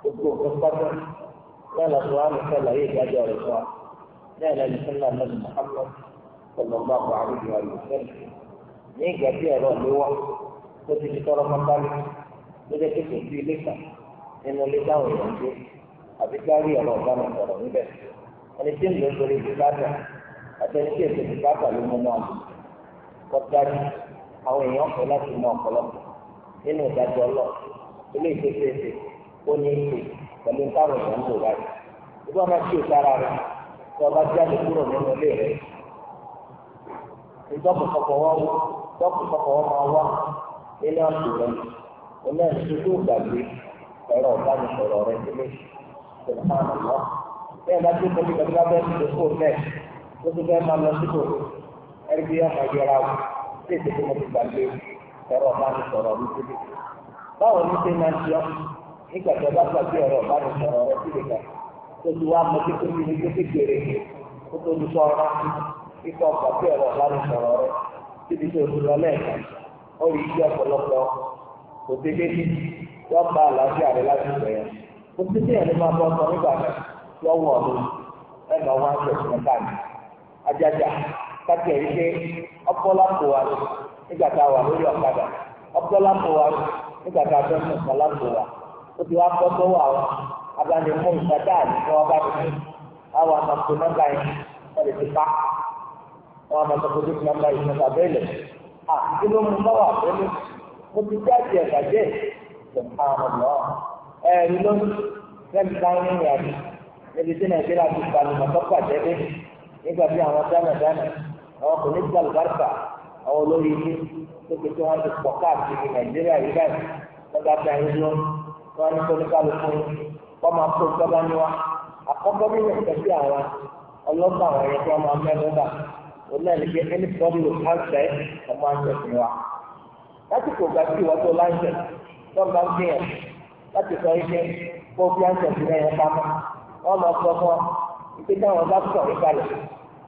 gbogbo pátá lọ́la tó wà ní sàlàyé ìdájọ́ rẹ̀ fún wa ní àlàyé sọ́lá lọ́dún mọ́hámọ́ ọ̀nàmọ́ àwọn àrùn àrùn sẹ́lẹ̀ ní ìgbà tí ẹ̀rọ ló wá tó ti fi tọrọ pátá lé ló jẹ́ pé kò sí ilé kan nínú ilé táwọn èèyàn gbé àbí kárí ẹ̀rọ ọ̀gáná sọ̀rọ̀ níbẹ̀ ẹni tí ń lò ń torí ìdí pátá àti ẹni tí èsì ìdí pátá ló mú náà kọ́ dájú àwọn èèyàn kọ láti mọ ọ̀pọ̀lọpọ̀ nínú ìdájọ́ lọ ilé ìfẹsẹsẹ ó ní ìpè pẹ̀lú táwọn èèyàn ń lò báyìí ìgbà máa kí ìtara rẹ tí ọba jáde kúrò nínú ilé rẹ ìjọba kọkọ wọn wọ ìjọba kọkọ wọn máa wá nínú àpò rẹ oní ẹni tó gbàgbé ẹ̀rọ ìbánisọ̀rọ̀ rẹ sílé ìfọwọ́n lọ bẹ́ẹ̀ bá tó kọjú kọjú bá bẹ́ẹ̀ tó kó bẹ́ẹ̀ tó tó bẹ́ẹ̀ máa lọ síbò ẹ̀rí bí ọmọ ìjọra wọn. ṣé èsì tí mo ti gbàgbé ẹ̀rọ ọ̀bánisọ̀rọ̀ mi síbi. báwo ni ṣe máa ń nígbà tí ọba gbàgbé ẹ̀rọ ọ̀bánisọ̀rọ̀ rẹ síbi kan tó ti wá mọ títí ní ní títí gbèrè kó tó ní sọ ọ́nà kíkọ́ gbàgbé ẹ̀rọ ọ̀bánisọ̀rọ̀ rẹ síbi tó ti lọ lẹ́ẹ̀kan ó rí iṣẹ́ ọ̀pọ̀lọpọ̀ kò dé wọ́n àlàáfíà rẹ láti kájẹ yìí pé ọpọlọpọ wa nígbà tá a wà lórí ọ̀kadà ọpọlọpọ wa nígbà tá a fẹ́ mú ọpọlọpọ wa ó ti wá pọ́ sọ́wọ́ àwọn abánimú ìgbàdá àti fún ọba tuntun àwọn àmọ̀tò nọ́mbà yìí wọ́n lè ti pa àwọn àmọ̀tò kojú nọ́mbà yìí nọ́mbà bẹ́ẹ̀ lẹ̀ à kí ló mú bá wà lórí mo ti jáde ẹ̀gbàjẹ́ ìjọba àwọn ọ̀nà ẹ̀rí lónìí lẹ́nu táwọn ènìyàn níbi tí nàìjíríà ti gbalùmọ̀ tó pàdé nígbà tí àwọn dáná dáná àwọn kò ní gbàlùbáríkà àwọn olórí ilé tó fi tí wọ́n ti pọ̀ káàkiri nàìjíríà yìí báyìí wọ́n bá ta ẹni lọ wọ́n ní kóníkálukú wọ́n máa kó ìjọba ní wa àkọ́kọ́ nínú ìtẹ́sí àwọn ọlọ́gbà àwọn ẹ̀yẹ tí wọ́n máa mẹ́nu bà òun náà ní pé ẹni pọ́n lò káńtẹ̀ ọmọ àjọṣin wa láti kò gbà sí ìwọ́tò láńtẹ̀ tó gbìyànjú láti sọ ike kó bí àjọṣin náà yẹn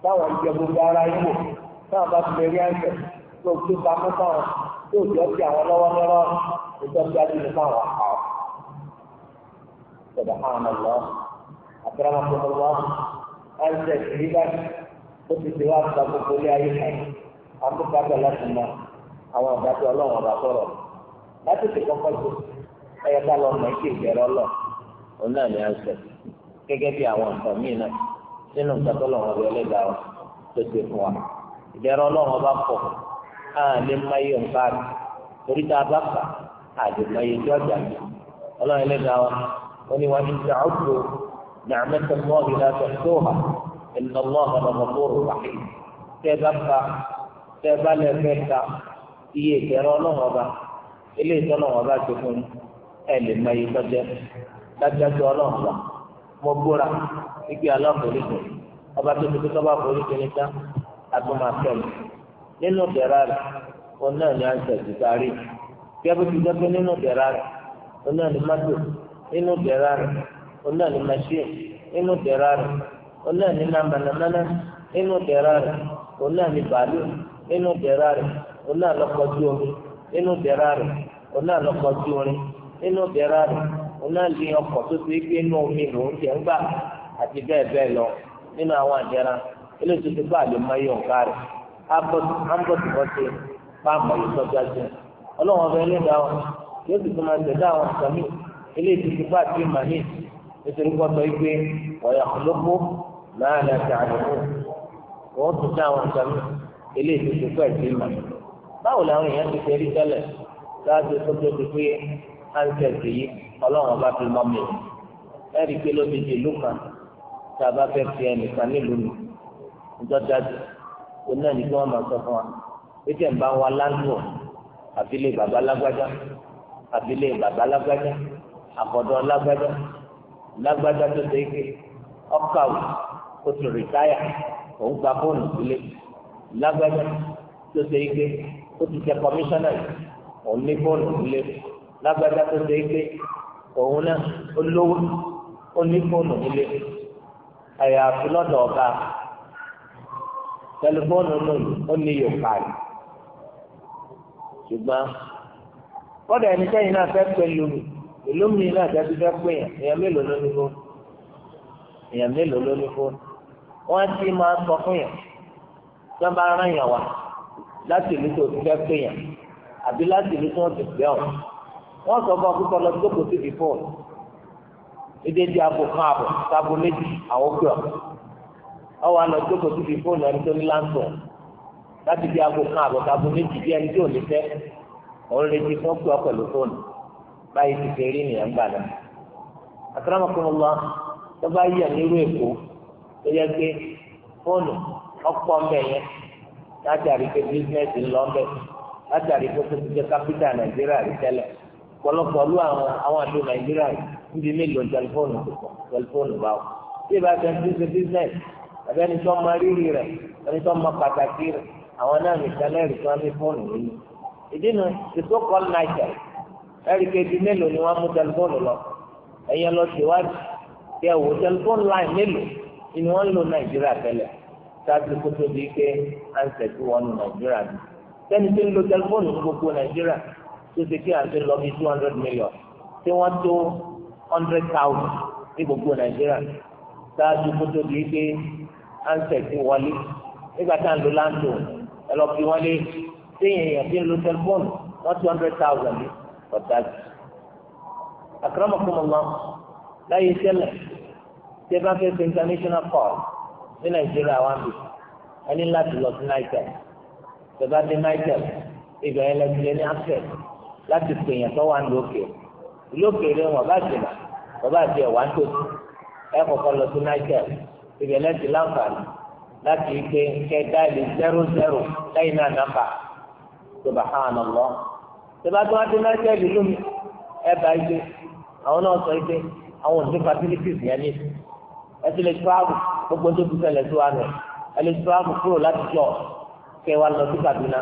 táwọn jẹ gbogbo ara yín wò táwọn bá ti bẹ̀rẹ̀ àìsàn tó tó pamọ́ táwọn tó jọ sí àwọn lọ́wọ́ lọ́wọ́ ìjọba adìyẹ táwọn àwọn. Sọ̀dọ̀ àwọn ọ̀lọ́ àtàràmà fún ọlọ́ àìsàn ìdílé báyìí ó ti ti wá gba gbogbo ilé ayé kan àkókò àgbà láti mọ àwọn àgbàdo ọlọ́run ọba sọ̀rọ̀ láti ti kọ́kọ́ tó ẹ̀yẹ ká lọ mọ̀ ẹ́ kí ìgbẹ́rẹ́ ọlọ́ òun náà ni àìsàn gẹ́gẹ́ bí àwọn nǹkan míì náà nínú nǹkan tó lọ́wọ́ ọbẹ̀ ẹlẹ́dàá tó ṣe fún wa ìdẹ́rọ ọlọ́run ọba pọ̀ á lè má yé nǹkan rẹ̀ torí tá a bá kà á lè má yé jọ́jà mi ọlọ́run ẹlẹ́dàá wa ó ní wàá ní sàcúdò nàmẹ́tẹ̀ mọ́ọ̀lì láti tó hà ẹ̀nà mọ́ọ̀lì lọ́mọ́kóró wáyé tẹ́ bá ka tẹ́ bá lẹ́ fẹ́ ka iye ìdẹ́rọ ọlọ́run ọba ilé ìtọ́lọ́run ọba ti fún ẹ lè má tọ́jẹ́ lájọ́jọ́ mo igwe wípé aláforíjì ọba tó tuntun tọ́ba foríjì ní tán nínú dẹ̀ra rẹ̀ òun náà ni à sáré gẹ́gẹ́ bí gẹ́gẹ́ nínú dẹ̀ra rẹ̀ òun náà ni mọ́tò nínú dẹ̀ra rẹ̀ òun náà ni machine nínú dẹ̀ra rẹ̀ òun náà nínú rẹ̀ òun náà bàálù nínú rẹ̀ òun náà sí náà lè ọkọ̀ tó ti gbé inú omi ló ń jẹ ńgbà àti bẹ́ẹ̀ bẹ́ẹ̀ lọ nínú àwọn àjẹrà eléyìí tó ti bá àlè máa yọ̀ ká rẹ̀ ámbọ̀tìbọ̀tì páàmù ìtọ́jà jẹ ọlọ́wọ́n ọbẹ̀ ilé ìdáwọ̀ yóò ti tún máa tẹ̀lé àwọn ìsàmì eléyìí tó ti bá àti màmí nítorí pọ́tọ́ igbe wọ̀nyà lóko máa lẹ tààlùkù wọ́n tún dá àwọn ìsàmì eléyìí tó ti pẹ́ sí màmí ọlọ́run ọba fi mọ́ mi ẹ̀rí pé ló ti di ìlú kan tá a bá fẹ́ fi ẹnìkan nílùú mi ìjọ dájú òun náà ní kí wọ́n máa sọ fún wa pété ń bá wa lálùwọ̀ àbílẹ̀ bàbá lágbájá àbílẹ̀ bàbá lágbájá àbọ̀dọ̀ lágbájá lágbájá tó ṣe é ké ọkàwé ó ti rìtáyà òun gba fóònù sílé lágbájá tó ṣe é ké ó ti jẹ kọmíṣánná òun ní fóònù sílé lágbájá tó ṣe é ké òun náà olówó ó ní fóònù nílé àyàfi lọ́dọ̀ ọ̀gá tẹlifóònù náà ó ní yòókà rẹ̀ ṣùgbọ́n kọ́dà ẹni sẹ́yìn náà fẹ́ pẹ̀lú ìlú mi náà jáde fẹ́ pè yàn èèyàn mélòó ló ní fóònù èèyàn mélòó ló ní fóònù wọ́n ti máa sọ fún yàn tí wọ́n bá rán yàn wá láti ìlú tó ti fẹ́ pè yàn àbí láti ìlú tó ti fẹ́ ọ̀hún wọ́n sọ fún akókò lọ jókòó sí before èdè di abo kan àbọ̀ sábò méjì àwọn òkè ọ̀ ọwọ́ àlọ́ jókòó sí before ẹni tó ní láǹtọ̀ láti di abo kan àbọ̀ sábò méjì bí ẹni tí ò ní fẹ́ òun retí fún ọkọ̀ pẹ̀lú fóònù báyìí ti fẹ́ rí nìyẹn gbà náà akramakumullah tó bá yẹ nírú èkó tó yẹ pé fóònù ọ̀pọ̀ mbẹ yẹn láti àríkè bísíǹnẹsì ńlọ mbẹ láti àríkè tó ti jẹ kápítà nàìjíríà rí tẹ́lẹ̀ ọ̀pọ̀lọpọ̀ ló àwọn àwọn àti nàìjíríà ń di mélòó tẹlifóònù tẹlifóònù báwò tí ìbá tẹ ní ṣe bísíǹnẹsì àbí ẹni tó mọ rírì rẹ ẹni tó mọ pàtàkì rẹ àwọn náà ní sẹlẹrì tó ní fóònù nínú ìdí nu tètè nàìjà ẹ̀ríkè di mélòó ni wọ́n mú tẹlifóònù lọ ẹ̀yẹ lọ síwájú kí ẹ wò tẹlifóònù láì mélòó ni wọ́n ń lo nàìjíríà tẹ́lẹ̀ sáájú kótó bíi pé à ń tẹ̀síwọ́nù tó ṣe kí àti lọ bí two hundred million tí wọ́n tó hundred thousand ní gbogbo nàìjíríà ṣáájú kó tó di pé ansec ti wọlé nígbà tá à ń lo láńtò ẹ lọ fi wọlé téèyàn èèyàn fi ń lo tẹlifóònù wọ́n two hundred thousand ní ọ̀dájú. akramakumullah láyé tẹ́lẹ̀ tí ẹ bá fẹ́ ṣe international call ní nàìjíríà wá bì ẹni láti lọ sí náìjẹ́ tẹ bá dé náìjẹ́ ibẹ̀ yẹn lẹ́sìn lé ní access láti pè yẹn tó wà ní òkè ìlú òkèèrè wọn bá jìnnà wọn bá jẹ wà tó ẹ kọ́kọ́ lọ sí Niger ibẹ̀ lẹsìn láǹfààní láti ike kẹta ilé zero zero lẹ́yìn náà nàmbà subhanallah tẹbátọ wá sí Niger ìlú mi ẹ bá ike àwọn náà sọ ike àwọn òní facilities yẹn ní ẹ ti lè travel gbogbo tó fi ṣẹlẹ̀ tó wà nù ẹ lè travel kúrò láti jọ kẹ lọ sí Kaduna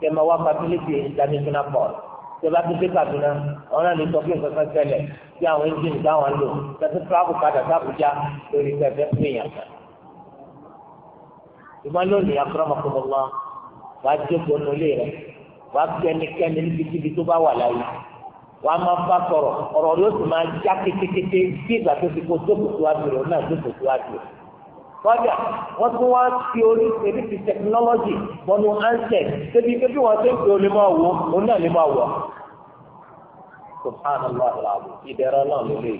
kẹ máa wá facility international port tẹ́lá tó dé Kaduna àwọn náà lè sọ pé nǹkan kan ṣẹlẹ̀ tí àwọn ẹ́ńjìnì táwọn lò tẹ́tí tíráàbù padà sábùjá lórí pẹ̀fẹ́ fún èèyàn kan. ìgbọ́n lónìí akọ́rọ́mọkọ́mọ́ wọn wàá jókòó nulé rẹ̀ wàá kẹ́nikẹ́ni níbikíbi tó bá wà láyé wàá máa bá sọ̀rọ̀ ọ̀rọ̀ yóò sì máa já kétékété bí ìgbà tó ti kó jókòó tó wá dùn kọ́dà wọ́n tún wá fi orí èdè ti tẹkinọ́lọ́jì bọ́nu ansẹ̀t débi pé bí wọ́n ṣe ń pè olè máa wò òun náà lè máa wọ̀. subhanallah alaabu ìdẹ̀rọ náà ló lè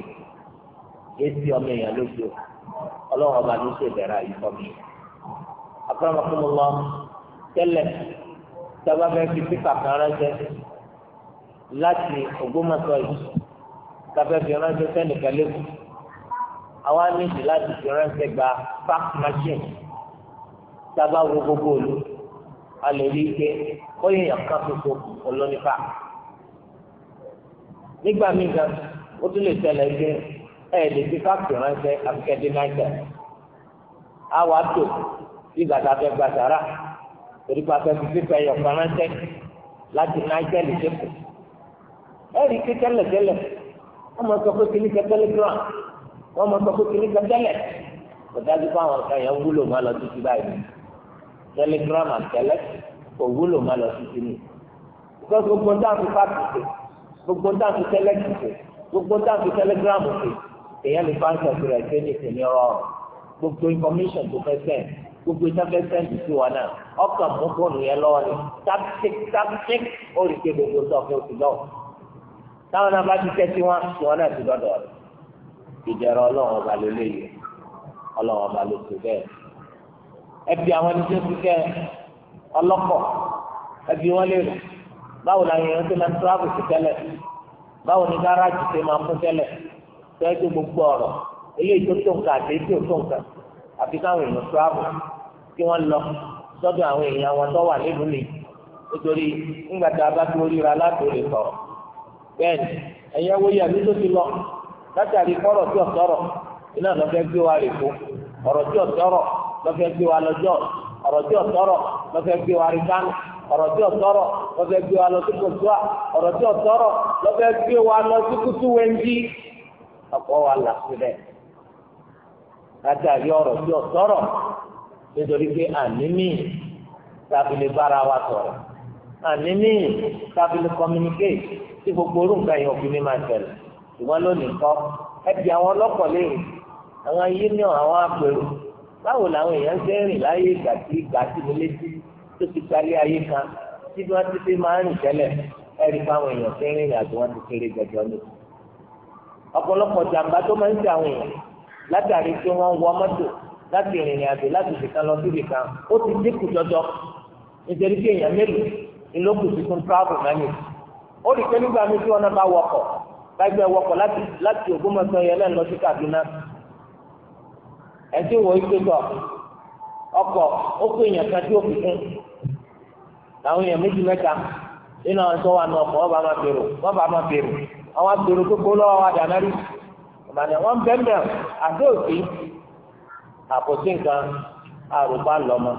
èsì ọmọ èèyàn lójú ọlọ́run ọba ló ṣe ìdẹ̀rọ yìí fọ́ mi. akọ́nàmọ́kúnmọ́ tẹ́lẹ̀ sábà fẹ́ fi pípà kan ránṣẹ́ láti Ògbómọ̀ṣọ́ yìí sábà fi ránṣẹ́ sẹ́nìkan àwa níbi láti fi ránṣẹ́ gba fax machine sábà wo gbogbo olú a lè rí i pé bóyá èèyàn kan tuntun olónífà nígbà míì gan ó tún lè tẹ̀lé pé ẹ lè fi fax ránṣẹ́ àfikẹ́dé náírà àwa tó bí gbàtà fẹ́ gba sàrà torí pé afẹ́ fífi fẹ́ yọ̀ kan ránṣẹ́ láti náírà lè dẹ́kun ẹ rí i pé tẹ́lẹ̀tẹ́lẹ̀ wọ́n sọ pé kìíní kẹ́ tẹ́lẹ̀gíràn wọ́n mọ sọ pé kí ní kan tẹ́lẹ̀ kò dájú pé àwọn kan yẹn wúlò má lọ títí báyìí telegram àtẹlẹ kò wúlò má lọ títí ni because gbogbo ń dáhùn fáàkì ṣe gbogbo ń dáhùn tẹ́lẹ̀ ṣe gbogbo ń dáhùn telegram ṣe èèyàn lè fáńsì ọ̀sẹ̀ rẹ̀ ṣe ní ìpínlẹ̀ ọ̀rọ̀ gbogbo information tó fẹ́ sẹ́ẹ̀ gbogbo ìtafẹ́ sẹ́ǹtì sí wa náà ọkàn mú fóònù yẹn lọ́wọ́ ni táptík táptík ó lè ṣe gbogbo sọ́ọ̀kẹ́ òsì lọ́wọ́ táwọn náà bá ti tẹ́tí wọn wọn náà ti dọ́dọ̀ rẹ̀ ìdẹ̀rọ ọlọ́run ọba ló léyìí ọlọ́run ọba ló tó bẹ́ẹ̀. ẹbí àwọn ẹni tó ti kẹ́ ọlọ́kọ̀ ẹbí wọn lè rò báwo la yẹn tó máa ń tíráàbù sí tẹ́lẹ̀ báwo ni gáràjì tó máa ń fún tẹ́lẹ̀ tẹ́jú gbogbo ọ̀rọ̀ eléyìí tó tó nǹkan àti èyí tó tó nǹkan àfi káwọn èèyàn tíráàbù kí wọ́n lọ sọ́dọ̀ àwọn èèyàn wọn tó wà nílùú nìyí nítorí ńgbàtà bá tó ríra látòlè sọ̀rọ̀ bẹ́ẹ̀ ni ẹ̀yẹ́wò yẹ̀ mí tó ti lọ látàrí kọ́rọ̀ tí ọ̀sọ́rọ̀ iná lọ́fẹ́ gbé wa rèé fún ọ̀rọ̀ tí ọ̀sọ́rọ̀ lọ́fẹ́ gbé wa lọ́jọ́ ọ̀rọ̀ tí ọ̀sọ́rọ̀ lọ́fẹ́ gbé wa rí kánú ọ̀rọ̀ tí ọ̀sọ́rọ̀ lọ́fẹ́ gbé wa lọ sí kòtùwà ọ̀rọ̀ tí ọ̀sọ́rọ̀ lọ́fẹ́ gbé wa lọ sí kútú wẹ́ńdí ọ̀pọ̀ wa là sílẹ̀ látàrí ọ̀rọ̀ tí ọ̀sọ́rọ̀ nítorí pé àníní tàbí bára wa sọ̀rọ̀ àníní tàbí communicate tí gbogbo orúkọ yẹn òfin ní máa tẹ̀lé ṣùgbọ́n lónìí kọ́ ẹbí àwọn ọlọ́pọ̀ léèrè àwọn union àwọn apèrò báwo làwọn èèyàn ṣe ń rìn láyé ìgbà tí ìgbà tí mo létí tó ti gbalé ayé kan tí wọ́n ti fi máa ń rìn tẹ́lẹ̀ ẹ̀rí fáwọn èèyàn ṣe ń rìn àti wọ́n ti kéré jọjọ ní. ọ̀pọ̀lọpọ̀ jàǹbá tó máa ń ṣe àwọn èèyàn látàrí pé wọ́n wọ mọ́tò láti rìnrìn àjò láti ṣìkan lọ síbi kan ó ti dínkù jọjọ nítorí pé èèyàn mélòó ni ló kù sí fún travel money ó rí i pé nígbà mi tí wọn náà bá wọkọ̀ lágbẹ́ wọkọ̀ láti láti Ògbómọ̀ṣọ́ yẹn lẹ́nu lọ sí Kaduna ẹtí wọ ikpe tọ ọkọ̀ ó kó èèyàn kan tí ó fi kún làwọn èèyàn méjì mẹ́ta nínú àwọn tó wà ní ọkọ̀ ọba máa bèrò ọba máa bèrò àwọn abèrò gbogbo lọ́wọ́ wa dáná rí ìbàdàn wọn bẹ́ẹ̀ àti òsì àpòtí nǹkan àrùbá lọ́mọ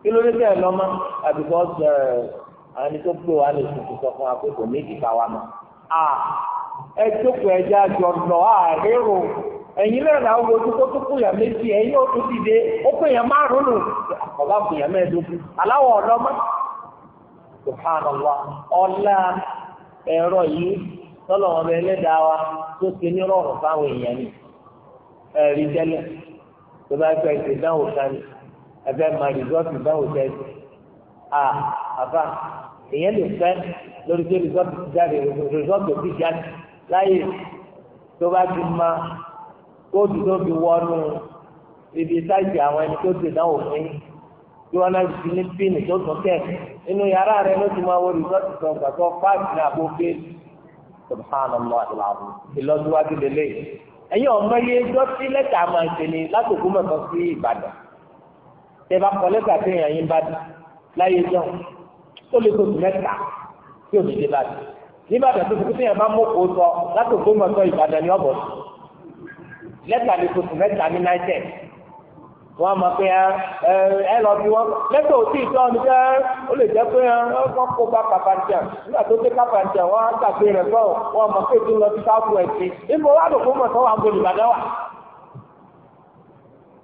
kí ló dé bẹ́ẹ̀ lọ́mọ àbíkọ́ ah, eh, àwọn ẹni tó gbé wa lè tuntun sọ fún wa pé kò wa mọ́ a. Ah, ẹ jókòó ẹja jọ̀dọ̀ àárẹ̀rò ẹ̀yin náà làwọn ojú tó tó kó yàn méjì ẹ̀yin ó tó dìde ó kó márùn nù ọba kó aláwọ̀ ọ̀dọ́mọ́ subhanallah ọlá ẹ̀rọ yìí tọ́lọ̀ wọn bẹ wa tó ní rọrùn fáwọn èèyàn ni ẹ̀rí tẹ́lẹ̀ tó bá fẹ́ sani ẹ̀fẹ́ rìsọ́ọ̀tì sẹ́sì à èèyàn lè fẹ́ lórí rìsọ́ọ̀tì láyè tó bá ti ma kóòtù tó fi wọnú ibi sáìtì àwọn ẹni tó ti náwó fún yín tí wọn náà ti ní píìnì tó tún kẹ nínú yàrá rẹ ló ti máa wọ rìsọ́ọ̀tì tó gbà tó fáàtì ní àbókè subhanallah alaabu ìlọsíwájú lélẹ̀ ẹ̀yin ọmọ yẹ ẹjọ́ sí lẹ́tà máa ń ṣe ni látòkú mẹ́tọ́ sí ìbàdàn tẹ bá kọ lẹ́tà sí ìyàn yín bá dùn láyé jọ ó lè tó tù mẹ́ta tí ò dùn nígbàdàn tó tukú téèyàn bá mọ́kò sọ láti Ògbómọ̀ṣọ́ Ìbàdàn ní ọ̀bọ̀ lẹ́tà ní tuntun mẹ́ta ní náìjẹ̀ a mọ̀ pé ẹ lọ bí wọ́n lẹ́tà òtí ìtọ́ ni pé ó lè jẹ́ pé wọ́n kó bá kàfàǹtẹ̀ nígbà tó dé kàfàǹtẹ̀ wọ́n á gbàgbé rẹ̀ bọ́ wọ́n mọ̀ pé ètò lọ sí sáàpù ẹ̀sìn níbo wà ló fún mọ̀tọ́ wà gbòòlù Ìbàdàn wà.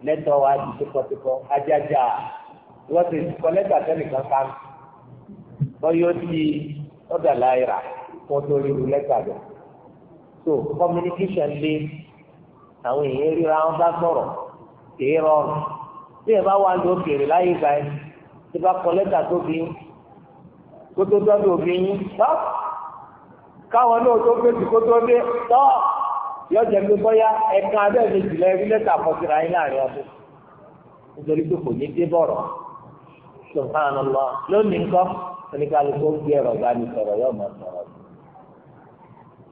lẹ́tà wa di tipọ́tipọ́ ajájà wọ́n ti kọ́ lẹ́tà tẹ́lẹ̀ kan kan lọ́yọ́ ti ọ̀dà láyìí wọn tó rí lẹ́tà lọ so communication lé àwọn èèyàn ríra wọn bá sọ̀rọ̀ èyí rọrùn bí ẹ bá wà ní òkèèrè láyé ìgbà yẹn tí bá kọ lẹ́tà tó bí kó tó dọ́dọ̀ òbí yín tọ́ káwọn náà tó fèsì kó tó dé tọ́ yọ jẹ pé bóyá ẹ̀ka abẹ́ mi jù lẹ́ lẹ́tà fọ́síra yín láàrin ọdún nítorí pé kò ní dé bọ̀rọ̀ subhanallah lónìí nǹkan oníkàlùkù ó gbé ẹ̀rọ ìbánisọ̀rọ̀ yóò máa sọ̀rọ̀ yìí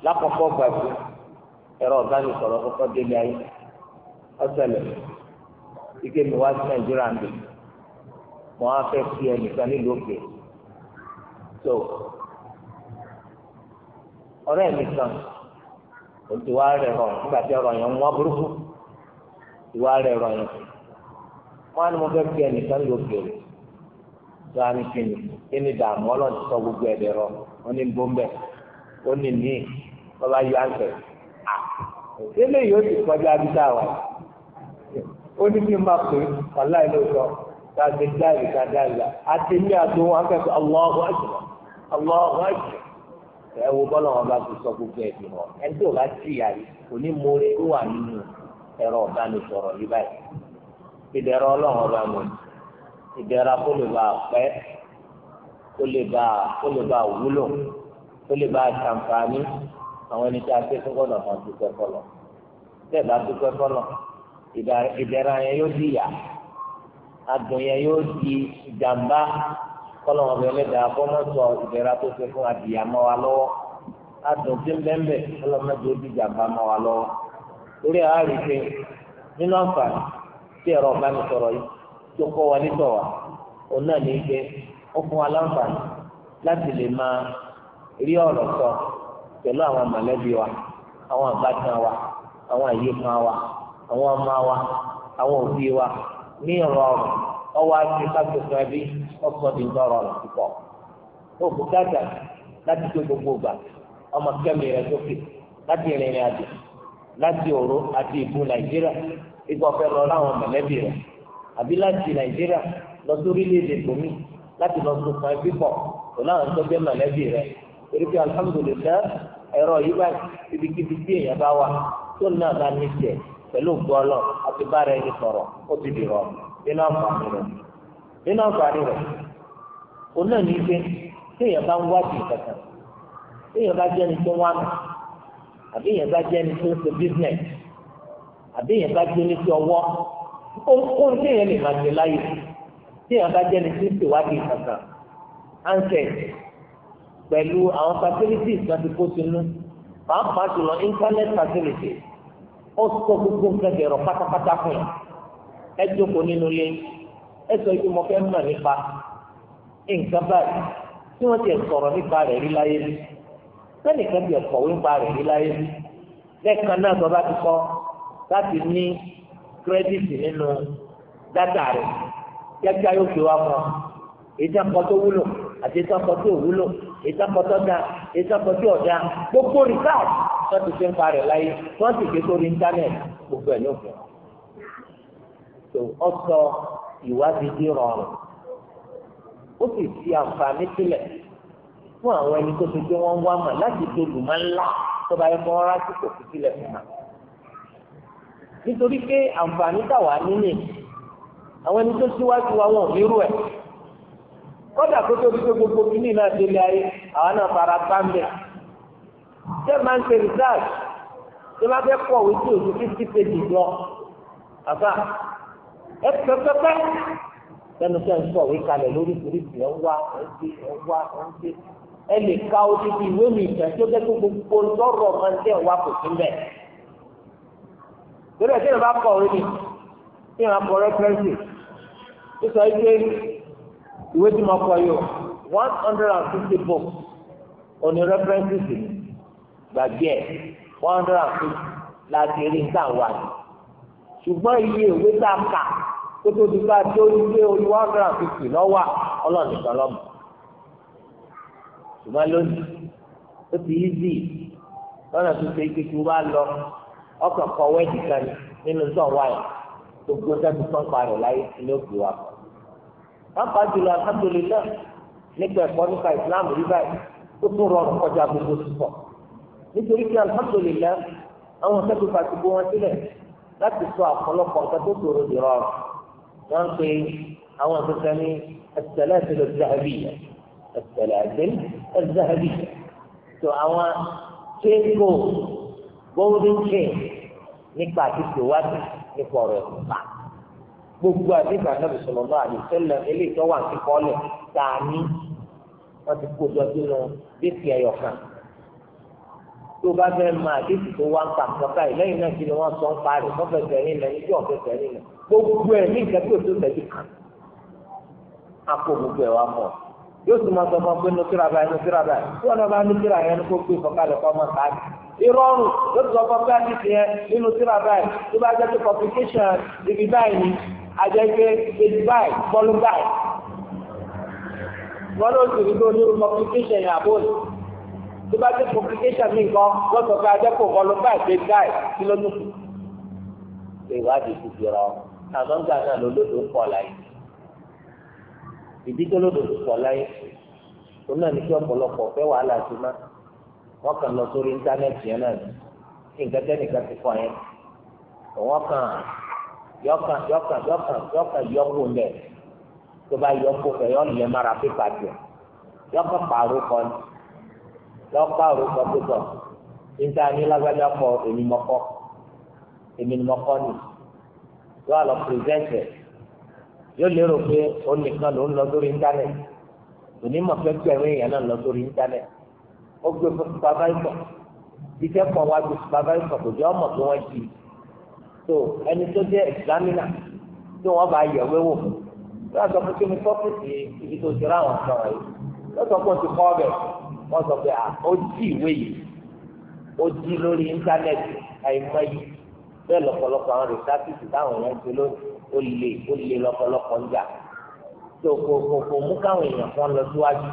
lákọ̀ọ́kọ́ gbàgbé ẹ̀rọ ọ̀gáàmì sọ̀rọ̀ kọ́kọ́ délé ayé ọ̀sẹ̀lẹ̀ ike mi wá sí nàìjíríà mi mo á fẹ́ fi ẹnìkan nílùú òkè so ọ̀rẹ́ mi kan òtù wá rẹ̀ hàn nígbà tí ọ̀rọ̀ yẹn wọ́n burúkú òtù wá rẹ̀ rọ̀ yẹn wọ́n á ní mo fẹ́ fi ẹnìkan nílùú òkè tó a ní kíni kíni dààmú ọlọ́ọ̀tì sọ gbogbo ẹ̀dẹ̀ rọ ó ní bọ́m̀bẹ̀ ó ní níì bàbá yọ àǹtẹ̀ à ilé yóò ti kọjá abíta wa ó ní kí n máa pè é wàhálà ilé sọ káàdé dáìlì káàdé àìlà àtẹ̀mí àti wọn akẹ́kọ̀ọ́ Allahu akbar Allahu akbar ẹ wo bọ́lá wọn bá ti sọ gbogbo ẹ̀ dùn wọn ẹni tí o bá ti yà yìí kò ní mọ orí wà nínú ẹ̀rọ ọ̀bánisọ̀rọ̀ yìí báyìí ìdẹ̀rọ ọlọ́run ọba mi ìdẹ̀ra kó lè bá pẹ́ kó lè bá a wúlò kó lè bá a àwọn ẹni tí a fẹ́ sọ́gbọ́dọ̀ máa dúpẹ́ fọlọ́ tẹ́ bá dúpẹ́ fọlọ́ ìdẹ̀ra yẹn yóò di ìyà adùn yẹn yóò di ìjàmbá kọ́lọ́ wọn bẹ̀rẹ̀ lẹ́dàá fọ́mọ́sọ ìdẹ̀ra tó fẹ́ fún adìyà mọ́ wa lọ́wọ́ adùn tí ń bẹ́ńbẹ́ kọ́lọ́ mẹ́jọ di ìjàmbá mọ́ wa lọ́wọ́ torí àwọn àrífẹ́ nínú àǹfààní tí ẹ̀rọ ọ̀bánisọ̀rọ̀ yìí tó kọ́ wa nítọ̀ pẹ̀lú àwọn mọ̀lẹ́bí wa àwọn àbátan wa àwọn àyíká wa àwọn ọmọ wa àwọn òbí wa ní ìrọ̀rùn ọwọ́ àti kápẹ́kọ̀ ti ń púpọ̀. láti tó gbogbo gbà ọmọ kẹ́mi rẹ̀ sókè láti rìnrìn àjò láti òru àti ìbú nàìjíríà lọ láwọn mọ̀lẹ́bí rẹ̀ àbí láti nàìjíríà lọ sórílẹ̀-èdè láti lọ torí pé alhamdulillah ẹ̀rọ yìí bá ibikíbi tí èèyàn bá wà tó náà bá ní tiẹ̀ pẹ̀lú gbọ́lọ̀ àti bára ẹni sọ̀rọ̀ ó ti di rọ nínú àǹfààní rẹ̀ nínú àǹfààní rẹ̀ òun náà ní í pé téèyàn bá ń wádìí kankan téèyàn bá jẹ́ ẹni tó wá àbí èèyàn bá jẹ́ ẹni tó ń ṣe business àbí èèyàn bá jẹ́ ẹni tó ọwọ́ ohun téèyàn lè máa ṣe láyè téèyàn bá jẹ́ ẹni tó ń ṣèwádìí kankan ansẹ̀tì pẹ̀lú àwọn facilities láti kó sínú pàápàá jùlọ internet facilities ó sọ gbogbo nǹkan dẹ̀rọ pátápátá fún yà ẹ jókòó nínú ilé ẹ sọ pé mo fẹ́ mọ̀ nípa nǹkan báyìí tí wọ́n ti sọ̀rọ̀ nípa rẹ̀ rí láyé rí sẹ́nìkan ti kọ̀wé nípa rẹ̀ rí láyé rí lẹ́ẹ̀kan náà tó bá ti kọ́ láti ní kírẹ́dìtì nínú dátà rẹ̀ kíákíá yóò fi wá èyí tí a kọ tó wúlò àti èyí tí a kọ tó wúlò ìsọkọtọ da ìsọkọtọ ọdá gbogbo rìkáàdì tó ti fi ń parẹ láyé tó ti gbé sórí íńtánẹẹtì gbogbo ẹ lófin tó ọsọ ìwádìí di rọrùn ó sì fi àǹfààní sílẹ̀ fún àwọn ẹni tó ti gbé wọn wá mà láti dolùmọ ńlá tó bá yẹ kó rárá tí kò fi sílẹ̀ fún wa nítorí pé àǹfààní tàwa nínú àwọn ẹni tó síwájú wa wọn ò nírú ẹ kọ́dà tó tóbi pé gbogbo kínní náà délé ayé àwọn náà fara bá ń bẹ̀. ṣé máa ń ṣe research ṣé máa fẹ́ pọ̀ wí sí òṣù fifty pages lọ àbá ẹ pẹpẹpẹ lẹnu sẹ ń sọ òwe kalẹ̀ lórí ìrísí ẹ wá ẹ gbé ẹ wá ẹ gbé ẹ lè ka odidi ìwé mi ìtàn tó dẹ́ gbogbo lọ́rọ̀ máa ń tẹ̀ wá kò sí mbẹ̀. torí ẹ̀ tí ìrìn bá kọ̀ orí mi tí ìrìn bá kọ̀ rẹ́pẹ́rẹ́sì ìwé tí mo kọ yóò one hundred and fifty books òní references ni gbàgbé ẹ̀ one hundred and fifty láti rí níta wà ní. ṣùgbọ́n iye ìwé tá a kà kó tó ti bá tó ní pé orí one hundred and fifty lọ́wọ́ ọlọ́ọ̀nìkan lọ́mọ. ṣùgbọ́n lónìí ó ti yí zì lọ́nà tó ṣe ike tí ó bá lọ ọkàn kọ wẹ́ẹ̀dì kan nínú sọ̀wáyà gbogbo sẹ́ni sọ́ńpa rẹ̀ láyé ní òkè wa kan pàápàá jùlọ alhamdulillah nígbà ẹ̀kọ́ nípa ìsìláàmù rí báyìí ó tún rọrùn kọjá gbogbo sísọ nítorí pé alhamdulillah àwọn akẹ́kọ̀ọ́ fàtìgbò wọn sílẹ̀ láti sọ àpọ̀lọpọ̀ nǹkan tó tòrò di rọrùn wọ́n ń pe àwọn akẹ́kọ̀ọ́ ní as-salasil az-zahabiyya as-salasil tó àwọn kéèkó golden chain nípa àti tòwádìí nípa ọ̀rọ̀ ẹ̀kọ́ gbogbo àdébà nàbì sọlọ náà àdìsẹlẹ eléyìí tó wà ní kọlẹ tààní wọn ti kó jọ sínú bíkì ẹyọ kan tó bá fẹ́ mọ àdébì tó wá ń pa nǹkan báyìí lẹ́yìn náà kí ni wọ́n sọ ń pa rẹ̀ wọ́n fẹsẹ̀ rìn lẹ́yìn tí wọ́n fẹsẹ̀ rìn lẹ́yìn gbogbo ẹ̀ ní ìkẹ́kẹ́ òtó tẹ̀lé kan akó gbogbo ẹ̀ wá mọ̀ yóò tún máa sọ fún ọ pé nukira báyìí nukira báyìí tí wọn bá nukira yẹn kó gbé fọkàlẹ̀ kọ́ máa sáà ìrọ̀rùn sọ fún ọ pé àti tiẹ̀ nínú nukira báyìí tó bá jẹ́ pé complication ibi báyìí àjẹgbé page by volume by wọn ló sì rí pé onírú complication yẹn àbò ní tó bá dé complication mi nǹkan wọn sọ pé àjẹpọ̀ volume by page by kí ló dùn ìwádìí ti fi rọ àwọn gbà náà lódodo pọ̀ láyé ìdí tó lódodo pọ̀ láyé òun náà ní kí ọ̀pọ̀lọpọ̀ fẹ́ wàhálà sí má wọ́n kàn lọ sórí íńtánẹ́ẹ̀tì yẹn náà ní nǹkan tẹ́nìkan ti fọ yẹn òun kàn yọkàn yọkàn yọkàn yọkàn yọkù lẹ tó bá yọkù fẹ yọ lẹ mara pípa jù yọkàn pààrọ̀ kọ ni yọkàn pààrọ̀ kọ tó tọ níta ní lágbájá kọ èmi mọkọ èmi mọkọ ni yọ àlọ pírẹsẹǹtì yóò lérò pé òun nìkan ló ń lọ sórí íńtánẹ̀tì onímọ̀ fẹ́ gbẹ̀rún èèyàn náà lọ sórí íńtánẹ̀tì ó gbé fún supervisor iṣẹ́ kan wájú supervisor kò jẹ́ ọmọ tó wọ́n jí i tó ẹni tó jẹ́ ẹ̀gbámínà tí wọ́n bá yẹ̀ wéwò tó yà sọ pé kí ni sọ́fíìsì ibi tó ti rá àwọn ọ̀sán rẹ̀ sọ pé o ti kọ́ ọbẹ̀ wọ́n sọ pé ó jí ìwé yìí ó jí lórí íńtánẹ́ẹ̀tì àìmọye bẹ́ẹ̀ lọ́pọ̀lọpọ̀ àwọn rìsáàtìsì táwọn èèyàn ti lónìí ó lè ó lè lọ́pọ̀lọpọ̀ ń jà tó kò kò kò mú káwọn èèyàn kan lọ síwájú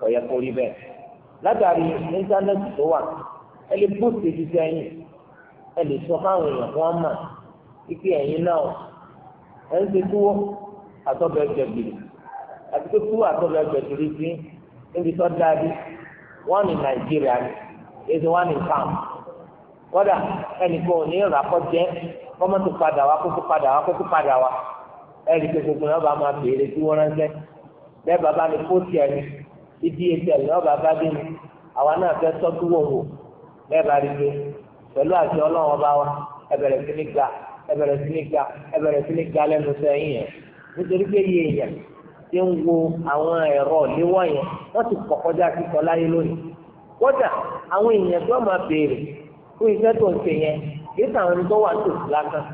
kò yẹ kó rí bẹ́ẹ̀ látàrí íńtánẹ́ẹ̀tì tó wà ẹ lè bóòsì ibi sẹ́yìn ẹ lè sọ fáwọn èèyàn kí wọ́n mọ̀ kíkí náà ẹ̀ ń ṣe túwọ́ àtọ́bẹ̀ ẹgbẹ̀gbìrì àti pé túwọ́ àtọ́bẹ̀ ẹgbẹ̀gbìrì sí níbi tó dáadé ní nàìjíríà ni èsì wọ́n ní pàm kódà ẹnìkan ò ní ìràkọ́ jẹ́ kọ́mọ́tò padà wá kókó padà wá kókó padà wá ẹ̀rí pé gbogbo náà bá máa béèrè tí bàbá pẹ̀lú àti ọlọ́run ọba wa ẹ bẹ̀rẹ̀ sí ní ga ẹ bẹ̀rẹ̀ sí ní ga ẹ bẹ̀rẹ̀ sí ní ga lẹ́nu sẹ́yìn yẹn nítorí pé iye èèyàn ti ń wo àwọn ẹ̀rọ léwọ́ yẹn wọ́n ti pọ̀ kọjá kíkọ láyé lónìí kódà àwọn èèyàn tó máa béèrè fún iṣẹ́ tó ń ṣe yẹn kìí sàn àwọn tó wà ní tòsí lásán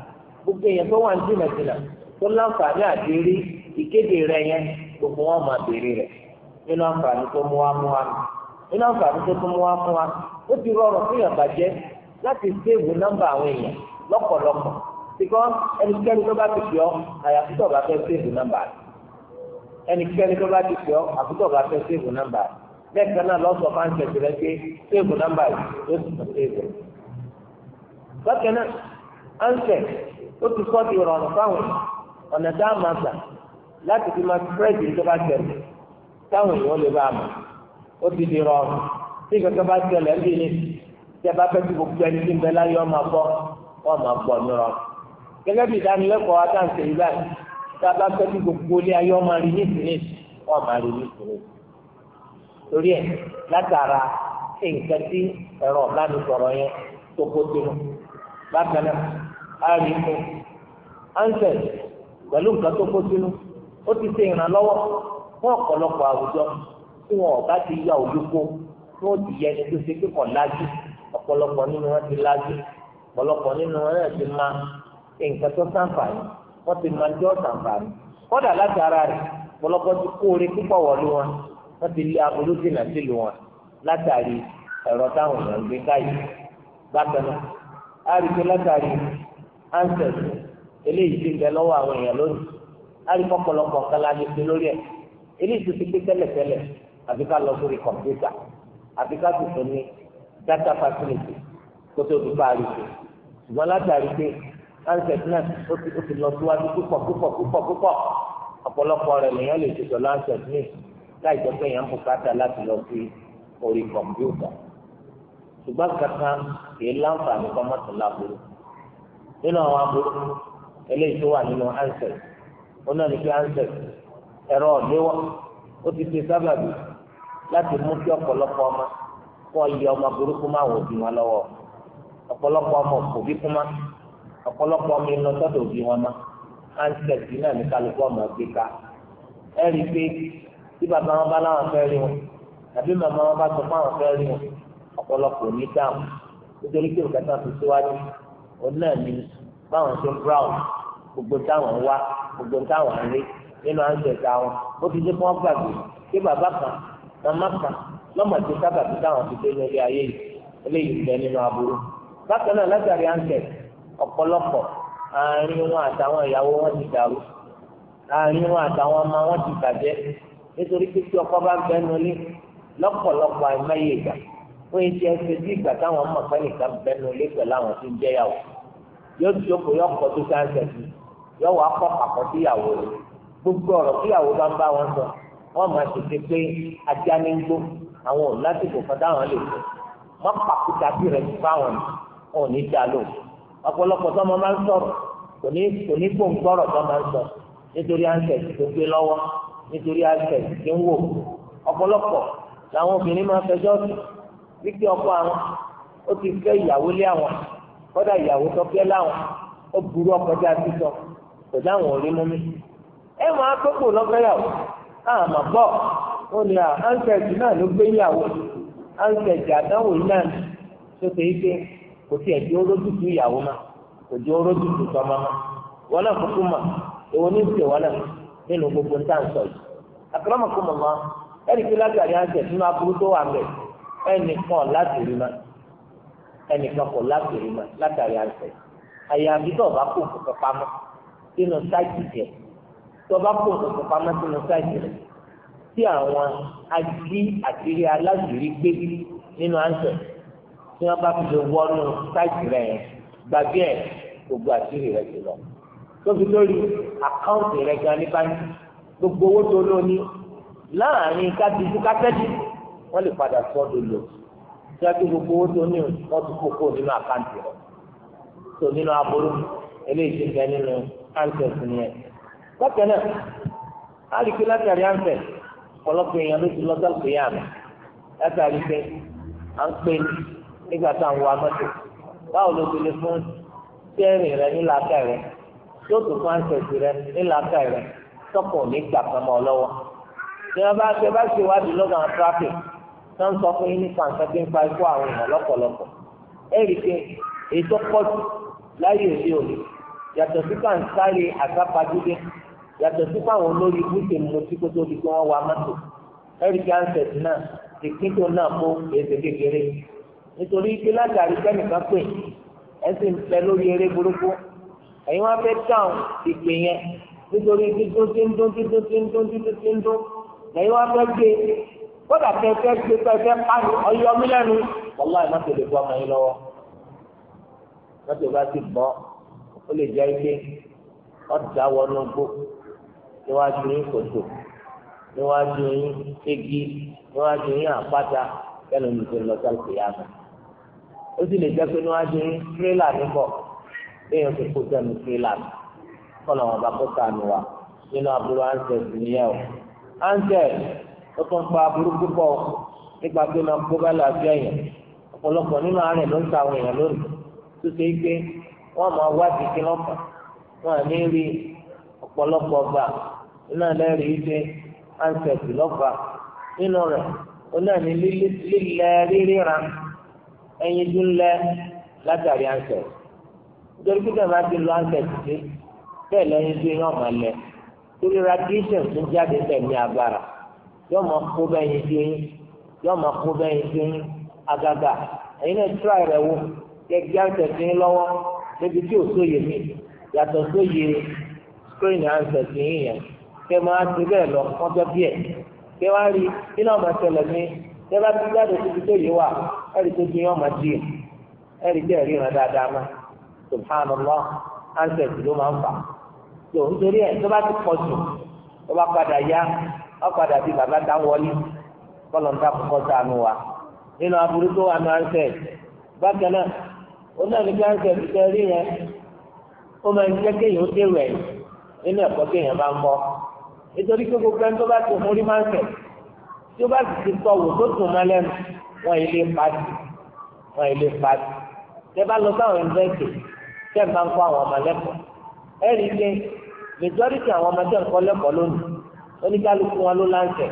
gbogbo èèyàn tó wà ní jìnnàjìnnà tó láǹfààní àti ìkéde rẹ yẹn gbogbo wọn máa béèrè rẹ nínú àǹfààní tó mú wá mú wa nínú àǹfààní tó tún mú wá fún wa ó ti rọrùn fún ìyàbàjẹ́ láti séèbù nọ́mbà àwọn èèyàn lọ́pọ̀lọpọ̀ síkọ́ ẹnikẹ́ni tó bá ti pè ọ́ àyàfi tó bá fẹ́ séèbù nọ́mbà rẹ̀ ẹnikẹ́ni tó bá ti pè ọ́ àfi tó bá fẹ́ séèbù nọ́mbà rẹ̀ lẹ́ẹ̀kan náà lọ́sọ̀ máa ń tẹ̀sí rẹ pé séèbù nọ́mbà rẹ̀ ló sì tún séèbù. bákan náà ansẹ̀ ó ti sọ́ di ìrọ̀rùn fáwọn ọ̀nà tá a máa gbà láti fi máa spreadi tó bá tẹ̀lé táwọn èèyàn lè bá a mọ̀ ó ti di ìrọ̀rùn tí ìgbà tó bá tẹ̀lé ń bí ní tí a bá fẹ́ kí gbogbo ẹni tí ń bẹ láyé ọmọ gbọ́ ọmọ gbọ́ nírọ̀ gẹ́gẹ́ bí ìdánilẹ́kọ̀ọ́ adáǹsẹ yìí báyìí tí a bá fẹ́ kí gbogbo ilé ayé ọmọ rí nísìnyí ọmọ rí nísìnyí torí ẹ látara nǹkan tí ẹ̀rọ ọ̀bánisọ̀rọ̀ yẹn tó kó tó bákan náà a rí i fún ansẹt pẹ̀lú nǹkan tó kó sínú ó ti ṣe ìrànlọ́wọ́ fún ọ̀pọ̀lọpọ̀ àwùjọ tí wọn ti ya òyìnbó tí wọn ti tó ṣe pé lájú ọ̀pọ̀lọpọ̀ nínú wọn ti lájú ọ̀pọ̀lọpọ̀ nínú wọn náà ti ma nǹkan tó sàǹfààní wọ́n ti ma jọ́ sàǹfààní kọ́dà láti ara rẹ̀ ọ̀pọ̀lọpọ̀ ti kóore púpọ̀ wọ̀lú wọn wọ́n ti lé aburú dènà sílùú wọn látàrí ẹ̀rọ táwọn èèyàn gbé káyìí bákan náà a rí i pé látàrí ansẹt eléyìí ti bẹ lọ́wọ́ àwọn èèyàn lónìí a rí pọ̀pọ̀lọpọ̀ kan la ní data facility kó tó fi parí ṣe ṣùgbọ́n látàrí pé handset náà ó ti ó ti lọ síwájú púpọ̀ púpọ̀ púpọ̀ púpọ̀ ọ̀pọ̀lọpọ̀ rẹ̀ lèèyàn lè ṣe pẹ̀lú handset ní láì jẹ́ pé èèyàn bùkátà láti lọ sí orí kọ̀m̀pútà ṣùgbọ́n kankan kì í láǹfààní kọ́mọ́tò láburú nínú àwọn aburú eléyìí tó wà nínú handset ó náà ní pé handset ẹ̀rọ ọ̀dẹ́wọ̀ ó ti ṣe sábàbí láti mú kí ọ̀pọ̀lọpọ̀ ọmọ kọ yẹ ọmọ burúkú máa wò bí wọn lọ́wọ́ ọ̀pọ̀lọpọ̀ ọmọ kò bí kú má ọ̀pọ̀lọpọ̀ ọmọ inú sọ́dọ̀ òbí wọn má ánsẹtì náà ní kálukú ọmọ gbé ká ẹ rí i pé tí bàbá wọn bá láwọn fẹ́ rí wọn tàbí màmá wọn bá sọ fún àwọn fẹ́ rí wọn ọ̀pọ̀lọpọ̀ ní dáhùn nítorí pé òkè náà fi síwájú òun náà ní báwọn ṣe ń brown gbogbo táwọn wá gbogbo táwọn rí nínú ánsẹtì àwọn ó ti dé fún ọgbàgbé pé bàbá kan màmá kan lọ́mọ tí sábàbí táwọn ti dé lórí ayé yìí eléyìí bẹ nínú aburú bákan náà látàrí àǹtẹ̀ ọ̀pọ̀lọpọ̀ àárín wọn àtàwọn ìyàwó wọn ti dàrú àárín wọn àtàwọn ọmọ wọn ti bàjẹ́ nítorí pé tí ọkọ bá bẹnu lé lọ́pọ̀lọpọ̀ àìmọye ìgbà ó yẹ kí ẹ ṣe bí ìgbà táwọn ọmọ ọ̀pẹ nìkan bẹnu lé pẹ̀lú àwọn tó ń jẹ́yàwó yóò jókòó yóò kọ́ tó sáńsẹ̀ sí yóò wá kọ́ pàkọ́ síyàwó rẹ̀ gbogbo ọ̀rọ̀ síyàwó bá ń bá wọn sọ wọ́n máa tètè pé ajá ní gbó àwọn ò lásìkò kan dáhùn lè fẹ́ wọ́n pàkúta bí rẹ̀ ti fáwọn ni wọn ò ní dá lò ọ̀pọ̀lọpọ̀ tó máa ń sọ̀rọ̀ kò ní kò ní gbòǹgbọ̀rọ̀ tó máa ń sọ nítorí ansẹ̀tì tó gbé lọ́wọ́ nítorí ansẹ̀tì tó ń wò ọ̀pọ̀lọpọ̀ làwọn obìnrin máa fẹjọ́ sùn wípé ọkọ àwọn ó ti fẹ́ ìyàwó lé àwọn kọ́dà ìyàwó tó fẹ́ láwọn ó burú ọkọjá sísọ kò dáwọn ò rí mú mi ẹ máa tó kò lọ́fẹ́yàwó àmọ́ gbọ́ ó ní à ánsẹ̀tì náà ló gbé ìyàwó ánsẹ̀tì àdánwò yìí náà tó ṣe é pé kò tiẹ̀ di orójútu ìyàwó ma kò di orójútu tọ́mọ ma wọn náà kúkú mà èwo ní ìṣe wọn náà nínú gbogbo ní táǹsọ yìí àkàràmọ̀kùnmọ̀ ma ẹnì kí látàrí ánsẹ̀tì náà burú tó wà mẹ́ ẹnìkan láti rí ma ẹnìkan kò láti rí ma látàrí ánsẹ̀tì àyàfi tó ọba kò kò pamọ́ sínú sáìtì jẹ́ tó bá kó òtòtò pamọ́ sínú sáìtì rẹ̀ tí àwọn ají àtìrí alágbèrè gbé nínú àǹtẹ̀ tí wọ́n bá fi lè wọnú sáìtì rẹ̀ yẹn gbàgbé ẹ̀ gbogbo àtìrí rẹ̀ ti lọ. tóbi lórí àkáǹtì rẹ̀ gan ní báńkì gbogbo owó tó lò ní láàrin kájíjú kásẹ́jì wọ́n lè padà sọ́dọ̀ lò tí wọ́n ti gbogbo owó tó ní wọ́n ti kókó nínú àkáǹtì rẹ̀ tó nínú aburú eléyìí ti bẹ nínú àǹtẹ̀ sí ni ẹ̀ bákan náà alìpé látàrí àǹfẹ ọ̀pọ̀lọpọ̀ èèyàn ló ti lọ sọpọ yá mi látàrí pé à ń pè nígbà tá à ń wọ amọtò báwo ló ti lè fún sẹẹrì rẹ nílàákà rẹ tó tó fún àǹfẹsì rẹ nílàákà rẹ sọkọ nígbà kan mọ lọ́wọ́ ní wọn bá ṣe bá ṣe wádìí lọ́gàn àwọn tráfík tó ń sọ fún yín nípa nǹkan tí ń pa ikú àwọn èèyàn lọ́pọ̀lọpọ̀ ẹ rí i láyé òde òde yàtọ̀ sí ń sáré àsápajúdé yàtọ̀ sí fáwọn olórí ikú ṣe mú sí kó tó di pé wọ́n wa mọ́tò eric ansett náà ìpín tó náà kó èsè kékeré nítorí pé látàrí kẹ́nìkan pè ẹ sì ń pẹ lórí eré burúkú ẹ̀yin wá fẹ́ dáhùn ìpè yẹn nítorí dídún tí ń dún dídún tí ń dún dídún tí ń dún ẹ̀yin wá fẹ́ gbé kódà kẹfẹ́ gbé pẹ́ẹ́fẹ́ pàmì ọyọ mi lẹ́nu wàlá má tẹ̀lé bọ́ ọmọ yín lọ́wọ́ mọ́tò bá ti bọ́ ó lè jẹ́ ilé ọ̀dà wọnú gbó níwájú yín kòtò níwájú yín igi níwájú yín àpáta kẹ́lẹ́ omi tó lọ sálùkù yá mi. ó sì lè jẹ́ pé níwájú yín tírélà níbọ̀ léèyàn tó kó sẹ́nu tírélà mi kọ́nà wọn bá kó sànù wa nínú aburú ansẹ̀t nìyẹn o. ansẹ̀t ó tún pa aburú púpọ̀ nípa pé máa kó bálẹ̀ àti ẹ̀yìn ọ̀pọ̀lọpọ̀ nínú àárẹ̀ ló ń ta àwọn èèyàn lónìí tó ṣe é pé wọ́n máa wá ọ̀pọ̀lọpọ̀ ọba iná lẹ́rìí ike ansẹ̀tì lọ́fà nínú rẹ̀ ó náà ní lílẹ̀ ríríra ẹyin tún lẹ látàrí ansẹ̀tì nítorí pípẹ́ máa ti lọ ansẹ̀tì sí bẹ́ẹ̀ lẹ́yìn tún yóò máa lẹ torí radiation tún jáde tẹ̀mí agbára máa kó yín máa kó yín agaga ẹ̀yin náà tíra rẹ̀ wò kẹ́kẹ́ ansẹ̀tì yín lọ́wọ́ níbi tí ò sóye mi yàtọ̀ sóye screen access yìí yẹn kẹ máa ti bẹ́ẹ̀ lọ díẹ̀ wá rí bá ti jáde síbi tó yìí wà tó di ọmọ dáadáa má subhanallah ló máa ń fà tó nítorí tó bá ti pọ̀ jù tó bá padà yá wọ́n padà bí bàbá dá wọlé kọ́lọ̀ ń kọ́ wa nínú aburú tó ní bákan náà ó náà ní kí rí yẹn ó máa nínú ẹ̀kọ́ tí èèyàn bá ń kọ́ nítorí pé gbogbo ẹni tó bá ti múrí máa ń fẹ̀ tí ó bá sì ti tọ̀ wò tó tún máa lẹ́nu wọn ilé pàdé wọn ilé pàdé tẹ́ bá lọ sáwọn yunifásitì tẹ́ bá ń kọ́ àwọn ọmọ lẹ́kọ̀ọ́ ẹ rí i pé majority àwọn ọmọ tẹ́ ń kọ́ lẹ́kọ̀ọ́ lónìí oníkálukú wọn ló láǹtẹ̀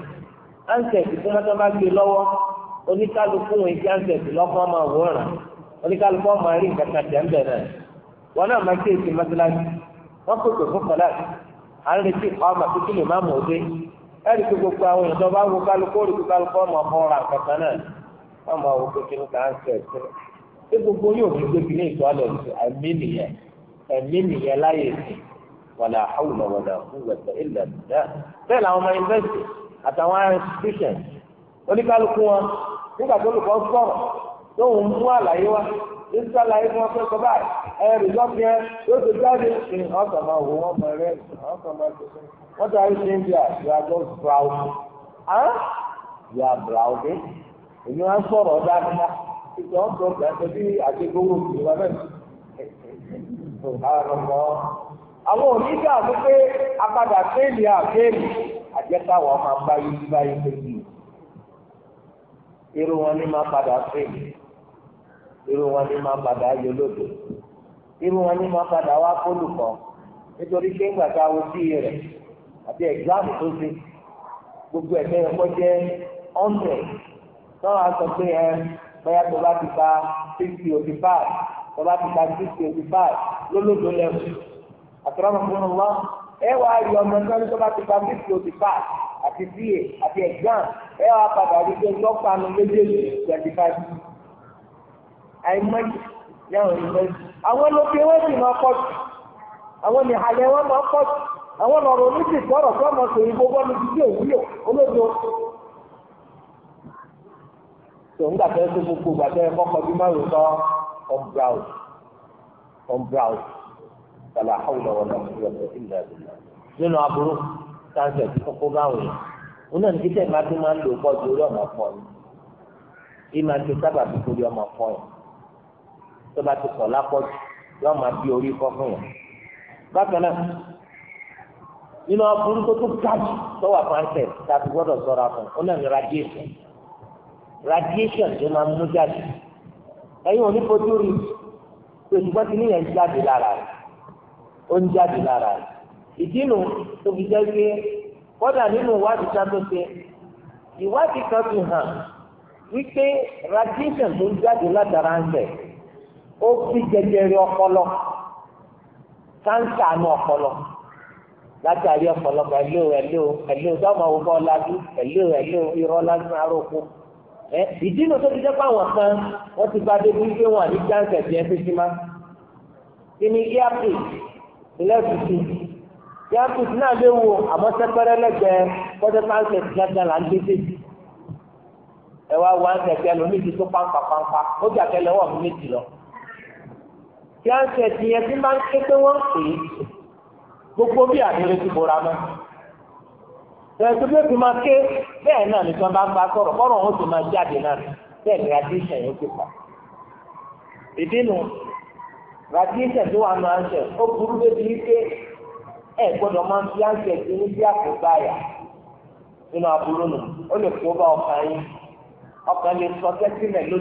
áǹtẹ̀ tí wọ́n tó bá gbé lọ́wọ́ oníkálukú wọn ti áǹtẹ̀ tí lọ́kọ́ máa wòran oníkálukú wọn máa rí nǹkan kan ń bẹ̀rẹ̀ wọn náà máa kéèké mọ́tíláṣí wọ́n pèsè fún kọ́lá à ń retí ọmọ tuntun lè má mọ̀ ọ́ dé ẹ̀rí pé gbogbo àwọn èèyàn tó bá wo kálukú ó rí pé kálukú ọmọ ọmọ ọ̀rọ̀ àkọ́kọ́ náà wọ́n máa wo pé kíni kàá ń sẹ̀ ẹ̀ ṣé gbogbo yóò fi gbébi ní ìtọ́lẹ̀ ẹ̀mí nìyẹn ẹ̀mí nìyẹn láyé sí wàlà àwùlọ̀ institution oníkálukú wọn nígbà tó olùkọ́ sọ̀rọ̀ tó ń mú àlàyé ìsàlà yìí wọn fẹ́ sọ báyìí ẹ̀rì lọ́kẹ́ yóò tó jáde ní ọkàn máa wò wọ́n máa rẹ̀ ọkàn máa tó sẹ́yìn. wọ́n ti àyè ṣe ń bí àgbà tó bravo ah yà bravo dé èmi wọn sọ̀rọ̀ dáadáa ìjọ ń sọ pẹ̀lú bí àgbégbówó ìjọba bẹ́ẹ̀ àwọn onígbà tó pé apadà fẹ́ẹ̀lì àfẹ́ẹ̀lì àjẹsáwọ̀ máa bá yí báyìí pé kí irú wọn ní máa padà fẹ́ẹ̀lì irú wọn ní máa padà yọ lódò irú wọn ní máa padà wá kólùkọ́ nítorí pé ńgbà tá a wo sí rẹ̀ àti ẹ̀gbáàmù tó ṣe gbogbo ẹ̀gbẹ́ ẹ̀kọ́ jẹ́ ọ̀ndẹ̀ tọ́wọ́ sọ pé ẹ bóyá tó bá ti ka sixty eighty five tó bá ti ka sixty eighty five lólódò lẹ́wọ̀ àtúrọ̀mọ̀ fún un lọ ẹ wá rí ọmọ náà tó bá ti ka sixty eighty five àti ca àti exam ẹ wá padà rí pé ń tọ́panu méjèèjì twenty five àìmọ́jì yàwọn ìmọ̀jì àwọn lókè wọn sì máa pọ̀jù àwọn nìhalẹ̀ wọn máa pọ̀jù àwọn lọ́rọ̀ oníṣì sọ̀rọ̀ tó ọmọ sòrí gbogbo ọmọ ti dé òwúlò olódo tó ń gbàtẹ́ tó gbogbo gbàtẹ́ kọ́kọ́ bí márùn sọ ọ̀nbrau ọ̀nbrau tàlà àwùjọ wọn lọ́wọ́ ìrọ̀lẹ́ ìlẹ̀ ìlẹ̀ nínú aburú táǹsẹ̀ tí kọ́kọ́ bá wọ̀ yẹn wọn náà ní kíkẹ́ ìbá máa ń lò pọ̀ ju orí ọ̀nà pọ̀ yìí sábà tó torí ọmọ pọ̀ tó bá ti sọ̀ lápọ̀jù yóò máa bí orí kọ́ fún yàn. bákan náà nínú aburú tó tó gáàjì tó wà fáńtẹ̀ tàbí gbọ́dọ̀ sọ̀rọ̀ àfọ̀n ó ní radiation radiation tó máa mú jáde ẹ̀yin onífojú rí òṣùpá ti níyẹn jáde lára rẹ̀ ó ń jáde lára rẹ̀ ìdí nu tó fi jẹ́ pé kọ́dà nínú ìwádìí kan tó ṣe ìwádìí kan fi hàn wípé radiation tó ń jáde látara ń bẹ̀ ó bí jẹjẹrẹ ọpọlọ káńsà ní ọpọlọ látàrí ọpọlọpọ ẹlò ẹlò ẹlò sọmọ ọgbọ ladu ẹlò ẹlò irọ́ lásán aróko ẹ ìdí inú tó ti jẹ́ pàwọn kan wọ́n ti bá dé wípé wọn àní chance ẹ̀sìn ẹ̀ fífi má kí ni earpiece ìlẹ́sìtì earpiece náà léwu àmọ́ sẹ́pẹ́rẹ́ lẹ́gbẹ̀ẹ́ kọ́tẹ́ chance ẹ̀sìn gángan là ń gbé tèjì ẹ wá wá ń sẹ̀kẹ́ lómi ti tó pàǹpà pàǹpà ó jà kẹlẹ́ wọ̀ mí méjì lọ. kí á ń ṣe ẹ̀sìn yẹn tí máa ń ké pé wọ́n ń pè é gbogbo bí àdéhùn ti bora mọ́. máa ké bẹ́ẹ̀ náà bá ń bá sọ̀rọ̀ máa jáde náà bẹ́ẹ̀ ni radiation yóò ti pa. Ìdí nu radiation tó wà máa ń ṣe ó burú débi wípé ẹ̀ gbọ́dọ̀ máa ń fi áńṣẹ́ ti ní bí nínú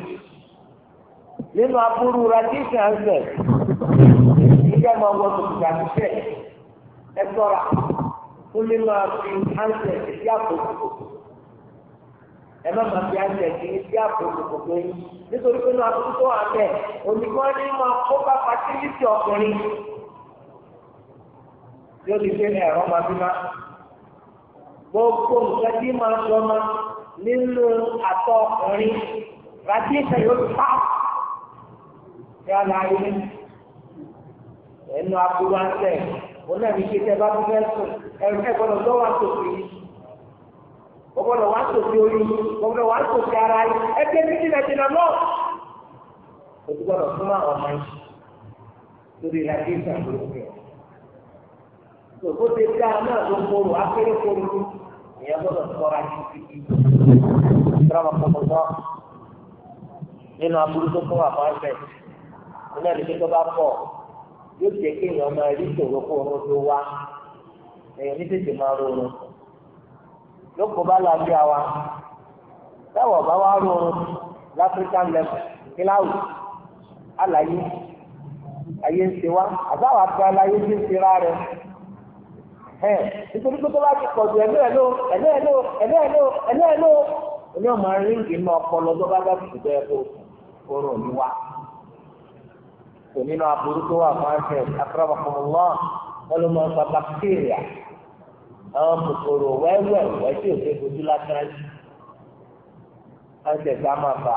nínú aburú radiation ẹsẹ̀ ìjẹ́ máa wọ sòkòtò àtúnṣe ẹ sọ́ra fún nínú àfi ẹsẹ̀ ìdí àpòsòkò ẹ má máa fi ẹsẹ̀ ìdí àpòsòkò pé nítorí pé nínú aburú tó wà bẹ́ẹ̀ onígbọ́n ní máa kó bá fatilítì ọkùnrin yóò di pé ẹ̀rọ máa bí má gbogbo nǹkan tí máa sọ ma nínú àtọ ọkùnrin radiation yóò ti pa yálà ayé ẹnu aburú àtẹ onáàbí ṣe tẹ bá tó fẹ́ sùn ẹ gbọ́dọ̀ lọ wá sòfin o gbọ́dọ̀ wá sòfin orí o gbọ́dọ̀ wá sòfin ara yìí ẹgbẹ ní jìnnà jìnnà lọ o ti gbọ́dọ̀ fún àwọn ọmọ yìí lórí ìlàjì ìsàlùmí rẹ tòkó ti dá náà ló kóró akéré kóró ìyẹn gbọ́dọ̀ ṣọ́ra ní títí ìdúrà wọn kọkọ nínú aburú tó kọ wà fún ẹgbẹ. iná ní tó bá pọ̀ yóò jẹ́ kí èèyàn máa rí ìṣòro kó oorun tó wá èèyàn ní tètè máa rọrùn lóko bá la bí táwọn rọrùn láfíríkà kíláwù àlàyé ayé ń ṣe wá àbáwá ń ṣe ẹ nítorí pé tó bá ti pọ̀ jù ẹ̀lú ẹ̀lú ẹ̀lú ẹ̀lú ẹ̀lú ẹ̀lú ẹ̀lú kò nínú aburú tó wà fún ẹsẹ̀ akramakumullah wọn ló máa ń fa bacteria àwọn kòkòrò wẹ́wẹ́ wẹ́ tí ò ṣe fojú lásán ẹsẹ̀ tá a máa fa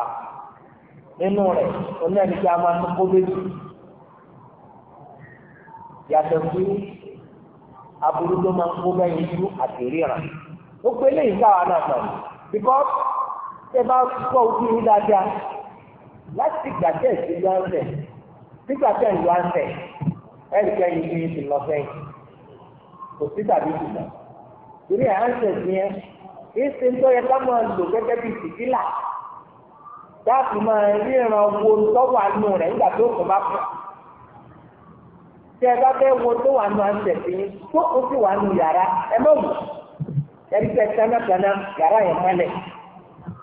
nínú rẹ̀ oní ẹni tí a máa tó kó méjì yàtọ̀ sí aburú tó máa ń kó mẹ́yìn ju àtẹ̀ríran ó pé léyìn sáwà náà mọ̀ because ṣé bá gbọ́ ojú yín dáadáa láti gbàgbé ìṣẹ́jú ọ̀sẹ̀ nígbà tí ẹ̀yìn wá ń tẹ̀ ẹ̀ríkẹ́ yìí ní ti lọ sẹ́yìn kò sí tàbí ìgbà torí à yẹn kì ń tọ́ ká máa lò gẹ́gẹ́ bí tìkílà dáàbò máa ríran wo tọ́wọ́ àánú rẹ̀ nígbà tó kò bá pọ̀ tí ẹ bá fẹ́ wo tó wà nù à ń tó o sì wà nù yàrá ẹ má wù ẹni tẹ kánákáná yàrá yẹn mọ́lẹ̀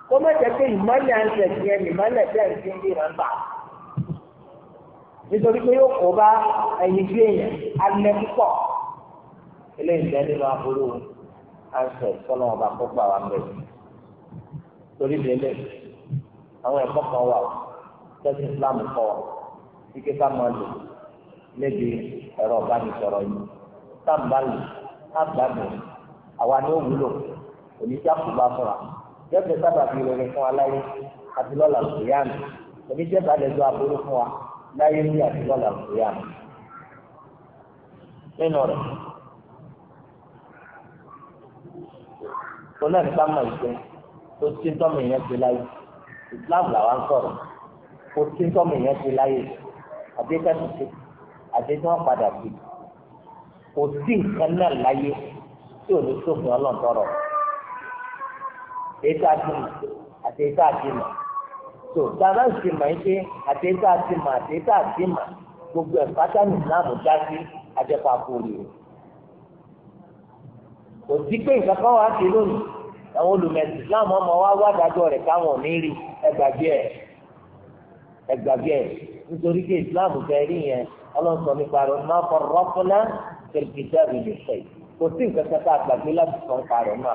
kó pé ìmọ́lẹ̀ à yẹn ìmọ́lẹ̀ bẹ́ẹ̀ ń fi ń ríran nítorí pé yóò kó bá ẹyin bí èèyàn alẹ́ púpọ̀ eléyìí jẹ́ nínú aburú àṣẹ sọ́nà ọba púpọ̀ àwọn abẹ́rẹ́ torí délé àwọn ẹ̀kọ́ kan wà tẹ́sí Islam kọ́ kíkẹ́ ká máa lò níbi ẹ̀rọ ọ̀bánisọ̀rọ̀ yìí sábàlì àgbàdùn àwa ni ó wúlò oníjàkùbà fúnra jẹ́pẹ̀ sábàbí rere fún aláyé àti lọ́la lùyàmù oníjẹ́bàlẹ̀ lọ aburú fún wa láyé ní àtúbọ̀ làkúyà nínú rẹ̀ onáà nípa mọ̀ ìgbẹ́ tó tí ń tọ́mọ ti láyé Islam làwa ń sọ̀rọ̀ kó tí ń tọ́mọ èèyàn ti láyé àdékẹ́sì ti àdékẹ́wọ́n padà sí kò sí nǹkan náà láyé tí ò ní sófin ọlọ́ọ̀tọ́rọ̀ ètò àti ètò àti nà tó dábàá sì mọ̀ ẹ́ pé àtẹ́tà ti mà àtẹ́tà ti mà gbogbo ẹ̀ pátá ní ìsìláàmù já sí ajẹ́pà kúrò kò sí pé nǹkan kan wà á ti lónìí àwọn olùmẹ̀sì Islam ọmọ wa wá dájọ́ rẹ̀ káwọn ò ní rí ẹgbàgbé ẹ̀ ẹgbàgbé ẹ̀ nítorí pé ìsìláàmù fẹ́ rí yẹn ọlọ́sọ nípa rẹ̀ máa fọ rọ́fúnná kìrìkìtà rẹ̀ lè fẹ́ kò sí nǹkan kan tá a gbàgbé láti sọ nípa rẹ̀ nínú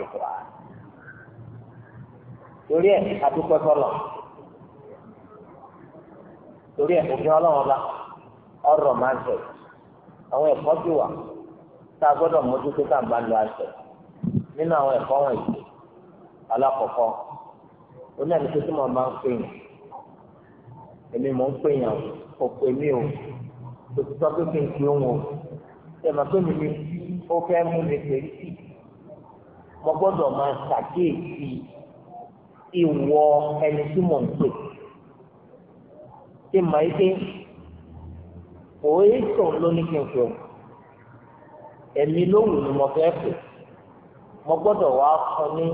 àlùkò torí ẹ̀ òfin ọlọ́run ọba ọ̀rọ̀ máa ń sẹ̀ àwọn ẹ̀kọ́ ti wà tá a gbọ́dọ̀ mójútó tá a bá lo àṣẹ nínú àwọn ẹ̀kọ́ wọ̀nyí alákọ̀ọ́kọ́ oníyàní tó túmọ̀ máa ń pè yàn èmi mò ń pè yàn kò pè mí o kò ti sọ pé kí n pè òun o ṣe mà pé mi ó fẹ́ mú mi pèrí sí mo gbọ́dọ̀ máa ṣàkíyèsí ìwọ ẹni tí mò ń pè ti mọ̀ yìí pé òye sùn ló ní kí n fi o ẹ̀mí ló wù ní mo fẹ́ fò mo gbọ́dọ̀ wá fún ní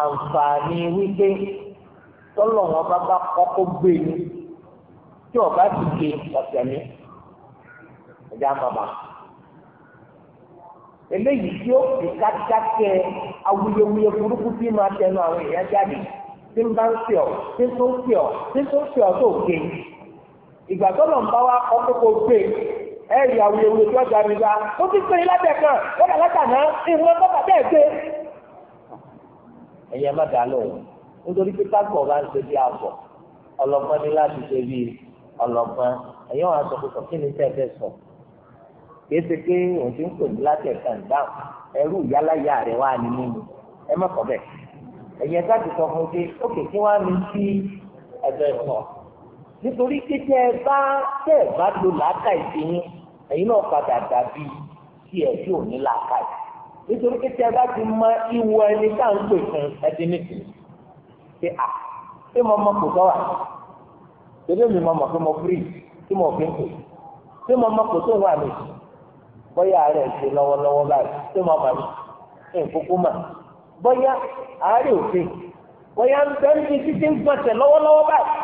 àǹfààní wípé tọ́lọ̀ wọn bá bá kọ́kọ́ gbé ni tí ọba ti gbé ọ̀sẹ̀ mi ẹ̀dá màmá eléyìí tí ó fi ká dákẹ́ awuyewuye burúkú tí máa tẹnu àwọn èèyàn jáde tí ń bá ń sè ọ́ tí ń tó ń sè ọ́ tí ń tó ń sè ọ́ tó gé ìgbà tó lọ ń bá wa kọ́ tó kó gbé ẹ rí àwọn ewu tí ọjà mi ra ó ti pè é lábẹ́ kan lọ́dà lọ́dà náà ìwọ bàbá bẹ́ẹ̀ gbé. ẹ̀yẹ má dàá lóhùn nítorí pé kágbọ̀ bá ń ṣe bí àbọ̀ ọlọ́gbọ́n ní láti ṣe bí ọlọ́gbọ́n ẹ̀yẹ wọn aṣọ kò sọ kí ni tẹ́ẹ̀ fẹ́ sọ. kìí ṣe pé òun ti ń pè mí láti ẹ̀ka ìdáhùn ẹrú ìyálàyà rẹ̀ wá ní mímu ẹ má bẹ́ẹ̀ ẹ̀yẹ káàdì sọ fún ókè kí wọ́n á mi sí ẹ̀bẹ̀ sọ nítorí pé ẹ bá tẹ́ ẹ bá lo làákà ìsinyìí ẹ̀yin náà padà dàbí tí ẹ tí ò ní làákà nítorí pé ẹ bá ti mọ ìwọ ẹni tá à ń pè fún ẹdín nìkan ṣe à ṣé mo mọ kò sọ́wà ṣébí mi mọ mọ pé mo firi tí mo fi ń pè ṣé mo mọ kò tó wà mí rẹ̀ ṣe lọ́wọ́lọ́wọ́ báyìí ṣé mo mọ mi nǹkókó mà bóyá àárẹ̀ òfin bóyá ń bẹ́ẹ̀ ní títí ń gbọ̀nsẹ̀ lọ́wọ́lọ́wọ́ báyìí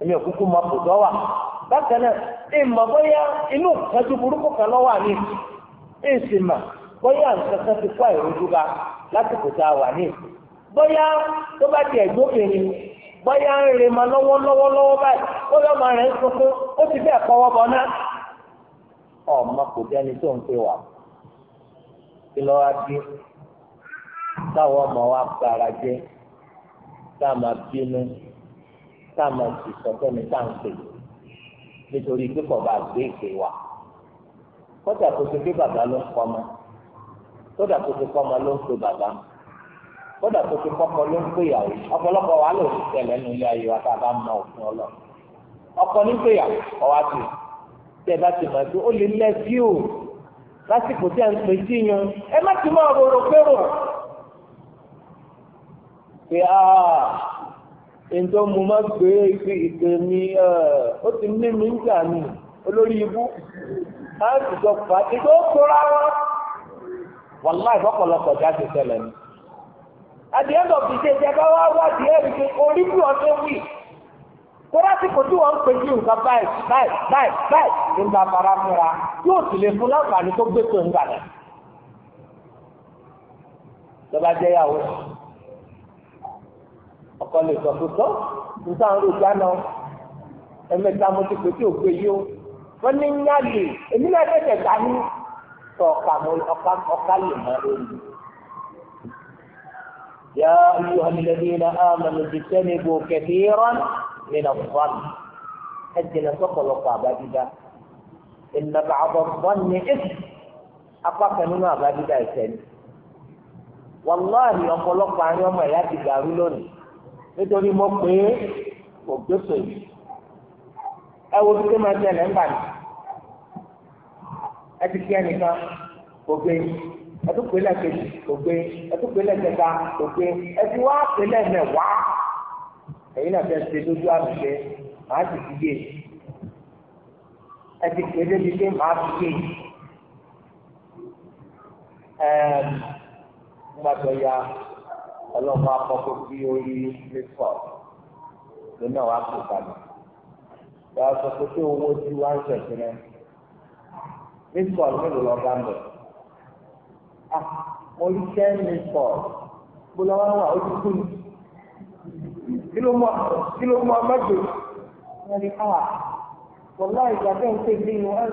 èmi kúkú mọ kò dọ́wà bákan náà ìmọ̀ bóyá inú ìtọ́jú burúkú kan lọ́wọ́ àní bóyá nǹkan kan ti kó àìrójú ba lásìkò tá a wà ní bóyá tó bá ti ẹ̀gbóbìnrin bóyá ń lọ́wọ́lọ́wọ́ báyìí rẹ̀ ń ó ti kọ́wọ́ táwọn ọmọ wa bara jẹ tá a máa bínú tá a máa sì sọtọ ní táǹkì nítorí pé kò bá gbé ìpè wa kódà kò sí pé bàbá ló ń kọ́ ọmọ kódà kò sí kọ́mọ ló ń pe bàbá kódà kò sí kọ́mọ ló ń pe ìyàwó ọ̀pọ̀lọpọ̀ wa ló ń tẹ̀lé nínú ilé ayé wa tá a bá mọ òfin ọlọ ọkọ ní pé ìyàwó ọwá ti tẹ bá ti máa tó ó lè lẹ́sí o lásìkò tí a ń pè sí yun ẹ má ti máa rorò pérò pé áà ètò mo má gbé ìpè mi ó ti ní mi ń gbà mí olórí ibú láti sọ pàtí tó kóra wọn wàlá ìfọkànlọpọ̀ jáde ṣẹlẹ̀ ni. at the end of the day ìjẹba wá wá di ẹ̀rí pé orí bí wọ́n tó wì kóra tí kò tí wọ́n ń pè ní nǹkan báyìí báyìí báyìí báyìí nígbà fara fúnra yóò sì lè fún láǹfààní tó gbé pé ń gbà náà. lọ́ba jẹ́ yàwó ọkọ lè sọ pé tọ́ nígbà ń rògbà náà ẹ̀mẹ́ta mo ti pè tí ò gbé yìí o wọ́n ní ń yàgè èmi náà tẹ̀sẹ̀ gbà ní tọ́ ọ̀ka lè mọ lórí. يا أيها الذين آمنوا اجتنبوا كثيرا من الظن أجل سقل قابلدا إن بعض الظن إثم أقاك نما بابدا يسني والله يقول لك عن يوم يأتي دارو لوني nítorí mo pè é kò gbèsè yìí ẹ wo bí tó máa tẹ̀lé ń bà ní ẹ ti kí ẹnìkan kò gbé ẹ tó pè é lẹ́ẹ̀kejì kò gbé ẹ tó pè é lẹ́ẹ̀kẹta kò gbé ẹ ti wá pè é lẹ́ẹ̀mẹ̀wàá náà fẹ́ ṣe lójú àbùṣe màá sì ti yé ẹ ti pè é pé màá fi yé ẹ ń ya. ọlọ́run akọ́kọ́ kí orí pípọ̀ tó náà wá kó kalẹ̀ wàá sọ pé kí owó tí wá ń ṣẹ̀ṣẹ̀ rẹ̀ pípọ̀ mélòó lọ́ọ́ ń bẹ̀. mo rí ten pípọ̀ gbọ́dọ̀ wá wà ó ti kú ni kí ló mọ kí ló mọ mẹ́jọ wọ́n ní káwà ah, pọ̀lá ìgbà tó ń pè ni wọ́n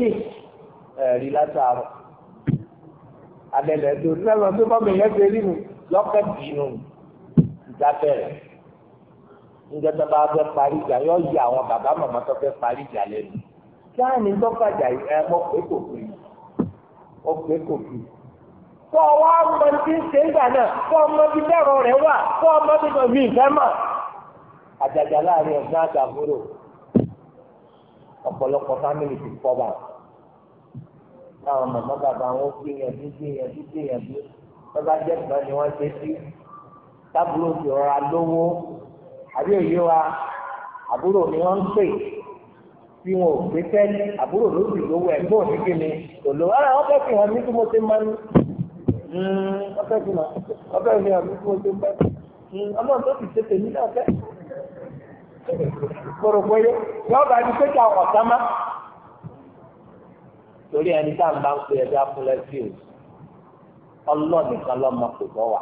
ń ẹ̀rí látàárọ̀ alẹ́lẹ̀ tó sẹ́wọ̀n tó bọ́ mi yẹn ti rí mi lọ́kẹ́ dìínú ìdáfẹ́ rẹ̀ níjẹ́ tó bá fẹ́ parí ìjà yọ yí àwọn bàbá màmá tó fẹ́ parí ìjà lẹ́nu kí á ní tọ́kàjà ẹ mọ̀ pé kò fi ó pé kò fi kọ́ wá mọ tí ń ṣe ń náà kọ́ ọmọ bí dẹ́rọ rẹ̀ wà kọ́ ọmọ bí tó mi ìfẹ́ mọ̀ àjàjà láàrin ọ̀gá àtàbúrò ọ̀pọ̀lọpọ̀ fámìlì ti fọ́ bàbá. táwọn màmá bàbá wọn ya gbìyànjú gbìyànjú wọn bá jẹ́ ìgbà ni wọ́n ṣe sí tábúrò ti rọra lówó àbí òye wa àbúrò ni wọ́n ń pè tí wọn ò gbé tẹ́lẹ̀ àbúrò ló sì lówó ẹ̀ ní kíni torí ẹni tá à ń bá ń pe ẹja fún lẹ́sìn o ọlọ́nìkan lọ́mọ kò bọ́ wà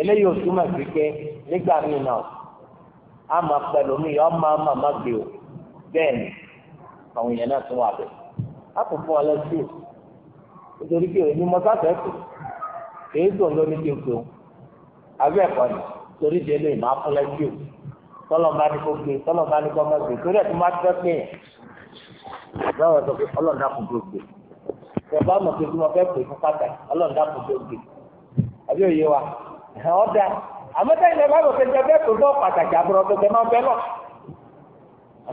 eléyìí ò túmọ̀ sí pé nígbà míì náà a máa pẹ̀lú mi yọ máa má gbé o bẹ́ẹ̀ ni àwọn èèyàn náà tún wà bẹ́ẹ̀ a kò fún ọ lẹ́sìn o nítorí pé èmi mo sáfẹ́ pè èyí tó ń lóní kí n pè abẹ́ ẹ̀kọ́ ni torí di eléyìí máa fún lẹ́sìn o tọ́lọ̀ bá ní kó gbé tọ́lọ̀ bá ní kó má gbé torí ẹ̀ tó má tẹ́ pé láwọn sọ pé ọlọ́run dàpọ̀ tó gbé ṣe bá mọ̀ pé bí wọ́n fẹ́ pè fún pàtàkì ọlọ́run dàpọ̀ tó gbé àbí òye wa ọ̀dà àmọ́ tẹ́lẹ̀ ẹ bá mọ̀ pé ṣe fẹ́ pè fún pàtàkì àbúrò tó tẹ máa fẹ́ lọ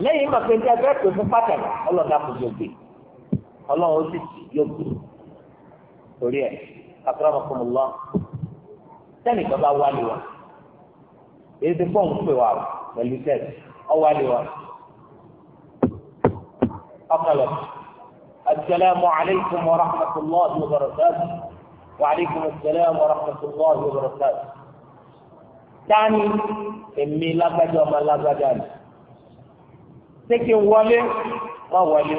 lẹ́yìn mọ̀ pé ṣe fẹ́ pè fún pàtàkì ọlọ́run dàpọ̀ gbé ọlọ́run ó sì yóò gbé torí ẹ̀ akramakumullah sẹ́ni kan bá wálé wa èyí ti pọ̀ ń pè wá pẹ̀lú tẹ́lẹ̀ ọ ọkọlọ asalaamu alaykum wa rahmatulahi wa barakatu wa alaykum asalaam wa rahmatulahi wa barakatu tani èmi lágbájá ọmọ lágbájá ni ṣé kí n wọlé má wọlé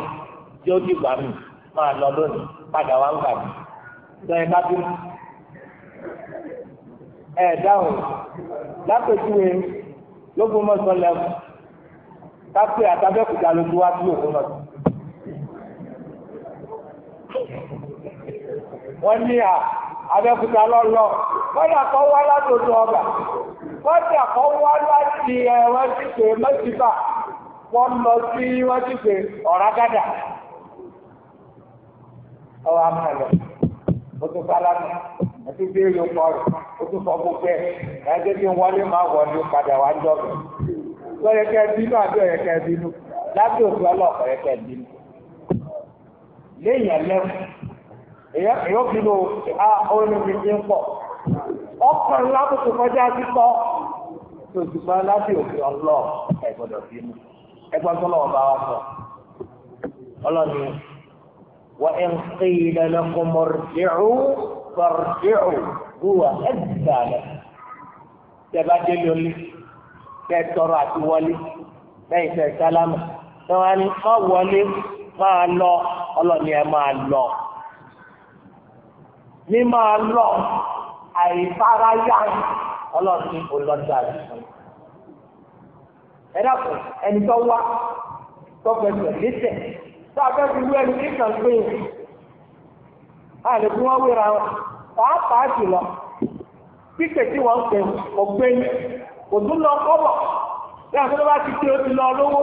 tí ó dìgbà mi máa lọ lónìí padà wá ń gbà mí sọ ẹ bá bí ẹ dáhùn lápẹ̀tùwé lógún mọ́sán lẹ́wọ̀n kápẹ́ àtàbẹ́kùtà lójú wá sí ògún mọ́sán. wọ́n ní à abẹ́kúta lọ́lọ́ kọ́dà kọ́ wá látòdò ọgbà kọ́dà kọ́ wá láti wọ́n lọ sí wọ́n ti pè ọ̀ràgádà ọwọ́ lọ ó tún sálámù àti béèrè rẹ̀ ó tún gbogbo ẹ̀ ẹgbẹ́ tí wọlé máa wọlé padà mi lọ́yẹ̀kẹ́ bínú àbí léèyàn lẹ́wọ̀n èyàn fi lo a orin mi ti ń pọ̀ ọkàn lábùkù kọjá sísọ tó ṣùgbọ́n lábẹ́ òfin ọlọ́ ẹ̀ gbọ́dọ̀ fi mú ẹgbọ́n tó lọ́wọ́ bá wa sọ ọlọ́ni wọ́n ẹ̀ ń pè é lẹ́lẹ́kọ̀ọ́ mọ̀rẹ́dẹ́rù mọ̀rẹ́dẹ́rù wúwa ẹ̀ dìgbà rẹ̀ tẹ́bá dé lórí tẹ́ tọrọ àti wọlé lẹ́yìn tẹ́ sálámà tẹ́wọ́n á ní kọ́ wọlé máa lọ ọlọ́ni ẹ máa lọ ní máa lọ àìfarayá ọlọ́ni olọ́dà rẹ̀ ẹ dàpọ̀ ẹni tó wá tó fẹsẹ̀ lẹ́sẹ̀ tó abẹ́bí wú ẹni kíkan pé àlè fún wọn wéra wọn pàápàá jùlọ pípẹ́ tí wọ́n ń ọ̀gbẹ́ni kò tún lọ kọ́bọ̀ bí àgbẹ̀dọ́ bá ti tẹ́ o ti lọ lówó.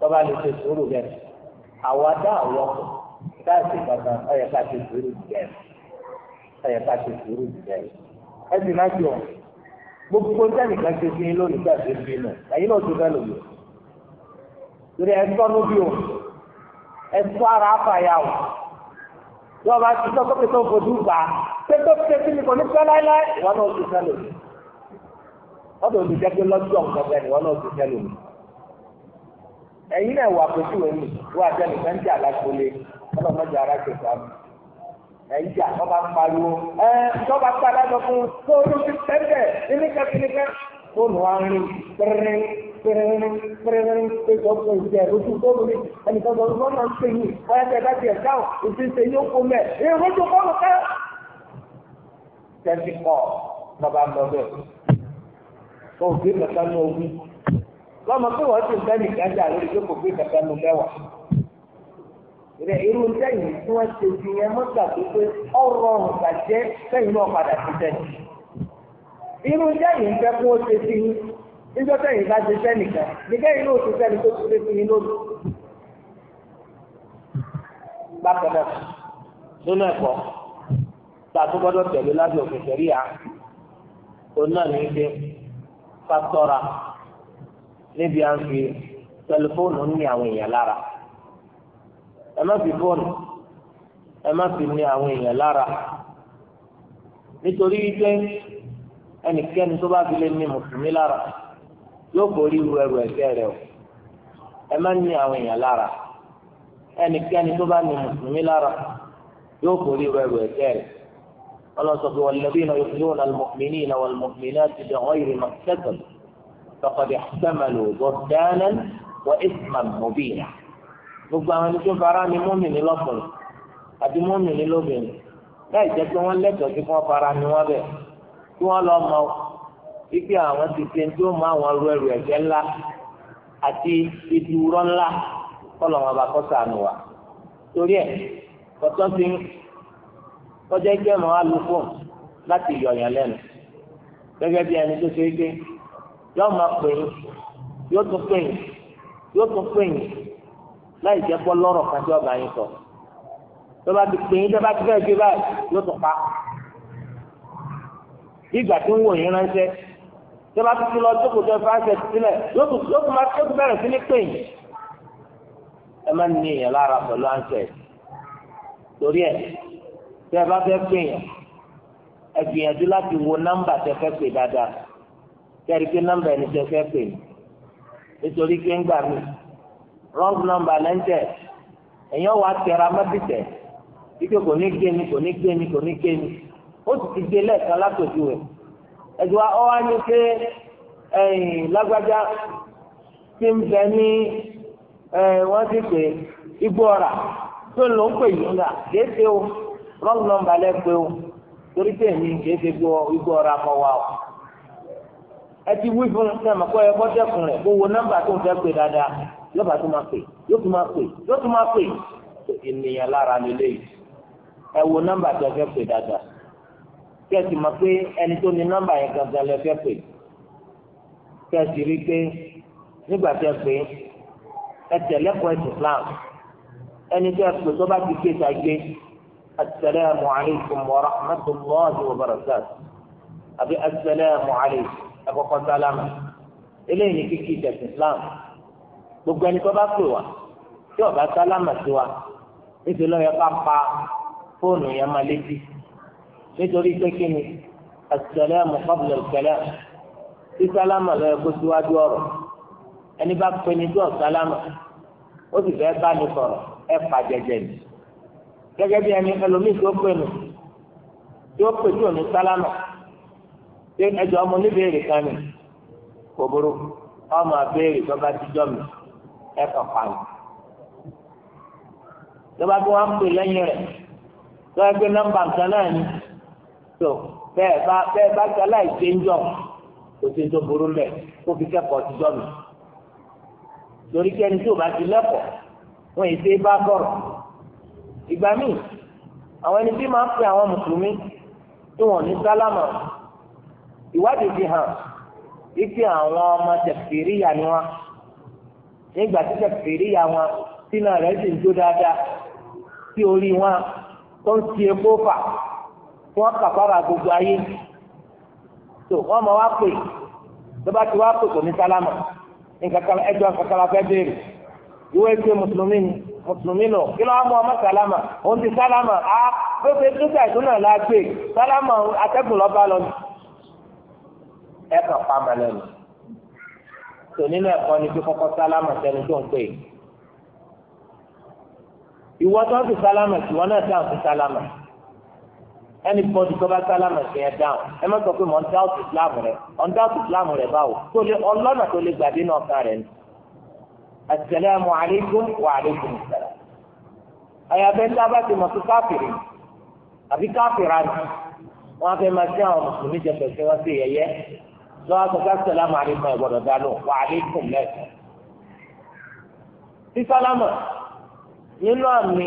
tọ́ba lè ṣe sùúrù bẹ́ẹ̀ àwa dá àwọn dáàsì bàbá ọ̀yẹ̀ ká ṣe sùúrù bẹ́ẹ̀ ọ̀yẹ̀ ká ṣe sùúrù bẹ́ẹ̀ ẹ sì máa jọ gbogbo sẹ́nìkan ṣe fi lónìí gbà ṣe fi nù ẹ̀yin náà tó bẹ́ẹ̀ lòlù lórí ẹ̀sọ́ níbí o ẹ̀sọ́ ara àfàyà o yọba ti sọ pé tó fojú gbà pé tó ṣe kí ni kò ní pẹ́ láéláé ìwọ náà tó bẹ́ẹ̀ lòlù ọ̀dọ̀ òdìjẹ́ pé lọ́jọ́ nǹkan bẹ́ẹ̀ ni ìwọ náà tó bẹ́ẹ̀ lòlù ẹ̀yin náà wà pẹ̀lú ẹ̀mí wọ́n àti ẹnìkan ń jà lágbólé ọlọ́mọdé ara kẹta ẹ̀yin jà wọ́n bá pariwo ẹ̀ tọ́ba padà lọ fún fóònù ti tẹ́tẹ̀ níníkẹ́kíníkẹ́ fóònù wa ń rìn pẹ́rẹ́rẹ́ pẹ́rẹ́rẹ́ pẹ́rẹ́rẹ́ pẹ́sọ́ fún ìjẹ́ ojú fóònù mi ẹnìkan sọ fún ọ̀nà ṣe yìí wọ́n yẹ kẹ́kẹ́ tiẹ̀ dáhùn òsì ṣe yóò kó mẹ́ ẹ̀ ojú fóònù kẹ́ tẹ́tí kọ́ bàbá lọ bẹ́ẹ̀ lọ́mọ pé wọ́n ti ń bẹ́ẹ̀ nìkan jà lórí pé kò gbé kẹ̀kẹ́ nu mẹ́wàá. rẹ̀ irú sẹ́yìn tí wọ́n ṣe fi yẹn mọ́gbà tó pé ọ̀rọ̀ ọ̀hún bàjẹ́ sẹ́yìn náà padà sí sẹ́yìn. irú sẹ́yìn fẹ́ kó o ṣe fi yín níjọ́ sẹ́yìn bá ṣe sẹ́nìkan nígbà yìí ló ti sẹ́ni tó ti ṣe fi yín lónìí. bákan náà nínú ẹ̀kọ́ tàtúgbọ́dọ̀ tẹ̀lé lábẹ́ òkè níbi à ń fi tẹlifóònù ní àwọn èèyàn lára ẹ má fi fóònù ẹ má fi ní àwọn èèyàn lára nítorí wípé ẹnikẹ́ni tó bá fi lè ní mùsùlùmí lára yóò borí ru ẹrù ẹ̀ṣẹ̀ rẹ̀ o ẹ má ní àwọn èèyàn lára ẹnikẹ́ni tó bá ní mùsùlùmí lára yóò borí ru ẹrù ẹ̀ṣẹ̀ rẹ̀ ọlọ́sọ̀kè wal ladina yu'minuna al mu'minina wal mu'minati bighayri ma iktasabu. فقد احتملوا بهتانا وإثما مبينا gbogbo àwọn ẹni tó fara ni mọ́mìnì lọ́kùnrin àti mọ́mìnì lóbìnrin láì jẹ́ pé wọ́n lẹ́tọ̀ọ́ sí fún fara ni wọ́n bẹ̀ kí wọ́n lọ mọ wípé àwọn ti ṣe tó mọ àwọn ru ẹrù ẹ̀jẹ̀ ńlá àti ìdúró ńlá kọ́lọ̀ wọn bá kọ́ sànù wa torí ẹ̀ kọ́tọ́ sí kọjá ẹgbẹ́ alùpùpù láti yọ̀yàn lẹ́nu gẹ́gẹ́ bí ẹni tó ṣe é gbé yóò máa pè yín yóò tún pè yín yóò tún pè yín láì jẹ́ pọ́ lọ́rọ̀ kan tí ọba yín sọ tó bá ti pè yín tó bá ti fẹ́ẹ́ gbé báyìí yóò tún pa ìgbà tí ń wò yín ránṣẹ́ tó bá ti lọ jókòó tó fẹ́ ṣe sílẹ̀ yóò tún yóò tún máa tó tún sí ní pè yín ẹ má ní èèyàn lára pẹ̀lú àǹṣẹ́ torí ẹ̀ tẹ́ bá fẹ́ pè yín ẹ gbìyànjú láti wo nọ́mbà tẹ́ fẹ́ pè dáadáa kẹ́rì pé nọ́mbà ẹni tẹ́ fẹ́ pè mí nítorí pé ń gbà mí wrong number lẹ́ńtẹ̀ ẹ̀yàn wà tẹ̀ra mọ́bìtẹ̀ ike kò ní gbé ni kò ní gbé ni kò ní gbé ni ó sì ti gbé lẹ́ẹ̀kan látòjú rẹ̀ ẹ̀dùn ọ wá ní pé ẹ̀yìn lágbájá ti ń bẹ ní wọ́n ti pè igbó ọ̀rà tó ló ń pè yìí ńlá kéèké o wrong number lẹ́ pé o torí pé èmi kéèké gbọ́ igbó ọ̀rà kọ́ wa o ẹ ti wí fún un sẹ́mi kọ́ ẹ kọ́ dẹ́kun rẹ̀ kó wo nọ́mbà tó ń fẹ́ pè dáadáa yóò bá tó máa pè yóò tó máa pè yóò tó máa pè ènìyàn lára lélẹ̀ yìí ẹ wo nọ́mbà tó fẹ́ pè dáadáa kẹ́sì mọ̀ pé ẹni tó ní nọ́mbà yẹn gangan lẹ fẹ́ pè kẹ́sì rí pé nígbà tẹ́ pé ẹ tẹ̀lé pọ́ẹ̀tì Islam ẹni tẹ́ pè tó bá ti ké ta gbé asalaamu wa rahmatulahi wa barakatuh àbí asalaamu ẹ̀kọ́kọ́ sálámà eléyìí ni kíkí ìtẹ̀sìn Islam gbogbo ẹni tó bá pè wá tí ó bá sálámà sí wa níṣẹ́ ló yẹ ká pa fóònù yẹn máa létí nítorí pé kí ni as-salamu qabla al-kalam tí sálámà ló yẹ kó síwájú ọ̀rọ̀ ẹni bá pè ní tó sálámà ó sì fẹ́ bá mi sọ̀rọ̀ ẹ pa jẹ́jẹ́ ni gẹ́gẹ́ bí ẹni ẹlòmíì tó pè nù tí ó pè tó ní sálámà ṣé ẹjọ́ ọmọ oníbèrè kan ni kò burú ọmọ abéèrè tó bá ti jọ mi ẹ kàn pa mi. lọ́ba bí wọ́n ń pè lẹ́yìn rẹ̀ tó ẹ gbé nọ́mbà nǹkan náà ni tó bẹ́ẹ̀ bá bẹ́ẹ̀ bá ti aláìsí ń jọ kò sí tó burú mẹ́ kó fi kẹ́kọ̀ọ́ ti jọ mi. torí kí ẹni tí ò bá ti lẹ́kọ̀ọ́ wọ́n yìí ṣe bá bọ̀rọ̀. ìgbà míì àwọn ẹni tí máa ń pè àwọn mùsùlùmí tí wọ́n ní sálámà ìwádìí fi hàn ibi àwọn ọmọ tẹ̀fìríyà ni wọn nígbà tí tẹ̀fìríyà wọn sínú rẹ̀ sì ń jó dáadáa sí orí wọn tó ń ti epo fà wọ́n gbogbo ayé tó wọ́n mọ̀ wá pè tó bá ti wá pè kò ní sálámà nǹkan ẹjọ́ kankan la fẹ́ béèrè ìwé mùsùlùmí ẹ kàn pa àmà lẹ́nu tò nínú ẹ̀kọ́ ni pé kọ́kọ́ sálámà sẹ́ni tó ń pè é ìwọ tó ń fi sálámà sí wọn náà dáhùn sí sálámà ẹni bọ́dì tó bá sálámà sí ẹ dáhùn ẹ má sọ pé mọ̀ ń dá òtù ìsìláàmù rẹ ọ̀ ń dá òtù ìsìláàmù rẹ báwo tó lé ọlọ́nà tó lè gbàdé náà kan rẹ ni asalaamu aleykum wa aleykum salaam ayàfẹ́ tá a bá ti mọ̀ sí káfìrì àbí káfìrà ni wọ́n á fẹ́ máa sí àwọn mùsùlùmí jẹ pẹ̀sẹ̀ wọ́n sí yẹyẹ lọ́wọ́ àtọ́ká sẹ́lámù àríkùn ẹ̀gbọ́dọ̀ dáná wà àríkùn lẹ́sìn. sísálámà nínú àmì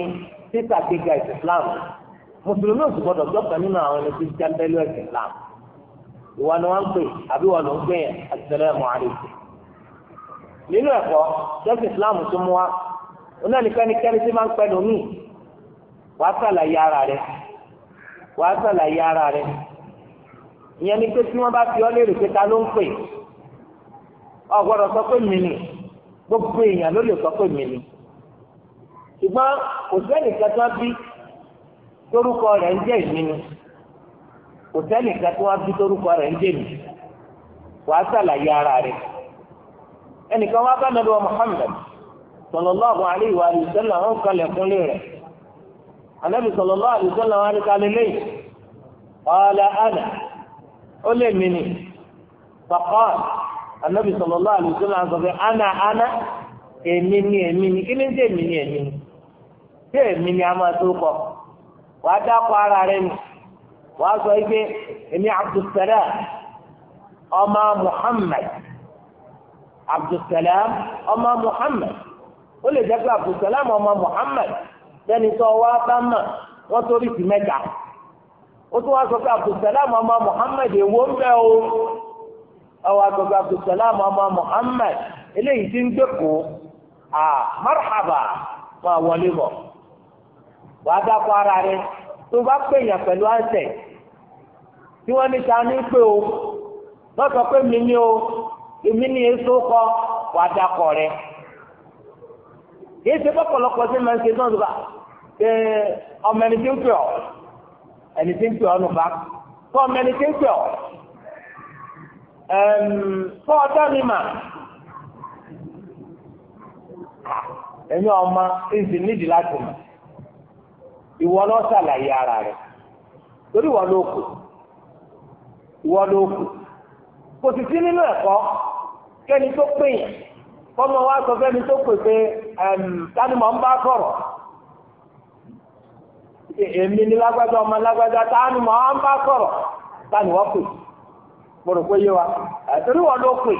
títà gíga Islam mùsùlùmí ò sì gbọdọ̀ gbọ́kà nínú àwọn ẹni tí ń jábẹ́lú ẹ̀sìn Islam ìwà ni wọ́n ń pè àbí wọ́n ló ń gbé yẹn àtẹ̀lẹ́mù àríkùn. nínú ẹ̀kọ́ jẹ́sí Islam tó mú wa onáníkánikẹ́ni tí máa ń pẹ́ lómi wàá ara rẹ̀ wàá ara rẹ̀ ìyẹn ni pé tí wọ́n bá fi ọ́ léèrè pé ta ló ń pè ọ gbọ́dọ̀ sọ pé mi ni gbogbo èèyàn ló lè sọ pé mi ni ṣùgbọ́n kò sẹ́ni kẹta bí torúkọ rẹ̀ ń jẹ́ ìmí ni kò sẹ́ni kẹta wá bí torúkọ rẹ̀ ń jẹ́ mi wàá sàlàyé ara rẹ̀ ẹnìkan wá bá nàbẹ wa Muhammad sallallahu alayhi wa wọn kalẹ̀ fún lé anabi sallallahu alayhi wa wọn kalẹ̀ lé ọ̀la ana. ó lè mí ni bàkọ́ọ̀n anabi sallallahu alaihi wasallam sọ pé ana ana èmi ni èmi ni kí ni ń tẹ èmi ni èmi ni tẹ èmi ni a máa tó kọ wàá dákọ ara rẹ nù wàá sọ yìí pé èmi abdulsalam ọmọ muhammad abdulsalam ọmọ muhammad ó lè jẹ́ pé abdulsalam ọmọ muhammad sẹ́ni tó wá bá mà wọ́n ti ó tún wá sọ pé abdulsalam ọmọ muhammed èwo ń bẹ o ọwọ àgbègbè abdulsalam ọmọ muhammed eléyìí ti ń dẹkọ à marhaba máa wọlé bọ wàá dákọ ara rẹ tó bá pèèyàn pẹ̀lú àṣẹ tí wọ́n ní ta ní pé o lọ́sọ̀ pé mi ní o èmi ní èso kọ wàá dákọ rẹ kì í ṣe bọ́pọ̀lọpọ̀ sí máa náà tó bá ọmọ ẹni tí ń pè ọ́. anything to honor pè for nù bá kọ́ ọmọ ẹni tí ń nídìí láti mọ̀ ìwọ lọ ṣàlàyé ara rẹ̀ torí ìwọ ló kù ìwọ ló kù kò sì sí nínú tó pè kọ́mọ wa sọ fẹ́ni tó pè èmi ní lágbájá ọmọ lágbájá táàmì mọ̀ ọ́n bá sọ̀rọ̀ táàmì wọ́n pè mo rò pé yé wa àtúrò wọn ló pè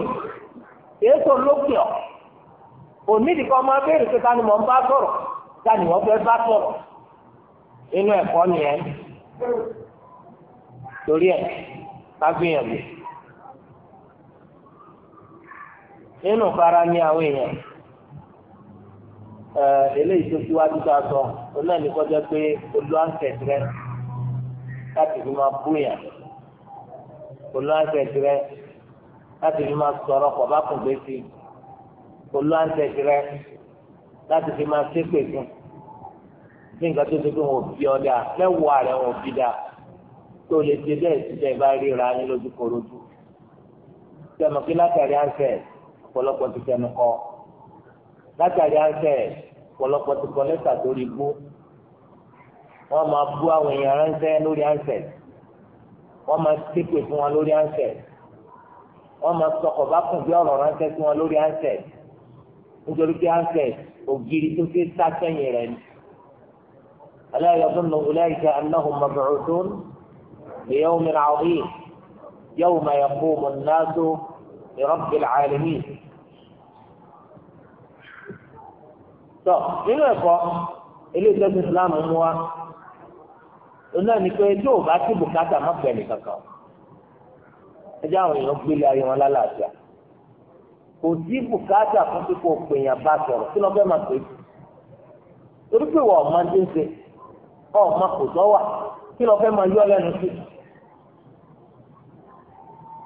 kìí sọ lókè ọ onídìí kan máa béèrè pé táàmì mọ̀ ọ́n bá sọ̀rọ̀ táàmì wọ́n fẹ́ bá sọ̀rọ̀ inú ẹ̀kọ́ nìyẹn torí ẹ̀ ká gbìyànjú fara ní àwọn èèyàn eléyìí tó síwájú tó a sọ ọ náà ní kọjá pé olú àǹtẹ̀tì rẹ láti fi máa bóyá olú àǹtẹ̀tì rẹ láti fi máa sọ̀rọ̀ kọ̀bákùngbé sí olú àǹtẹ̀tì rẹ láti fi máa ṣépè fún ní nǹkan tó ṣe pé wọn ò bí ọ dáa mẹ́wàá rẹ wọn ò bí dáa tó lè ṣe bẹ́ẹ̀ síbẹ̀ bá ríra ní lójú korojú. sẹ́mi látàrí àǹtẹ̀ ọ̀pọ̀lọpọ̀ ti tẹnu kọ́ ọ látàrí àǹtẹ̀ pọ̀lọpọ̀ ti kọ́ lẹ́tà lórí igbó wọ́n máa bú àwọn èèyàn ránṣẹ́ lórí àǹtẹ̀ wọ́n máa ṣépè fún wọn lórí àǹtẹ̀ wọ́n máa sọkọ̀ bá kùn bí ọ̀rọ̀ ránṣẹ́ fún wọn lórí àǹtẹ̀ nítorí pé àǹtẹ̀ ògiri tó fi sá sẹ́yìn rẹ̀ ni. ألا يظن أولئك أنهم مبعوثون ليوم عظيم يوم يقوم الناس لرب العالمين tọ nínú ẹ̀kọ́ ilé ìtọ́jú islam mú wa ó náà ní pé tí ò bá sí bùkátà má pẹ̀ nìkan kan ẹ jẹ́ àwọn èèyàn gbélé ayé wọn lálàáfíà kò sí bùkátà fún pípọ̀ pèèyàn bá sọ̀rọ̀ kí ló fẹ́ máa pè é torí pé wọ́n ọ̀ma ti ń ṣe ọ̀ma kò tọ́ wà kí ló fẹ́ máa yọ lẹ́nu sí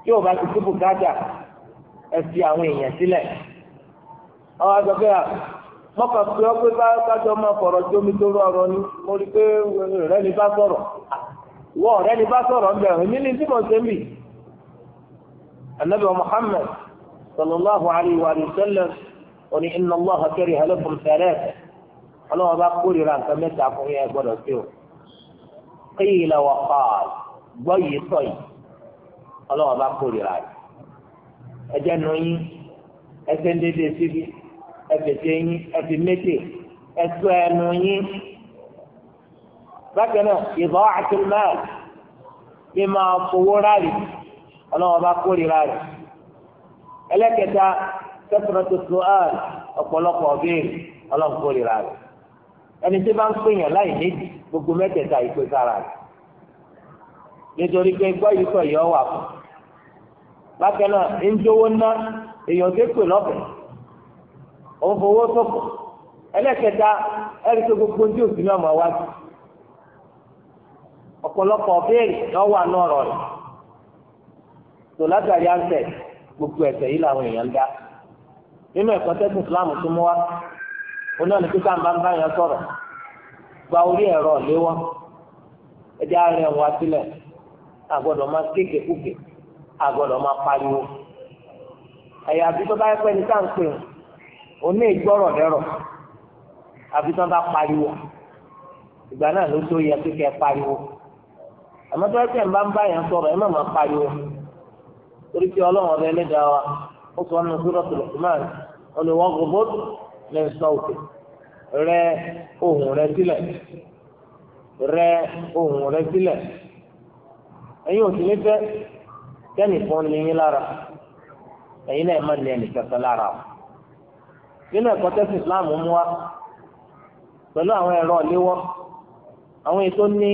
tí ò bá ti sí bùkátà ẹ fi àwọn èèyàn sílẹ̀ ọ wá sọ pé mọ́kàn pé ọ́ pé kájọ máa fọ̀rọ̀ jómi tó rọrùn ni mo rí i pé ọ̀rẹ́ ni bá sọ̀rọ̀ wọ ọ̀rẹ́ ni bá sọ̀rọ̀ ń bẹ̀rẹ̀ mí ní tí mo ṣe ń bì. anabi muhammed sallallahu alayhi wa sallam oní inna allaha kariha lakum thalatha ọlọ́wọ́ bá kórìíra nǹkan mẹ́ta fún yẹn gbọ́dọ̀ sí o. qila wa qal gbọ́ yìí sọ yìí ọlọ́wọ́ bá kórìíra ẹ̀jẹ̀ nù ẹsẹ̀ ń dédé síbi ẹ̀fẹ̀sẹ̀ yín ẹ̀fẹ̀ méjì ẹ̀sọ́ ẹnu yín. bákan náà ìbọn àtúmọ̀ bí máa fowó ráàlì ọlọ́wọ́n bá kórìíra rẹ̀. ẹlẹ́kẹta kẹsàn-án tó so áàlì ọ̀pọ̀lọpọ̀ ọ̀bẹ́ẹ̀rẹ̀ ọlọ́wọ́n kórìíra rẹ̀. ẹni tí bá ń pèèyàn láì nídìí gbogbo mẹ́tẹ̀ẹ̀ta ìpè sára rẹ̀. nítorí pé gbọ́ yìí kọ̀ yọ wà fún. bákan náà ń jówó ná èèyàn kékeré lọ́fẹ̀ẹ́ òun fowó sọ̀kò ẹlẹ́kẹta ẹ̀rí gbogbo ní òsì náà máa wájú ọ̀pọ̀lọpọ̀ béèrè náà wà náà rọ̀ rẹ̀ tó látàrí àǹtẹ̀ gbogbo ẹ̀sẹ̀ yìí làwọn èèyàn ń dá nínú ẹ̀kọ́ Islam tó mú wá mba náà ní pípa ń bá ń bá yẹn sọ̀rọ̀ gba orí ẹ̀rọ léwọ́ ẹ̀dá rẹ̀ wá sílẹ̀ àgọ́dọ̀ máa kéèké kúkè àgọ́dọ̀ máa pariwo ẹ̀yà oní ìgbọ́rọ̀ lẹ́rọ̀ àbí tán bá pariwo ìgbà náà ló tó yẹ kíkẹ́ pariwo àmọ́ tó ẹsẹ̀ ń bá ń bá yẹn sọ̀rọ̀ ma má má pariwo torí pé ọlọ́run ọba ẹlẹ́dàá wa ó sọ nínú Suratul Luqman olùwọ́gbọ̀gbọ́ ní sọ́ọ̀tì rẹ rẹ sílẹ̀ rẹ rẹ sílẹ̀ ẹ̀yin òsì kẹ́nìkan ní yín lára ẹ̀yin náà má lára o. nínú ẹ̀kọ́ tẹ́sí islam mú wa pẹ̀lú àwọn ẹ̀rọ léwọ́ àwọn ètò ní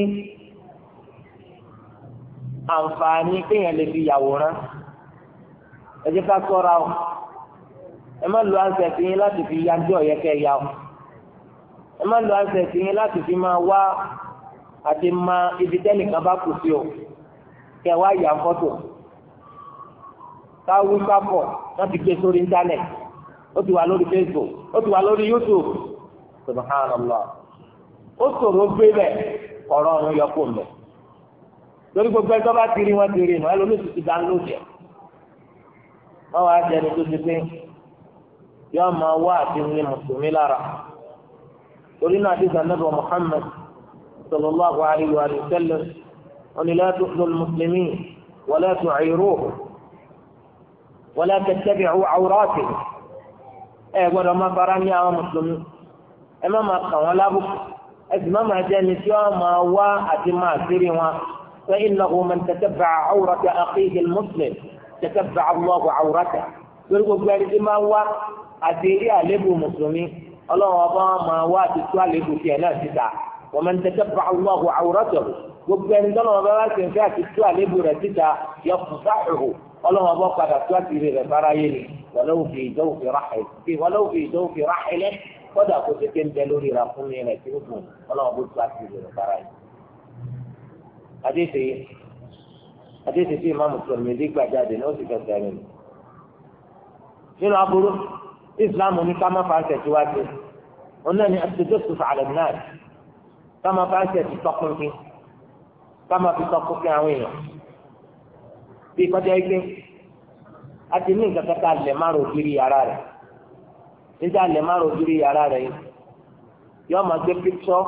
àǹfààní kéèyàn lè fi yàwòrán ẹ ká ṣọ́ra o ẹ má lo ansẹ̀tì yín láti fi ya bí ọ̀yẹ́ kẹ́ ya o ẹ má lo ansẹ̀tì yín láti fi máa wá àti ma ibi tẹ́nìkan bá kù sí o kẹ wá ya fọ́tò ká wí wọ́n ti gbé sórí íńtánẹ̀tì ó ti wà lórí facebook ó ti wà lórí youtube subhanallah ó sòrò gbé bẹ̀ ọ̀rọ̀ ọ̀run yọ kó mẹ́ lórí gbogbo ẹjọ́ bá ti rí wọn ti rí nù ẹlòmíì ti ti dánlóòdì ẹ̀ wọ́n wá jẹ́ ẹni tó ti pé yọ máa wá àti ní mùsùlùmí lára torí náà àti sànẹ́bù muhammed sallallahu alayhi wa sallam onílẹ́tò mùsùlùmí wọlé tó àìrò wọlé tẹ̀tẹ̀bì àwòrán tẹ̀lé ẹ gbọ́dọ̀ máa fara ní àwọn mùsùlùmí ẹ má máa kà wọ́n lábùkù ẹ sì má máa jẹ́ ẹni tí wọ́n máa wá àti máa sírí wọn fa innahu man tataba'a awrata akhihi al-muslim tataba'a Allahu awrata lórí gbogbo ẹni tí máa wá àti rí àlébù mùsùlùmí ọlọ́run ọba máa wá àti tú àlébù tiẹ̀ náà síta wa man tataba'a Allahu awratahu gbogbo ẹni tọ́lọ́run bá sì ń ọlọ́wọ́n bọ́ padà tó àti rè rẹ̀ fara yé ni wọ́lọ́wọ́ fi ìjọ́wọ́ fi ráxẹ̀ fi wọ́lọ́wọ́ fi ìjọ́wọ́ fi ráxẹ̀ lẹ́ kọ́dà kó ti ké ń bẹ lórí ra fún mi rẹ̀ tí ó dùn ọlọ́wọ́n bó tó àti rè rẹ̀ fara yé. adéṣe adéṣe tí ìmáàmù Tirmidhi gbà jáde ní oṣù kẹsẹ̀ rẹ̀ ni. nínú aburú Islam ní ká má fàáṣẹ̀ wá sí ọ̀nà ni àtijọ́sùn àlẹ́ náà ká má fàáṣẹ̀ tí tọkùnkín ká má fi tọkùnkín àwọn èèyàn bí kọjá ike a ti ní nǹkan kan tá a lẹ̀ má ro kiri yàrá rẹ̀ níta lẹ̀ má ro kiri yàrá rẹ̀ yìí yọ́ọ́ máa gbé picture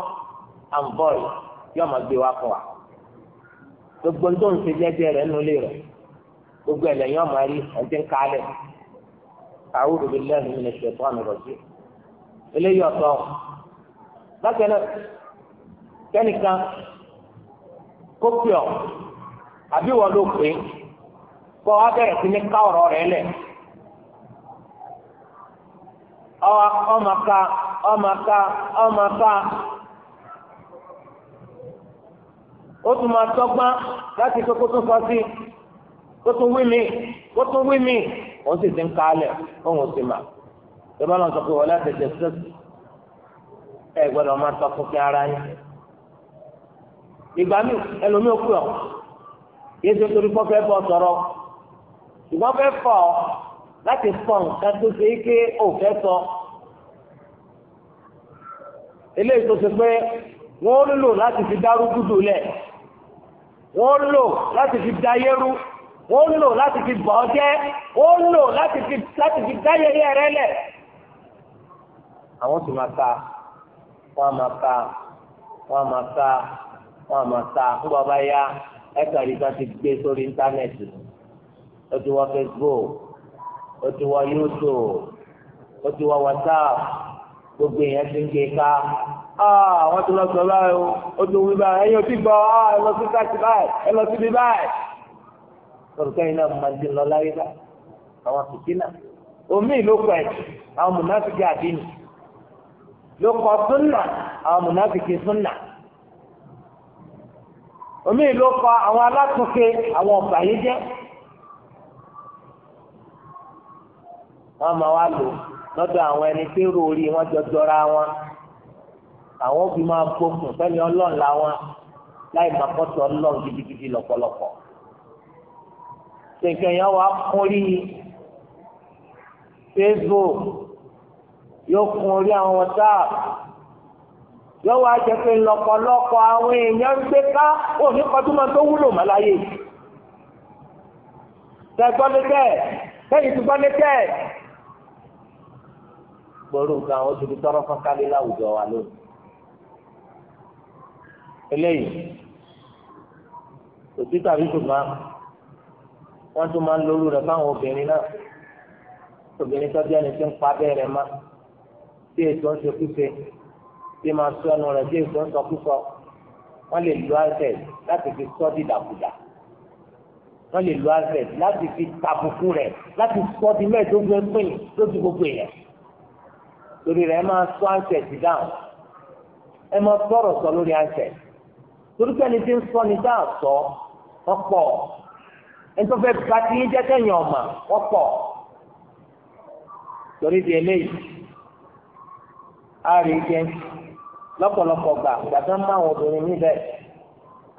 and voice yọ́ọ́ máa gbé wá fún wa gbogbo ń tó ń ṣe jẹ́jẹ́ rẹ̀ nínú ilé rẹ̀ gbogbo ẹ̀ lẹ́yìn ọmọ rí ẹ̀jẹ̀ ń kalẹ̀ a'udhu billahi minash shaitanir rajim eléyìí ọ̀tọ̀ bákan náà kẹ́nìkan kópìọ̀ àbí wọ́n ló pè é kọ́ wa bẹ̀rẹ̀ sí ní ká ọ̀rọ̀ rẹ̀ lẹ̀ ọmọ ká ọmọ ká ọmọ ká ó tún máa tọ́gbọ́n láti pé kó tún sọ sí kó tún wí mi kó tún wí mi òun sì ti ń kálẹ̀ òun sì mà ìbá lọ sọ pé wọlé àtẹ̀tẹ̀ sẹ́sì ẹ gbọ́dọ̀ máa tọ́ fún kí ara yín ìgbà míì ẹlòmíì ó pè yéé ṣe torí pọ́fẹ́ bọ́ sọ̀rọ̀ ìwọ́n fẹ́ fọ̀ ọ́ láti fọ̀ nǹkan tó ṣe é ké òfẹ́ sọ. eléyìí tó ṣe pé wọ́n lò láti fi dárú dúdú lẹ̀ wọ́n lò láti fi dayérú wọ́n lò láti fi bọ̀ ọ́ jẹ́ wọ́n lò láti fi láti fi dáyẹyẹ rẹ lẹ̀. àwọn sì máa ta wọ́n á máa ta wọ́n á máa ta wọ́n á máa ta ń bọ̀ bá yá ẹ̀ka ìdíkan ti gbé sórí íńtánẹ́ẹ̀tì nù ó ti wá facebook ó ti wá youtube ó ti wá whatsapp gbogbo èèyàn ti ń gbé ká àwọn ah, tó lọ sọ báyìí o ó ti wí báyìí ẹ̀yin ò ti gbọ́ ah, ẹ lọ sí káàkiri báyìí ẹ lọ síbi báyìí. sọ̀rọ̀kẹ́ yìí náà máa ń dín lọ láyé bá àwọn fìtínà omi ló kọ àwọn mùnáfíkì àdínì ló kọ súnà àwọn mùnáfíkì súnà omi ló kọ àwọn alátúnṣe àwọn ọ̀bàyéjẹ́. wọ́n máa wá lò lọ́dọ̀ àwọn ẹni tí rò orí wọn jọjọra wọn àwọn òbí máa gbókùn fẹ́ni ọlọ́run làwọn láì máa kọ́tọ̀ ọlọ́run gidigidi lọ́pọ̀lọpọ̀ ṣèǹkẹ́ yẹn wá kún rí Facebook yóò kún orí àwọn WhatsApp yóò wá jẹ pé lọ́pọ̀lọpọ̀ àwọn èèyàn ń gbé ká òní kọjú máa tó wúlò mọ́ láyé tẹ̀gbọ́n ní bẹ́ẹ̀ tẹ̀yìn tí gbọ́n ní bẹ́ẹ̀ gbọ́rọ̀ nǹkan àwọn tó fi tọrọ fún kálí láwùjọ wa lónìí. eléyìí òtí tàbí ṣùgbọ́n wọ́n tún máa ń lóru rẹ̀ fáwọn obìnrin náà obìnrin tọ́jú ẹni tí ń pa bẹ́ẹ̀ rẹ̀ má tí èso ń ṣekúṣe tí máa sọ ẹnu rẹ̀ tí èso ń sọkúsọ wọ́n lè lo access láti fi sọ́ dìdàkudà wọ́n lè lo access láti fi tàbùkù rẹ̀ láti sọ́ di mẹ́ẹ̀ẹ́dógún pín lójú gbogbo èèyàn torí rẹ̀ ẹ máa sọ ansẹ̀tì dáhùn ẹ máa sọ̀rọ̀ sọ lórí ansẹ̀tì torí pé ẹni tí ń sọ ni dáhùn sọ ọ̀pọ̀ ẹni tó fẹ́ ba ti yín jẹ́ kẹ́yìn ọ̀mà ọ̀pọ̀ torí di eléyìí a rí jẹ lọ́pọ̀lọpọ̀ gbà gbàtà máa wọn obìnrin níbẹ̀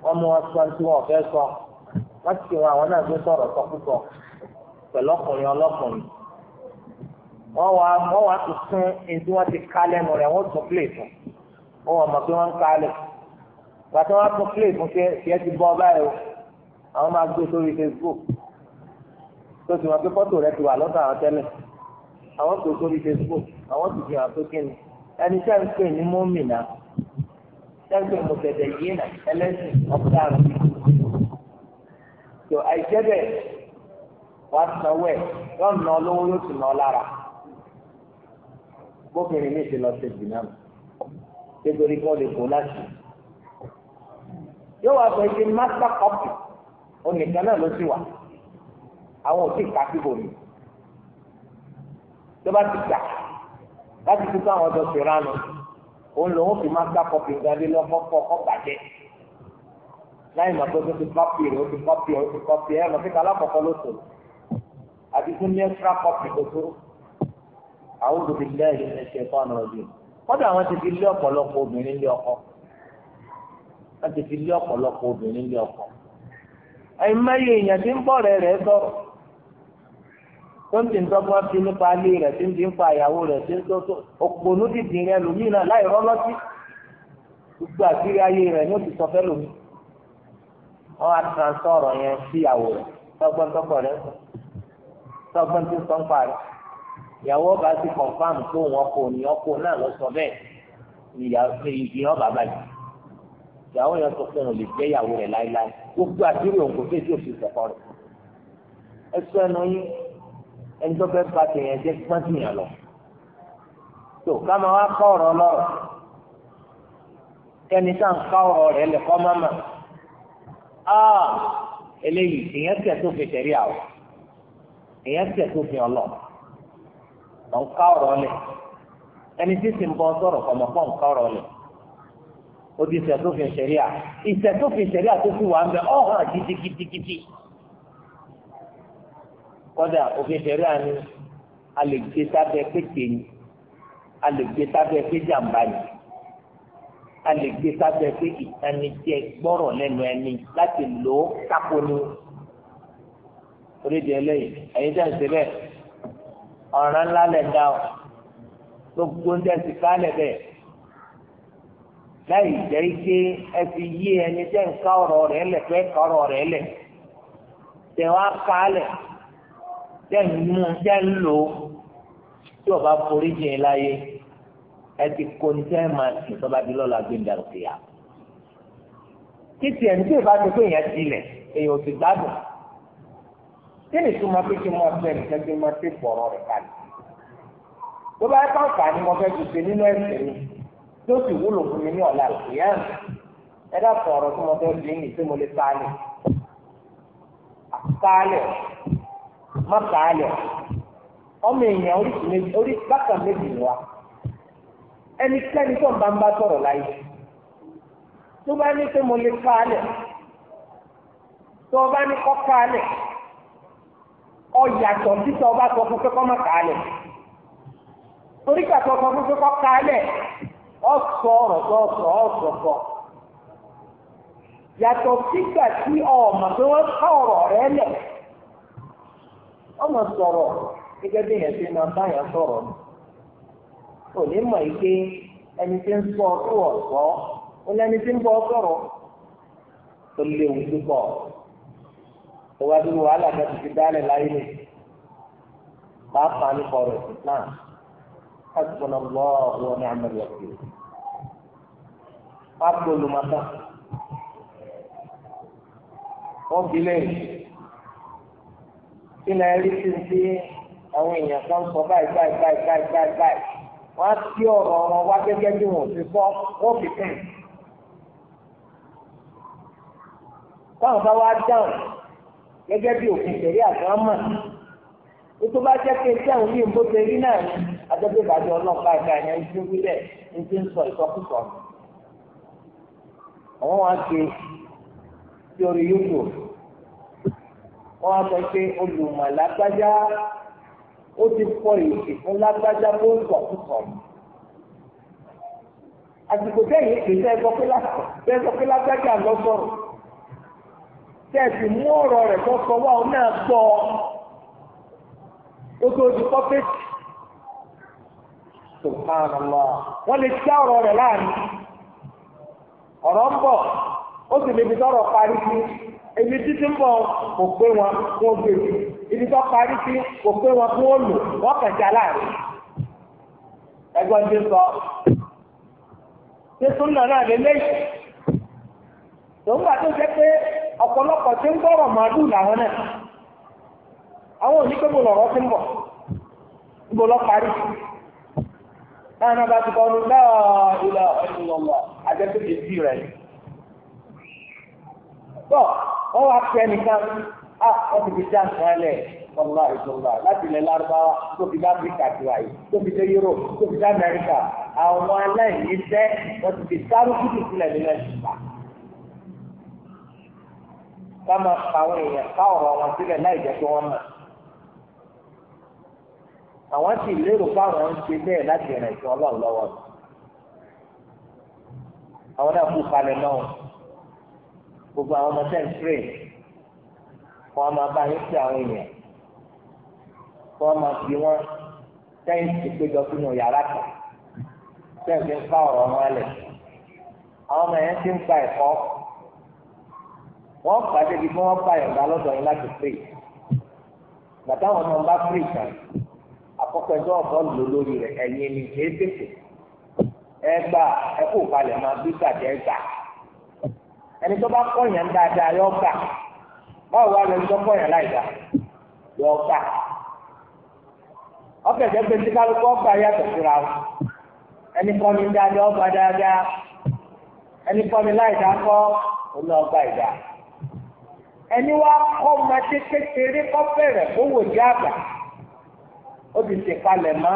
wọ́n mú wọn sọ tí wọn fẹ́ sọ wọ́n ti wọn àwọn náà gbé sọ̀rọ̀ sọkúsọ pẹ̀lú ọkùnrin ọlọ́kùnrin wọ́n wá wọ́n wá tún sún ẹni tí wọ́n ti ká lẹ́nu rẹ̀ wọ́n tún plé fún wọ́n wọ́n mọ̀ pé wọ́n ń ká lẹ̀ gbàtí wọ́n tún plé fún tiẹ̀ ti bọ́ báyìí o àwọn máa gbé sórí Facebook tó ti wọn pé fọ́tò rẹ̀ ti wà lọ́dọ̀ àwọn tẹ́lẹ̀ àwọn tó sórí Facebook àwọn tó fi hàn pé kí ni ẹni tẹ́ ń pè ní mọ́mìnà tẹ́ ń pè mọ̀tẹ̀dẹ̀ yìí nà ẹlẹ́sìn ọ̀pẹ́àrùn tó àìjẹ́ bẹ́ẹ̀ wàá sanwó ẹ̀ yọ̀ọ́ nà ọ lówó yóò sì nà ọ bóbìnrin mi ti lọ sí ìdìnnà nítorí kí wọ́n lè kó láti. yóò wá sọ pé master copy onìkan náà ló sì wà àwọn ò sì ká síbò mi tó bá ti gbà láti fi sáwọn ọjọ́ sòránù òun lòun fi master copy gbadé lọ́kọ́kọ́ ọkọ̀ bàjẹ́ láì mọ̀ pé ó ti kọ́pì rẹ̀ ó ti kọ́pì rẹ̀ ó ti kọ́pì ẹ̀ mọ̀ pé kálá ló sòrò àti fún ní extra copy tó tó àwọn òbí lẹ́yìn ní ṣe fún ọ̀nà ọ̀dùn kọ́dọ̀ àwọn ti fi lé ọ̀pọ̀lọpọ̀ obìnrin lé ọkọ wọ́n ti fi lé ọ̀pọ̀lọpọ̀ obìnrin lé ọkọ. ẹ̀yin mẹ́yìn èèyàn ti ń bọ̀ rẹ̀ rẹ̀ sọ̀rọ̀ tó ń ti ń dọ́gbọ́n fi nípa ilé rẹ̀ tí ń ti ń pa ìyàwó rẹ̀ tí ń tó tó òpònú dìdì rẹ̀ lómi náà láì rọ́lọ́tì gbogbo àṣírí ayé rẹ̀ ní òtítọ́ fẹ́ lómi wọ́n á transfer ọ̀rọ̀ yẹn sí ìyàwó rẹ̀ tọ́gbọ́n tọ́gbọ́n rẹ̀ sọ tọ́gbọ́n tí ń sọ ń pa ìyàwó ọba ti confam pé òun ọkọ òní ọkọ náà lọ sọ bẹ́ẹ̀ ni ìyàwó ọba bàjẹ́ ìyàwó yẹn sọ pé òun lè jẹ́ ìyàwó rẹ̀ láéláé gbogbo àdúrà òun kò fèsì òfin sọ̀kọ rẹ̀ ẹ ẹnu yín ẹni tó fẹ́ ba tèèyàn jẹ́ gbọ́ntìyàn lọ tó ká wá kọ́ ọ̀rọ̀ lọ́rọ̀ kẹ́ni tá à ń ká ọ̀rọ̀ rẹ̀ lè kọ́ mọ́mọ́ ah eléyìí èèyàn tẹ̀ tó fi tẹ̀rí àwọ̀ èèyàn tẹ̀ tó fi ọlọ́ọ̀ mọ̀ ń ká ọ̀rọ̀ lẹ̀ ẹni tí sì ń bọ́ sọ̀rọ̀ kọ̀ mọ̀ pọ̀ ń ká ọ̀rọ̀ lẹ̀ ó di ìṣẹ̀tófin ṣẹ̀ríà ìṣẹ̀tófin ṣẹ̀ríà tó sì wà ń bẹ ọ̀hàn gidigidigidi kọ́dà òfin ṣẹ̀ríà ni a lè gbé sábẹ́ pété ni a lè gbé sábẹ́ pé jàǹbá ni a lè gbé sábẹ́ pé ìtanijẹ gbọ́rọ̀ lẹ́nu ẹni láti lò ó kápónú orídìí ẹlẹ́yìn ẹ̀yin jẹ́ ìṣẹ̀lẹ̀ ọ̀ràn ńlá lẹ̀ dá o gbogbo ń tẹ̀sí kálẹ̀ bẹ́ẹ̀ láì jẹ́ ike ẹ fi yí ẹni tẹ́ ń ká ọ̀rọ̀ rẹ̀ lẹ̀ fẹ́ ká ọ̀rọ̀ rẹ̀ lẹ̀ tẹ̀ wá kálẹ̀ tẹ̀ ń mú tẹ̀ ń lò tí o bá forí jìn láyé ẹ ti kó ní tẹ́ máa tì tọ́ba di lọ́la gbẹ̀ndà òkè yá. títí ẹni tí ìbá ti pé èèyàn tilẹ̀ èèyàn ò sì gbádùn kí ni ìtumọ̀ pé kí n máa fi ẹnìkan kí n máa fi pọ̀rọ̀ rẹ̀ kalẹ̀ tó bá yẹ kó àǹfààní mo fẹ́ ti ṣe nínú ẹ̀sìn mi tó sì wúlò fún mi ní ọ̀la ìyá mi ẹ dàpọ̀ ọ̀rọ̀ tí mo fẹ́ fi ní tí mo lè sálẹ̀ sálẹ̀ má sálẹ̀ ọmọ èèyàn oríṣi méjì orí bákan méjì ni wa ẹnikẹ́ni tó ń bá ń bá sọ̀rọ̀ láyé tó bá ní tí mo lè sálẹ̀ tó bá ní kọ́ sálẹ̀ ọ̀yàtọ̀ títọ̀ ọba sọ fún pẹ́kọ́ má kàálẹ̀ torí kàtọ̀ sọ fún pẹ́kọ́ kàálẹ̀ ọ̀sọ̀ ọ̀rọ̀ tó ọ̀sọ̀ ọ̀sọ̀ sọ yàtọ̀ sígbà tí ọmọ tó wọ́n ká ọ̀rọ̀ rẹ lẹ̀ ọmọ sọ̀rọ̀ gẹ́gẹ́ bí yẹn ti máa bá yẹn sọ̀rọ̀ ni kò ní mọ̀ ike ẹni tí ń sọ ọ̀rọ̀ sọ ó lẹ́ni tí ń bọ́ sọ̀rọ̀ tó léwu púpọ̀ tó wá dúró wàhálà kan ti fi dálẹ̀ láyé lè pàápàá nípa ọ̀rọ̀ Islam hasbun allah wa ni'mal wakil pàápàá olùmọ̀tà wọ́n fi lẹ́yìn kí náà rí sí sí àwọn èèyàn kan sọ báyìí báyìí báyìí báyìí báyìí báyìí wọ́n á sí ọ̀rọ̀ wọn wá gẹ́gẹ́ bí wọ́n ti sọ wọ́n fi kàn. táwọn bá wá dáhùn gẹ́gẹ́ bí òfin ìṣẹ̀rí àgbọ̀nmọ̀ o tó bá jẹ́ pé iṣẹ́ òun yìí ń bó ṣe rí náà ni adébẹ̀ ìbàdàn ọlọ́pàá ìka ìyẹn ń dúró bílẹ̀ ń ti ń sọ ìsọkúsọ. àwọn wá gbé sí orí youtube wọ́n á sọ pé olùmọ̀ lágbájá ó ti fọ ìsìn fún lágbájá tó ń sọkúsọ. àsìkò tẹ́yìn ìpínlẹ̀ ẹgbọ́pẹ́lá ẹgbọ́pẹ́lá gbájà lọ sọ̀rọ̀. tẹ̀sí mú ọ̀rọ̀ rẹ̀ kọ́kọ́ wá òun náà gbọ́ ó tó di pọ́pẹ́tì subhanallah wọ́n lè já ọ̀rọ̀ rẹ̀ láàrin ọ̀rọ̀ ń bọ̀ ó sì lè wọn o gbèrú ibi tó parí sí wọn o lò wọ́n kàn já láàrin ẹgbọ́n ti sọ náà tòun tó ọ̀pọ̀lọpọ̀ tí ń tọrọ màálù làwọn náà àwọn oníkẹ́ bò lọ̀rọ̀ ti ń bọ̀ bò lọ parí láàrin bá ti kọ́ ọdún náà ìlà ọ̀nìyànlọ́ àjẹsíkè sí rẹ̀ bọ́ wọ́n wá pẹ́ nìkan á wọ́n ti fi já nǹkan lẹ̀ ọ̀la ìjọba láti ilẹ̀ lárúbáwá tó fi dá áfíríkà ti wáyé tó fi dé yúrò tó fi dá amẹ́ríkà àwọn aláìníṣẹ́ wọ́n ti fi sáré kúkú sílẹ̀ nílẹ̀ ìjọba ká máa èèyàn ká ọ̀rọ̀ wọn láì jẹ́ pé wọ́n mọ̀. àwọn sì lérò pé ń ṣe bẹ́ẹ̀ láti rìn ìṣọ́ ọlọ́run lọ́wọ́ àwọn náà kú kalẹ̀ náà gbogbo àwọn ọmọ tẹ́ǹ tírè wọ́n máa bá yín sí àwọn èèyàn wọ́n máa fi wọ́n tẹ́yìn ti péjọ sínú yàrá kan tẹ́ǹ fi ń ká ọ̀rọ̀ wọn lẹ̀ àwọn ọmọ yẹn ti ń gba ẹ̀kọ́. wọ́n pàdé bí wọ́n bá yọ̀ǹda lọ́dọ̀ yín láti pè é bàtà wọn náà bá pè tán àkọ́kọ́ ẹjọ́ ọ̀bọ lò lórí rẹ̀ ẹ̀yin ni kì í ẹ gbà ẹ kó balẹ̀ máa bí gbàdé gbà ẹni tó bá dáadáa yọ gbà báwo wá lọ yọ gbà kálukú ọgbà yàtọ̀ síra o ẹni kọ́ ni dáadáa ọgbà dáadáa ẹni wá kọ́ ọmọdé kékeré kọ́ bẹ̀rẹ̀ owó di àgbà ó ti ṣe kalẹ̀ mọ́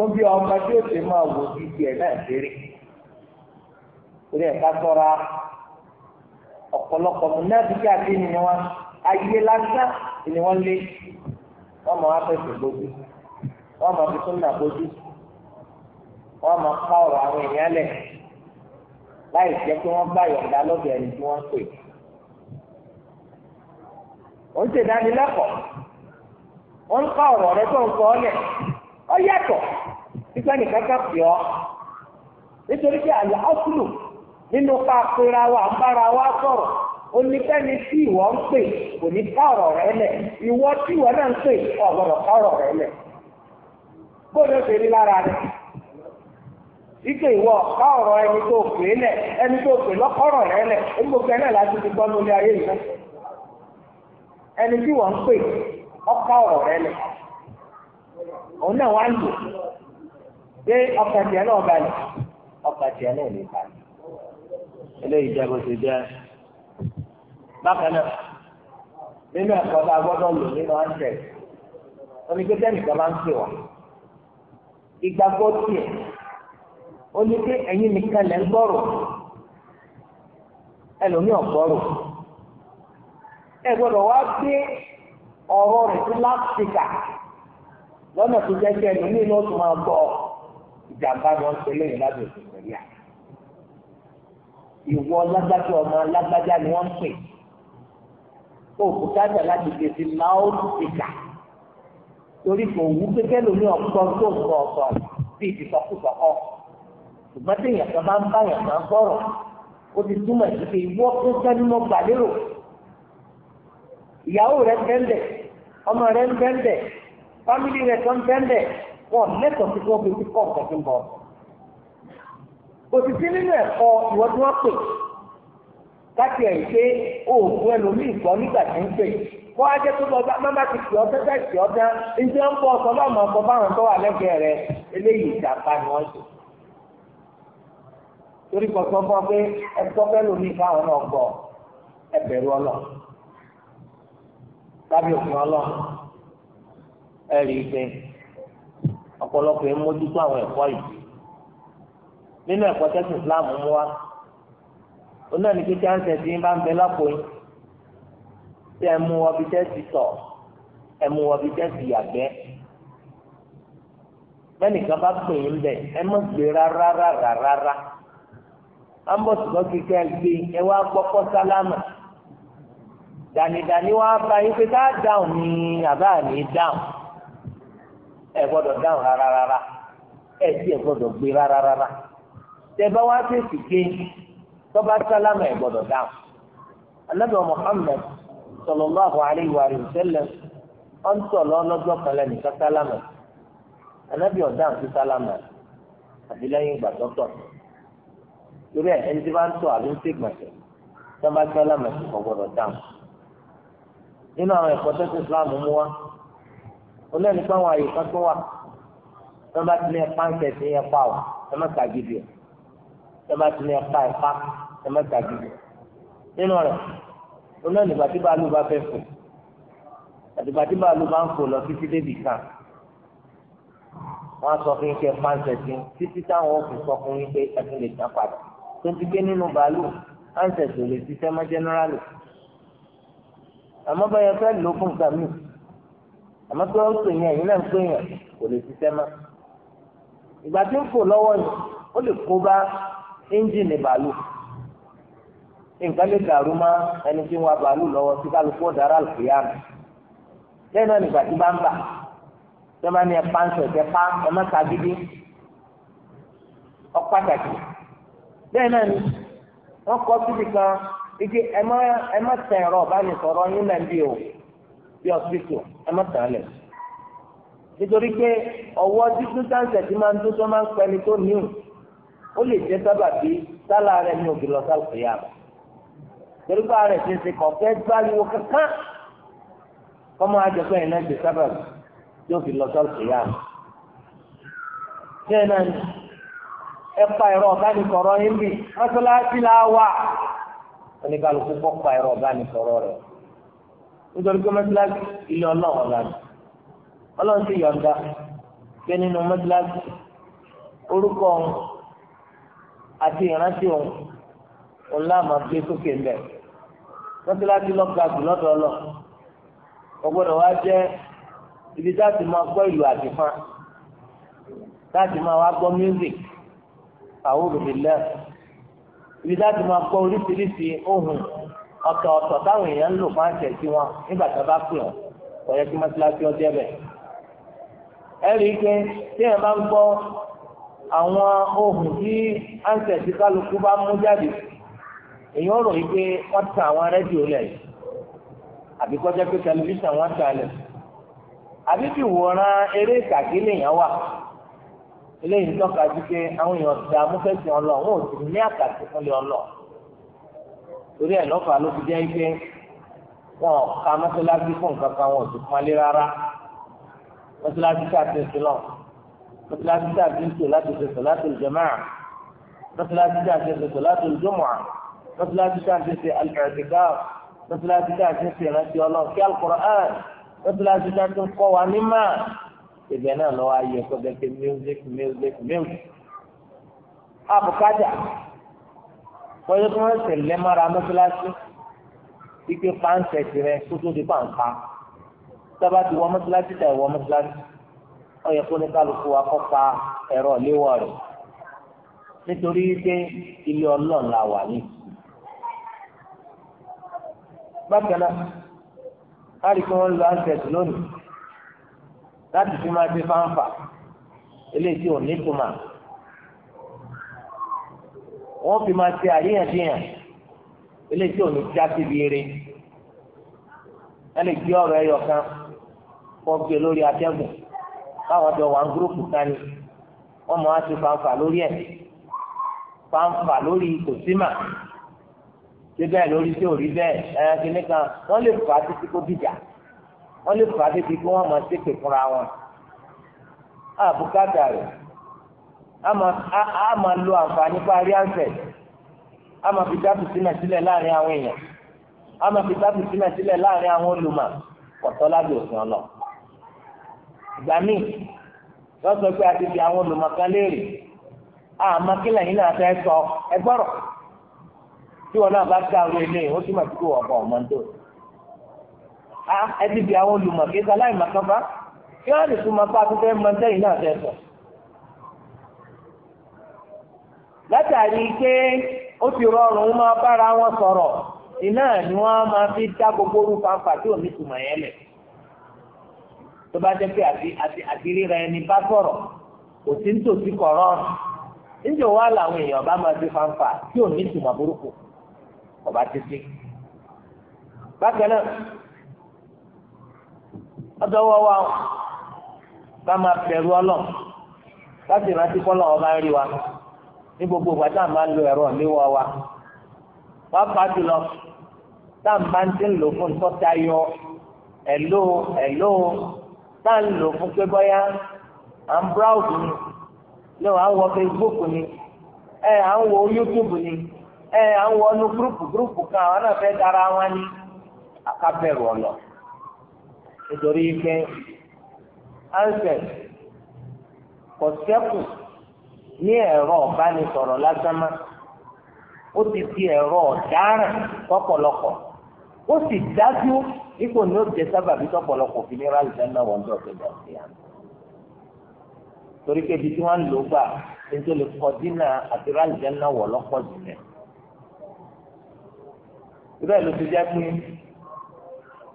ó bí ọmọdé ó ti máa wò di tiẹ̀ náà kéré orí ẹ̀ka sọ́ra ọ̀pọ̀lọpọ̀ mú náà bíi àti ni wọn ayé lásán ni wọ́n lé wọ́n máa wá fẹsẹ̀ gbójú wọ́n máa fi súnà gbójú wọ́n máa ká ọ̀rọ̀ àwọn èèyàn lẹ̀ láì jẹ́ pé wọ́n bá yọ̀ǹda lọ́dọ̀ ẹni tí pè é. ó ń ṣèdánilẹ́kọ̀ọ́ ó ń kọ́ ọ̀rọ̀ rẹ tó ń kọ́ ọ́lẹ̀ ó yàtọ̀ nígbà nìkan kan pè ọ́ nítorí pé àlọ́ ọ́kùlù nínú pa wa ń bára wa sọ̀rọ̀ oníkẹ́ni tí ìwọ ń pè kò ní ká ọ̀rọ̀ rẹ lẹ̀ tí náà ń pè ká ọ̀rọ̀ rẹ lẹ̀ bó ló ike ìwọ ká ọ̀rọ̀ ẹni tó pè é lẹ̀ ẹni tó pè rẹ lẹ̀ ó ẹni tí wọ́n ń pè ọkọ ọ̀rọ̀ rẹ lẹ̀ òun náà wá ń lò pé ọkọ̀ tiẹ̀ náà balẹ̀ ọkọ̀ tiẹ̀ náà lè balẹ̀ eléyìí jẹ́ bó ti jẹ́ bákan náà nínú ẹ̀kọ́ tá a gbọ́dọ̀ lò nínú àṣẹ omi pé tẹ́nìkan máa ń pè wá ìgbàgbọ́ tiẹ̀ ó ní pé ẹ̀yin nìkan lẹ́ ń gbọ́rọ̀ ẹlòmíì ọ̀gbọ́rọ̀ ẹ gbọ́dọ̀ wá gbé ọ̀rọ̀ rẹ̀ sí láfíríkà lọ́nà tó jẹ́ kẹ́ ẹ̀mí ní ọ̀tún máa gbọ́ ìjàmbá ni wọ́n ṣe lẹ́yìn lábẹ́ òfin ìrìà. ìwọ lágbájá ọmọ lágbájá ni wọ́n ń pè òkúta àjà láti gbé sí láfíríkà torí kò wú kékeré lómi ọ̀pọ̀ tó ń bọ̀ ọ̀tọ̀ bíi ìsọkúsọ kọ́ ṣùgbọ́n tí èèyàn kan bá ń bá èèyàn kan gbọ́rọ̀ ó ti túmọ̀ sí pé ìwọ kékeré ni mo gbà lérò ìyàwó rẹ̀ ń bẹ́ńbẹ́ ọmọ rẹ̀ ń bẹ́ńbẹ́ fámìlì rẹ̀ tó ń bẹ́ńbẹ́ wọn lẹ́tọ̀ọ́ sí kí wọ́n fi kíkọ́ nǹkan tó ń bọ̀. kò sì sí nínú ẹ̀kọ́ ìwọ tí wọ́n pè láti ẹ̀rí pé oògùn ẹlòmíì gbọ́ tó lọ bá má ti kì lábẹ́ òfin ọlọ́run ẹ rí i pé ọ̀pọ̀lọpọ̀ ẹ mójútó àwọn ẹ̀kọ́ yìí nínú ẹ̀kọ́ tẹ́sí Islam mú wa òun náà ní pé chance ti bá ń bẹ lápò yín tí ẹ mú wọ́n bí tẹ́sí tọ̀ ẹ mú wọ́n bí tẹ́sí yàgbẹ́ bẹ́ẹ̀nìkan bá pè yín bẹ̀ ẹ mọ̀ gbé rárá rárá rárá ambọ̀sibọ́sí kẹ́ ẹ gbé ẹ wá gbọ́ kọ́ sálámà dànídàní wá bá yín pé tá a dáhùn ní àbá mi dáhùn ẹ gbọ́dọ̀ dáhùn rárá rárá ẹ sì ẹ gbọ́dọ̀ gbé rárá rárá tẹ bá wá fèsì gé tọ́ba sálámà ẹ gbọ́dọ̀ dáhùn anabi muhammed sallallahu alayhi wa sallam ọ̀n tọ̀ lọ́lọ́gbọ́ kan lẹ́nu ká sálámà anabi ọ̀dáhùn sí sálámà àti lẹ́yìn ìgbà tọ́tọ̀ torí ẹ̀ ẹni tí bá ń tọ̀ àbí ń ṣègbọ̀nsẹ̀ tọ́ba sálámà ẹ kò gbọ́dọ̀ dáhùn nínú àwọn ẹ̀kọ́ tó ti Islam mú wa olóyìn pé àwọn àyè kan tó wà tó bá ti ní ẹ̀pá ń tẹ̀sí ẹ̀pá o ẹ má kàgìdì o tó bá ti ní ẹ̀pá ẹ̀pá ẹ má kàgìdì nínú rẹ̀ olóyìn ìgbà tí bàálù bá fẹ́ fò àtìgbà tí bàálù bá ń fò lọ títí débì kan wọ́n sọ fún yín pé pàǹsẹ̀tì títí táwọn ò fi sọ fún yín pé ẹ̀sìn lè tán padà tó ti gbé nínú bàálù pàǹsẹ̀tì ò lè ṣiṣẹ́ mọ́ jẹ́nẹ́rálì àmọ́ báyọ̀ fẹ́ lò fún nǹkan mi àmọ́ pé ó pè yẹn ẹ̀yin náà ń pè yẹn kò lè ṣiṣẹ́ mọ́ ìgbà tí ń fò lọ́wọ́ yìí ó lè kó bá ẹ́ńjìnì bàálù nǹkan lè dàrú mọ́ ẹni tí ń wa bàálù lọ́wọ́ tí kálukú ọ̀dàrà àlùfíà mi lẹ́yìn náà nígbà tí bá ń bà tẹ́ bá ní ẹ pa ń sọ ẹ̀kẹ́ pa ẹ má ta gidi ọ pàtàkì lẹ́yìn náà ni wọ́n kọ́ síbi kan ike ẹ má ẹ má tẹ ẹ̀rọ ọ̀bánisọ̀rọ̀ yín náà bí o bí ọsibítù ẹ má tẹ ẹlẹ nítorí pé ọwọ́ dídún dáńsẹ̀ tí máa ń dún tó máa ń pẹni tó níwò ó lè jẹ́ sábà bí sálà rẹ̀ ní òbí lọ sálà fìyà rẹ̀ torí pé ara ẹ̀sìn ṣe kàn fẹ́ gbáriwo kankan kọ́mọ àjọpọ̀ yẹn náà ṣe sábà bí òbí lọ sálà fìyà rẹ̀ náà ẹ pa ẹ̀rọ ọ̀bánisọ̀rọ̀ yín bì mọ́sálásí la wà oníkàlùkù kọ́pa ẹ̀rọ ọ̀bánisọ̀rọ̀ rẹ̀ nítorí pé mọ́tíláṣí ilé ọlọ́run lànà ọlọ́run ti yọ̀ǹda pé nínú mọ́tíláṣí orúkọ òun àti ìrántí òun òun láàmú gbé sókè ńbẹ mọ́tíláṣí lọ́gba jù lọ́dọ̀ ọlọ́ ọgbọ́dọ̀ wá jẹ́ ibi táàtì máa gbọ́ ìlú àtìfán táàtì máa wá gbọ́ music àwọn olùdílé ibi láti máa gbọ́ oríṣiríṣi ohun ọ̀tọ̀ọ̀tọ̀ táwọn èèyàn ń lò fún àṣẹ sí wọn nígbà tó bá pè ọ́ kò yẹ kí mọ́sálásí ọjọ́ bẹ̀. ẹ rí i pé tí bá ń gbọ́ àwọn ohun tí sí kálukú bá mú jáde èèyàn rò yí pé wọ́n tan eléyìí tọ́ka sí pé àwọn èèyàn ti dààmú fẹ́sìn ọlọ́ọ̀ wọn ò sì ní àkàtì fúnlẹ̀ ọlọ́ọ̀ torí ẹ̀ lọ́fà ló fi jẹ́ pé wọn ò ka mọ́sálásí fún nǹkan kan wọn ò sì pọ́nlé rárá mọ́sálásí káàkiri sílọ̀ mọ́sálásí káàkiri sílọ̀ láti ṣètò láti ìjọmáà mọ́sálásí káàkiri sílọ̀ láti ìjọmọ̀à mọ́sálásí káàkiri sí alìkàtìkà mọ́sálásí káàkiri sí ìrántí ọlọ́ọ̀ kí alukọ̀rọ̀ ibẹ̀ náà lọ́wọ́ ayé ẹ̀kọ́ gẹ́gẹ́ music music music. àbùkájà wọ́n yóò tún wọ́n sì lẹ́mọ́ra mọ́sálásí ike pàǹsẹ̀tì rẹ tuntun di pàǹpá sábà ti wọ mọ́sálásí tà ìwọ mọ́sálásí ó yẹ kó ní kálukú wa kọ́ pa ẹ̀rọ léwọ̀ rẹ̀ nítorí pé ilé ọlọ́run la wà ní. bákan náà a rí i pé wọ́n lo lónìí láti fi máa fi fáńfà eléyìí tí ò ní tuma wọ́n fi máa ṣe àríyànjiyàn eléyìí tí ò ní já síbi eré ẹnì gbé ọ̀rọ̀ ẹyọ kan kọ́ gbé lórí atẹ́gùn báwọn jọ wà ń gúrúùpù kan ni wọ́n máa ti fáńfà lórí ẹ̀ fáńfà lórí kòsímà ṣé bẹ́ẹ̀ lórí tí ò rí bẹ́ẹ̀ ẹ̀ kìnnìkan wọ́n lè fà á títí kó dìjà. wọ́n lè fà á débi kí wọ́n máa ṣépè fúnra wọn. rẹ̀ a máa lo àǹfààní parí àǹfẹ̀ a máa fi dábì sílẹ̀ sílẹ̀ láàrin àwọn èèyàn a máa fi dábì sílẹ̀ sílẹ̀ láàrin àwọn olùmọ̀ lábẹ́ òfin ọlọ. a ti fi àwọn olùmọ̀ kan léèrè àmọ́ náà fẹ́ sọ ẹgbọ́rọ̀ tí wọn náà bá dá orí ilé Ah, ẹbí bí àwọn olùmọ̀ kí ẹsẹ̀ aláìmọ̀kan bá kí wọ́n lè túmọ̀ pa akúfẹ́ mọ́tẹ́yìn náà fẹ́ látàrí pé ó ti rọrùn máa bára wọn sọ̀rọ̀ iná ni wọ́n máa fi dá gbogbo orú tí yẹn lẹ̀. tó bá jẹ́ pé àtìríra ẹni bá sọ̀rọ̀ kò sí kọ̀rọ̀ fi tí burúkú ọba títí. ọdọwọ wa o ká máa bẹ̀rù Ọlọ́run láti rántí kọ́ lọ́wọ́ bá wa ní gbogbo ìgbà tá à ń ẹ̀rọ wa wá pa jùlọ tá à ń bá ń ti fún tọ́ta yọ ẹ̀lò ẹ̀lò tá à ń fún pé bọ́yá ni à ń wọ ni à ń ni à ń wọ inú kan àwọn náà fẹ́ dára wọn ni nítorí pé ansẹt kò sẹ́kù ní ẹ̀rọ ọ̀bánisọ̀rọ̀ lásán má ó ti di ẹ̀rọ ọ̀daràn tọ́pọ̀lọpọ̀ ó sì dájú ipò ní ó jẹ sábàbí tọ́pọ̀lọpọ̀ fi ní ráàlì náà wọ́n dọ̀ tó dà sí àná torí pé ibi tí wọ́n ń lò gbà nítorí kọ dínà àti ráàlì náà wọ̀ lọ́pọ̀ jù lẹ̀. ìbẹ́ẹ̀ ló ti jẹ́ pé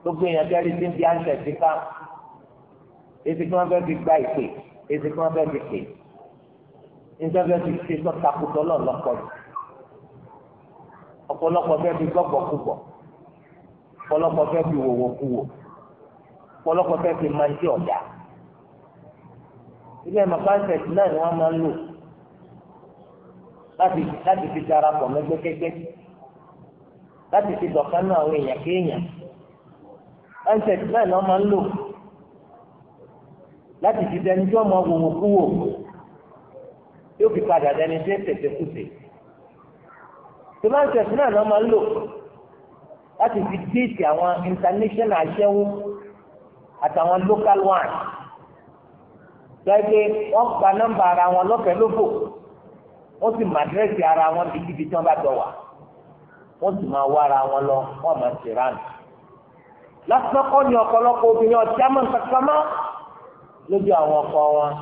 gbogbo èèyàn bí ẹni bí àǹtẹ̀ sí ká èsì kí wọ́n fẹ́ fi gba ìpè èsì kí wọ́n fẹ́ fi pè níta fẹ́ fi ṣe sọ́ta kutọ́ lọ́lọ́kọ̀ yìí ọ̀pọ̀lọpọ̀ fẹ́ fi gbọ́gbọ́ kúgbọ̀ ọ̀pọ̀lọpọ̀ fẹ́ fi wòwò kúwò ọ̀pọ̀lọpọ̀ fẹ́ fi máa ń tí ọ̀dà ilé ẹ̀mọ̀ pàṣẹsì náà ni wọ́n máa ń lò láti láti fi darapọ̀ mẹ́gbẹ́kẹ́gbẹ́ láti fi dọ̀kan àwọn èèyàn kéèyàn handset náà ni wọ́n máa ń lò láti fi dẹni tí wọ́n máa wò wò kú wò yóò fi padà dẹni tí tètè kùtè tí handset náà ni wọ́n máa ń lò láti fi déètì àwọn international aṣẹ́wó àtàwọn local one gbẹ́gbẹ́ wọ́n gba nọ́mbà ara wọn lọ́fẹ̀ẹ́ lófò wọ́n sì mọ àdírẹ́sì ara wọn bíi kíbi tí wọ́n bá dọ̀ wá wọ́n sì máa wá ara wọn lọ wọ́n máa ṣèrànù lásán kọ́ ni ọ̀pọ̀lọpọ̀ obìnrin ọ̀tí á máa ń kankan mọ́ lójú àwọn ọkọ wọn.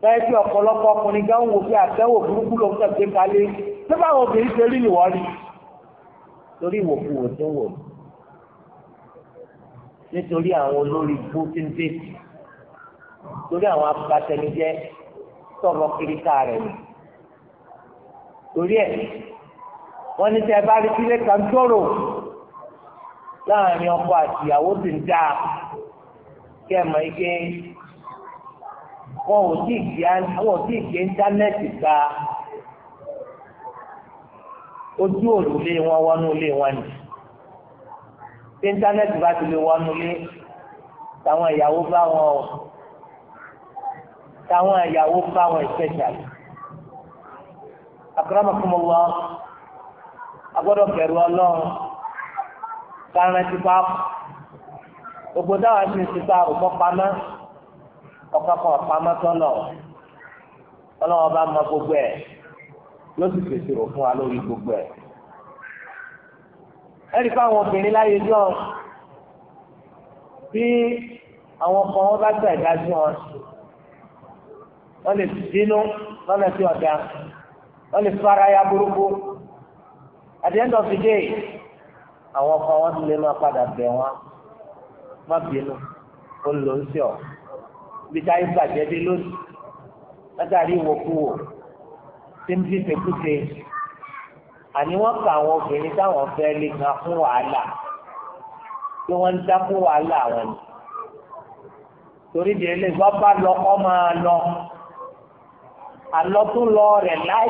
bẹ́ẹ̀ tí ọ̀pọ̀lọpọ̀ ọkùnrin gan wò pé àtẹ́wò burúkú ló ń fẹ́ gbé kalẹ̀ tó bá àwọn obìnrin ṣe rí ìwọ́ rí lórí ìwòkuwò tó ń wò nítorí àwọn olórí igbó tí ń dé torí àwọn abatẹnijẹ́ sọ̀rọ̀ kiri ká rẹ̀ torí ẹ̀ wọ́n ní sẹ́ bá rí sílé kan tóró. láàrin ọkọ àti ìyàwó sì ń dà kí ẹ ike wọn ò tí ì gbé àwọn ò tí ì gbé íńtánẹ́ẹ̀tì wọn wọnú wọn ni tí íńtánẹ́ẹ̀tì bá ti lè wọnú ilé táwọn ìyàwó bá wọn o táwọn ìyàwó bá wọn ìfẹsàlẹ wọn agbọ́dọ̀ bẹ̀rù kárẹ́ ti bá gbogbo dáwà sí ti bá àrùkọ́ pamọ́ ọ̀kan kan pamọ́ tọ́nà ọlọ́wọ́ bá mọ gbogbo ẹ̀ ló sì pèsè rò fún wa lórí gbogbo ẹ̀. ẹ̀rí fáwọn obìnrin láyé jọ bí àwọn kan wọn bá gbà ìdájọ́ wọn wọ́n lè dínú lọ́nà tí ọ̀dà wọ́n lè fara ya burúkú at the end of the day àwọn ọkọ wọn ti lè máa padà bẹ̀ wọn má bínú ó lò ń sọ bí táyé bàjẹ́ dé lónìí látàrí ìwòkuwò tí ń bí fèkúte àní wọ́n kà àwọn obìnrin táwọn fẹ́ lè gan fún wàhálà pé wọ́n ń dá fún wàhálà àwọn ni torí di ẹlẹ́yìn wọ́n bá lọ kọ́ máa lọ àlọ́ tó lọ rẹ̀ láì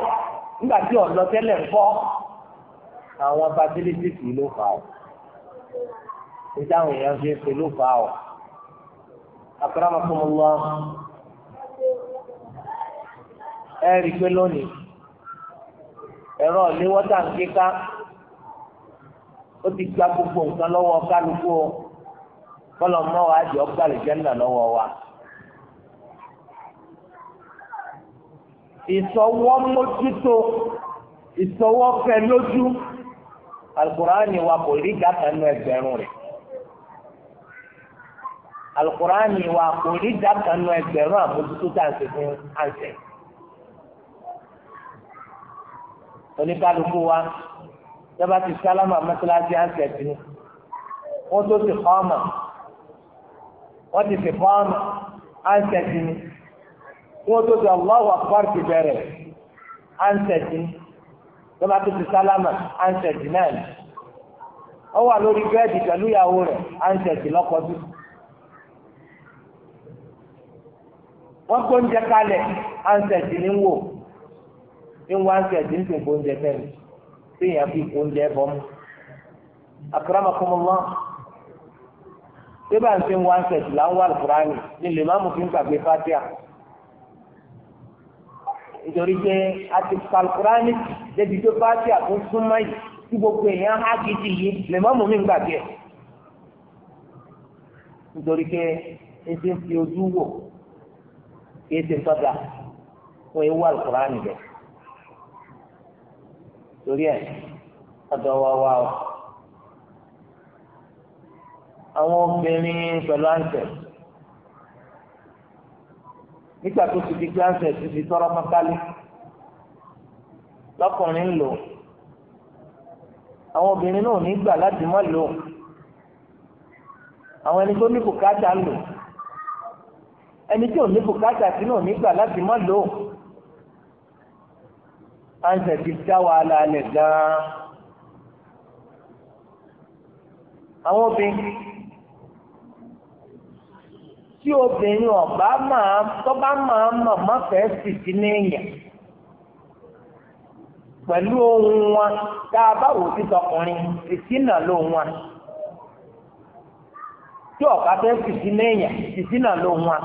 nígbà tí ọ̀lọ́ tẹ́lẹ̀ ń fọ́ àwọn fatalities yìí ló fà ọ́ ní táwọn èèyàn ṣe ń ṣe ló fà ọ́ akramakumullah ẹ rí i pé lónìí ẹ̀rọ ìléwọ́ tà ń ké ká ó ti gba gbogbo nǹkan lọ́wọ́ kálukú o kọ́lọ̀ mọ́ wa jọ gbàlẹ̀ jẹ́nà lọ́wọ́ wa. ìsọwọ́ mójútó ìsọwọ́ fẹ́ lójú alukur'ani wa kò rí dákanu ẹgbẹ̀rún rẹ̀ alukur'ani wa kò rí dákanu ẹgbẹ̀rún àmójútó tá à ń ṣe fún àǹsẹ̀ oníkálukú wa sábà ti sálámà mọ́tíláṣí àǹsẹ̀ sí ni wọ́n tó ti kọ́ ọmọ wọ́n ti fi kọ́ ọmọ àǹsẹ̀ sí ni wọ́n tó ti Allahu akbar ti bẹ̀rẹ̀ àǹsẹ̀ ni lọ́ba tó ti sálámà ánsẹ̀tì náà ni ó wà lórí bẹ́ẹ̀dì pẹ̀lú ìyàwó rẹ̀ ánsẹ̀tì lọ́kọ̀ọ́dún. wọ́n gbóúnjẹ kalẹ̀ ánsẹ̀tì ní wò ní wọ́n ánsẹ̀tì ń sìn gbóúnjẹ fẹ́mi tí èèyàn fi gbóúnjẹ bọ́ mu. akramakumullah bí bá ń sìn wọ́n ánsẹ̀tì là ń wà lùkùránì ni lè má mú fi ń gbàgbé fátíà nítorí pé a ti kalkurani débi tó bá ti àkóńsúnmọ́ yìí tí gbogbo èèyàn há gidi yìí lẹ́mọ́mù mi gbàgbé ẹ̀ nítorí pé ẹ ti ń fi ojú wò kí ẹ ti ń tọ́jà wọ́n ewu alukurani bẹ̀ torí ẹ̀ ọ̀dọ̀ wa wá o àwọn obìnrin pẹ̀lú àǹtẹ̀ nígbà tó ti di gíláṣẹ̀ ti di tọrọ mọ́kálí lọ́kùnrin ń lò àwọn obìnrin náà ní gbà láti má lò àwọn ẹni tó ní bùkátà lò ẹni tí ò ní bùkátà sí náà ní gbà láti má lò àǹsẹ̀ ti dá wàhálà alẹ̀ gan-an àwọn obìnrin tí obìnrin ọba máa tọ́ba máa mọ̀ mọ́fẹ́ sì sí níyàn pẹ̀lú ohun wọn tá a bá wò sí tọkùnrin ìsínà lóhun wọn tí ọba fẹ́ sì sí níyàn ìsínà lóhun wọn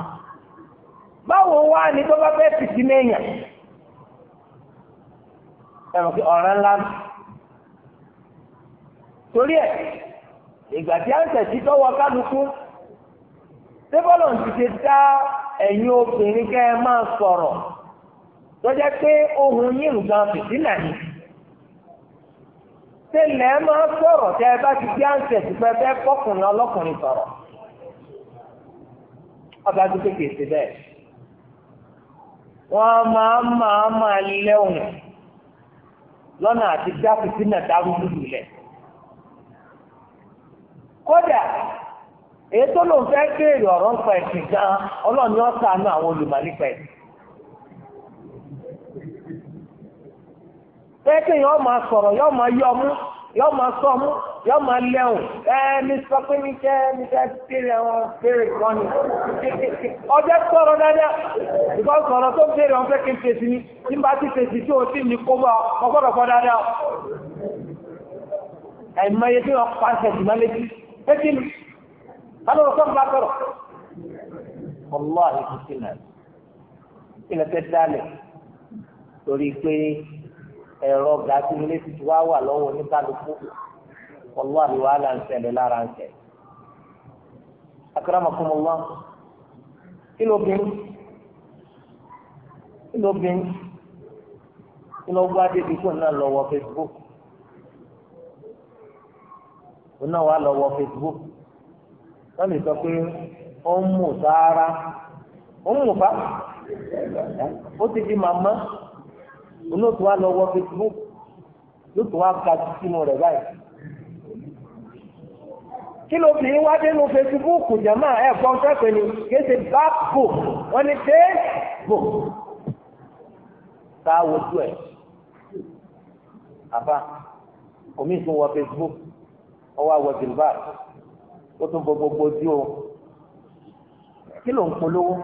báwo wá ni tọ́ba fẹ́ sì sí níyàn ẹ̀rọ kí ọ̀ràn ńlá torí ẹ̀ ìgbà tí a ń tẹ̀sí tọ́wọ́ kálukú. sébọ́lọ̀ ti ti dá ẹ̀yin obìnrin kẹ́ ẹ máa sọ̀rọ̀ jẹ́ pé ohun yín nǹkan fìtínà ni tẹ́lẹ̀ máa sọ̀rọ̀ tẹ́ ẹ bá ti gbé àǹtẹ̀sì pé ẹ fọkùnrin ọlọ́kùnrin sọ̀rọ̀ ọba dúpẹ́ kìí ṣe bẹ́ẹ̀ wọ́n máa máa máa lẹ́wọ̀n lọ́nà àti dá dárú lùlù èyí tó lòun fẹ́ kéèrè ọ̀rọ̀ ń pa ẹ̀sìn gan ọlọ́run ni wọ́n sàánú àwọn olùmọ̀lẹ́pẹ̀ ẹ̀sìn. pẹ́ẹ́kì yọ́n máa sọ̀rọ̀ yọ́n máa yọ ọmú máa sọ ọmú yọ́n máa lẹ́hùn ẹ sọ pé ní jẹ́ ní jẹ́ béèrè àwọn béèrè kan ni ọjọ́ sọ̀rọ̀ dáadáa sọ̀rọ̀ tó béèrè wọn fẹ́ kí n fèsì ni tí n bá ti fèsì o ní kó bá ọ gbọ́dọ̀ dáadáa هل الرسول ما كره والله كنا كنا تدالي torí pé ẹ̀rọ gàdúmílẹ́sì tí wàá wà lọ́wọ́ oníkálukú wọ́lọ́ àbíwá là ń ṣẹlẹ̀ lára ń ṣẹlẹ̀. akramakumullah kí ló bín kí ló bín kí ló gbọ́ adébíkó náà lọ Facebook òun náà wà lọ Facebook wọ́n lè sọ pé ó ń mú sáárá ó ń mú bá ó ti di màmá olóòtú wa lọ wọ Facebook lóòtú wa ga sínú rẹ̀ báyìí kí ló fi wá dénú Facebook jama ẹ̀ gbọ́n sẹ́pẹ̀ ni kì í ṣe back book wọ́n ní Facebook tá a wojú ẹ̀ àbá omi tún wọ Facebook ọwọ́ àwọ̀ jìlbà ó tún gbogbogbò ojú o kí ló ń polówó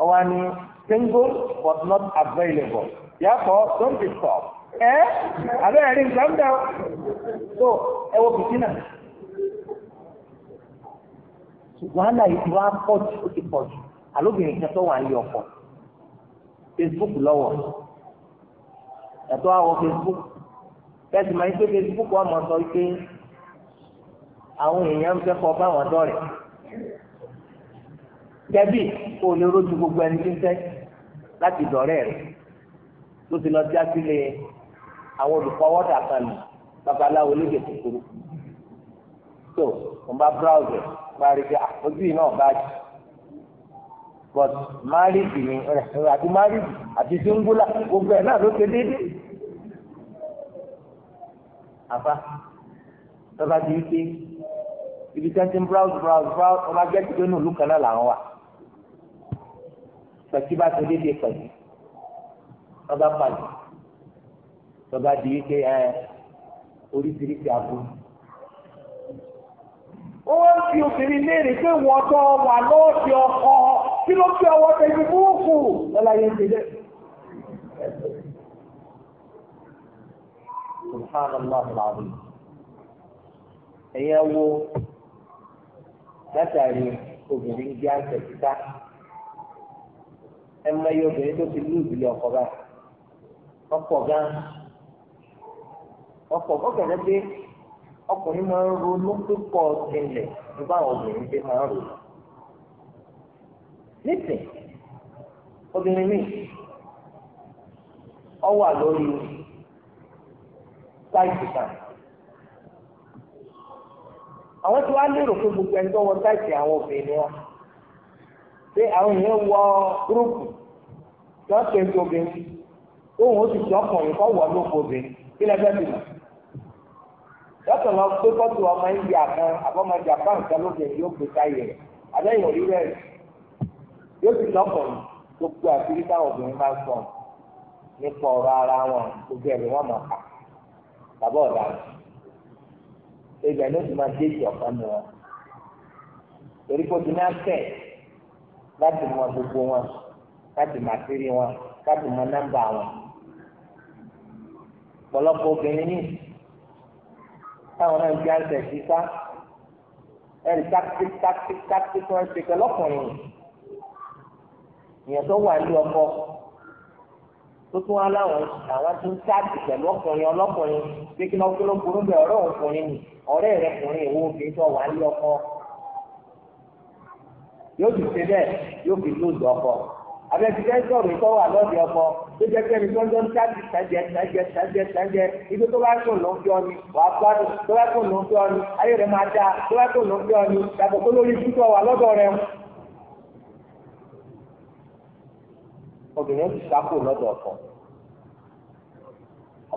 ọwọ́ ni single but not available therefore don't be stopped ẹ abẹ́ ẹ̀rí nǹkan bẹ́ẹ̀ o so ẹ wo bìtínà ṣùgbọ́n àlàyé tí wọ́n á pọ̀ jù ó ti pọ̀ jù àlóbìnrin kan tó wà ń yọ ọkọ̀ Facebook lọ́wọ́ ẹ̀tọ́ àwọ̀ Facebook bẹ́ẹ̀ sì máa ń pé Facebook ọmọ sọ pé àwọn èèyàn ń fẹ́ kọ́ bá wọn dọ́rẹ̀ kẹ́bí kò lè rójú gbogbo ẹni tí ń fẹ́ láti dọ̀rẹ́ rẹ̀ tó ti lọ sí àtìlẹ́ àwọn olùkọ́wọ́dà kan nù babaláwo lóde kúkúrú tó wọn bá bíráùzẹ̀ gbárígbá ah, ojú iná báàjì but marriage ni eh, àti marriage àti singular gbogbo ẹ̀ náà ló ṣe déédéé àfa tọ́ba ti ń pé ibi tí wọ́n ti ń browse browse browse ọmọ ajẹ́ ti dé nùlù kan náà làwọn wà pẹ̀tí bá ti dédé pẹ̀lú wọ́n bá pàdé wọ́n bá di wípé ẹ oríṣiríṣi àbò. ó wá ń fi obìnrin léèrè pé wọ́n tọ́ wà lọ́ọ̀dì ọkọ kí ló fi ọwọ́ tẹ̀sí búrúkú lọ́la yẹn ti dẹ́. Subhanallah alazim. Ẹ̀yẹ́ wo látàrí obìnrin gbé àǹtẹ̀ títà ẹ mọ iye obìnrin tó ti lù ìbílẹ̀ ọkọ báyìí ọ̀pọ̀ gan ọ̀pọ̀ gbọ́kànlẹ́ pé ọkùnrin máa ń ronú púpọ̀ ilẹ̀ nígbà obìnrin ṣe máa àwọn tí wàá lérò pé gbogbo ẹni tó wọ táìsì àwọn obìnrin wa pé àwọn èèyàn wọ gúrúùpù tó ṣe ń tóbi òun ó sì sọ ọkùnrin kọ́ wọ lóko obìnrin kí lẹ́fẹ́ bì mọ́ lọ́sọ̀ lọ pé kọ́tù ọmọ India kan àbọ̀mọ Japan kan lóbìnrin yóò gbé táyì rẹ̀ àbẹ́yìn orí rẹ̀ yóò sì sọ ọkùnrin gbogbo àṣírí táwọn obìnrin máa ń sọ nípa ọ̀rọ̀ ara wọn gbogbo ẹ̀rí wọn mọ̀ ká tàbí ọ̀daràn ibẹ̀ ló ti máa déjì ọ̀kan nù wọn torí kó ti ní àfẹ́ láti mọ gbogbo wọn láti mọ àṣírí wọn láti mọ nọ́mbà wọn ọ̀pọ̀lọpọ̀ obìnrin ní táwọn náà ń gbé àṣẹ sísá ẹ̀rí tákítí tákítí tákítí tí wọ́n ń ṣe pẹ̀lú ọkùnrin ìyẹn tó wà ní ọkọ tó tún wá láwọn àwọn tó ń ṣáàtì pẹ̀lú ọkùnrin ọlọ́kùnrin pé kí lọ́ọ́ kúrò kúrò bẹ ọ̀rọ̀ ọkùnrin ni ọ̀rẹ́ rẹ kùnrin ìwọ obìnrin tó wà ní ọkọ yóò sì ṣe bẹ́ẹ̀ yóò fi lóòdù ọkọ abẹ́síkẹ́ sọ̀rọ̀ ìtọ́ wà lọ́ọ̀dẹ ọkọ tó jẹ́ kẹ́ni tó ń dán tájì tájẹ tájẹ tájẹ tájẹ ibi tó bá sùn ló ń fi ọni wàá gbádùn tó bá sùn ló ń fi ọni ayé rẹ máa dáa tó bá sùn ló ń fi ọni yàtọ̀ tó lórí títọ́ wà lọ́dọ̀ rẹ. obìnrin ti sáko lọ́dọ̀ ọkọ.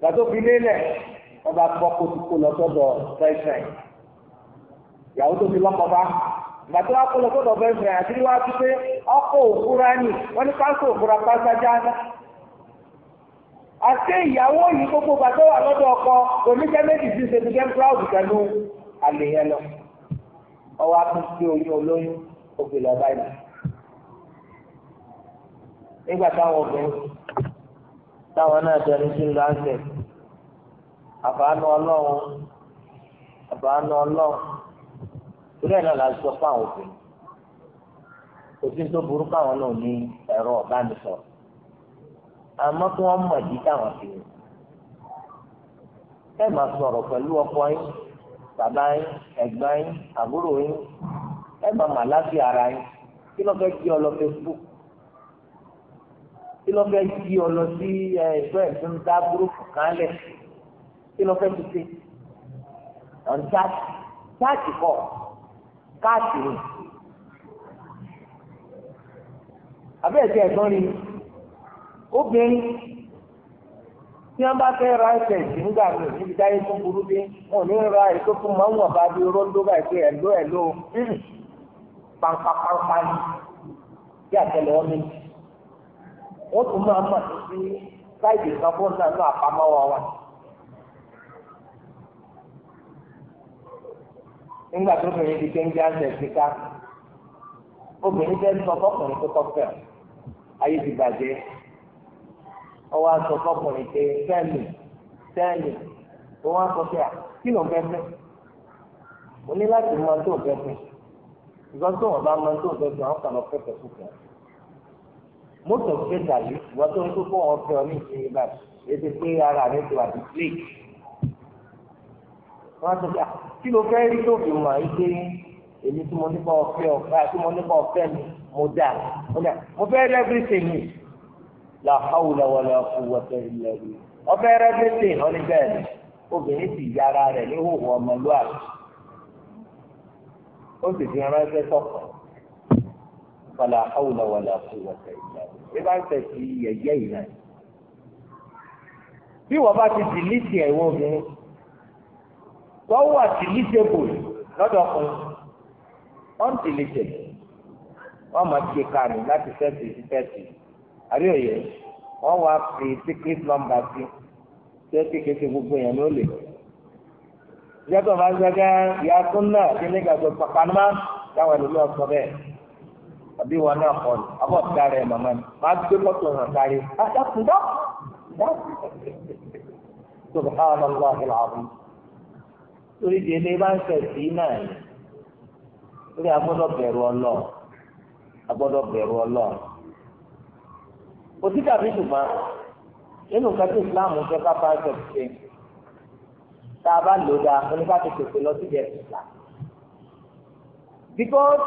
gbàtó fi lélẹ̀ wọ́n bá gbọ́ kó ti kó lọ sọ́dọ̀ fẹ́fẹ́ ìyàwó tó fi lọ́kọ̀ bá gbàtó wá kó lọ sọ́dọ̀ fẹ́fẹ́ àti wá sí pé ọkọ̀ òfúra ni wọ́n ní pásítọ̀ òfúra pásájá àti ìyàwó yìí gbogbo gbàtó wà lọ́dọ̀ ọkọ oníṣẹ́ méjì sí ṣe ti gẹ́m cloud pẹ̀lú àlè yẹn lọ ọwọ́ akúnṣe oyún olóyún òbí lọ́ba yìí nígbà táwọn obìnrin táwọn náà tẹnu sí ń láǹtẹ̀ àbánu ọlọ́run àbánu ọlọ́run torí ẹ̀ náà la sọ fún àwọn òfin òfin tó burú káwọn náà ní ẹ̀rọ ọ̀bánisọ̀rọ̀ àmọ́ kí wọ́n mọ̀ ìdí táwọn fi ní ẹ máa sọ̀rọ̀ pẹ̀lú ọkọ yín bàbá yín ẹ̀gbọ́n yín àbúrò yín ẹ máa mà láti ara yín kí ló kí ọ lọ Facebook kí ló fẹ́ di ọ lọ sí ẹgbẹ́ tó ń dá gúrúùpù kan lẹ̀ kí ló fẹ́ ti ṣe ọ̀n chaati chaati kọ káàtì ni àbẹ́ ẹ̀sẹ̀ ẹ̀gbọ́n ni obìnrin tí wọ́n bá fẹ́ ra ẹsẹ̀ sí nígbà mi níbi táyé tó burú dé wọn ò ní ra èso fún màá wọn bá bí rọ́ńdó báyìí pé ẹ̀ló ẹ̀ló hmm. pàǹpàpàǹpà ni bí àtẹlẹ wọn méjì wọ́n tún máa mọ̀ sí láìdè kábọ́ọ̀nù náà ní àpamọ́wọ́ wa. nígbà tó obìnrin di kéńjá ń tẹ̀sí ká obìnrin fẹ́ sọ fọkùnrin tó tọ́fẹ̀ ayé ti bàjẹ́ ọwọ́ aṣọ fọkùnrin pé sẹ́ẹ̀lì sẹ́ẹ̀lì òun aṣọ fẹ́ à kí ló ń fẹ́ fẹ́ mo ní láti mọ tó fẹ́ fẹ́ ìgbọ́n tó wọn bá mọ tó fẹ́ fẹ́ àwọn kan lọ fẹ́ fẹ́ fún fẹ́ mọ́tò gbèsè yìí wọ́n tó ń kókó ọ̀fẹ́ ọ ní ìsinmi báyìí ètò pé ara rẹ̀ ti wà ní plé. wọ́n á sọ pé ah, kí ló fẹ́ rí tó fi mọ̀ ike èmi tí mo nípa ọ̀fẹ́ ọ̀fẹ́ àti mo nípa ọ̀fẹ́ mi mo dà mo fẹ́ rẹ́gírísìn mi la hawla wala quwwata illa billah ọfẹ́ rẹ́gírísìn ọ̀ní bẹ́ẹ̀ ni obìnrin sì yára rẹ̀ ní hòhò ọmọlúwàbí ó sì fi ránṣẹ́ sọ̀kan fala hawla wala quwwata illa billah bí bá ń tẹ̀sí yẹ̀yẹ́ ìlànà bí wọ́n bá ti dìlítì ẹ̀wọ̀n obìnrin tó wà dìlítèbùl lọ́dọ̀kun wọ́n dìlítè wọ́n máa ṣe kàní láti fẹ́ẹ̀sì sí fẹ́ẹ̀sì àríòyè wọ́n wá fi secret number sí tẹ́ kékeré gbogbo yẹn ló lè ìjọba máa ń gbẹgẹ ìyá tó ń náà kí nígbà tó pàpánumá táwọn ènìyàn sọ bẹ́ẹ̀ àbí wọn náà kọ ni àbọ̀ ti dára ẹ̀ màmá mi máa gbé mọ́tò hàn sáré dákun dá subhana allah alazim torí di ẹni bá ń sẹ̀sì náà ni torí agbọ́dọ̀ bẹ̀rù ọlọ́ agbọ́dọ̀ bẹ̀rù ọlọ́ òtí tàbí ṣùgbọ́n nínú nǹkan tí islam ń fẹ́ ká bá ṣe ṣe tá a bá lò dáa oníkàtúntò pé lọ sí ìjẹ́ ìsìlá because.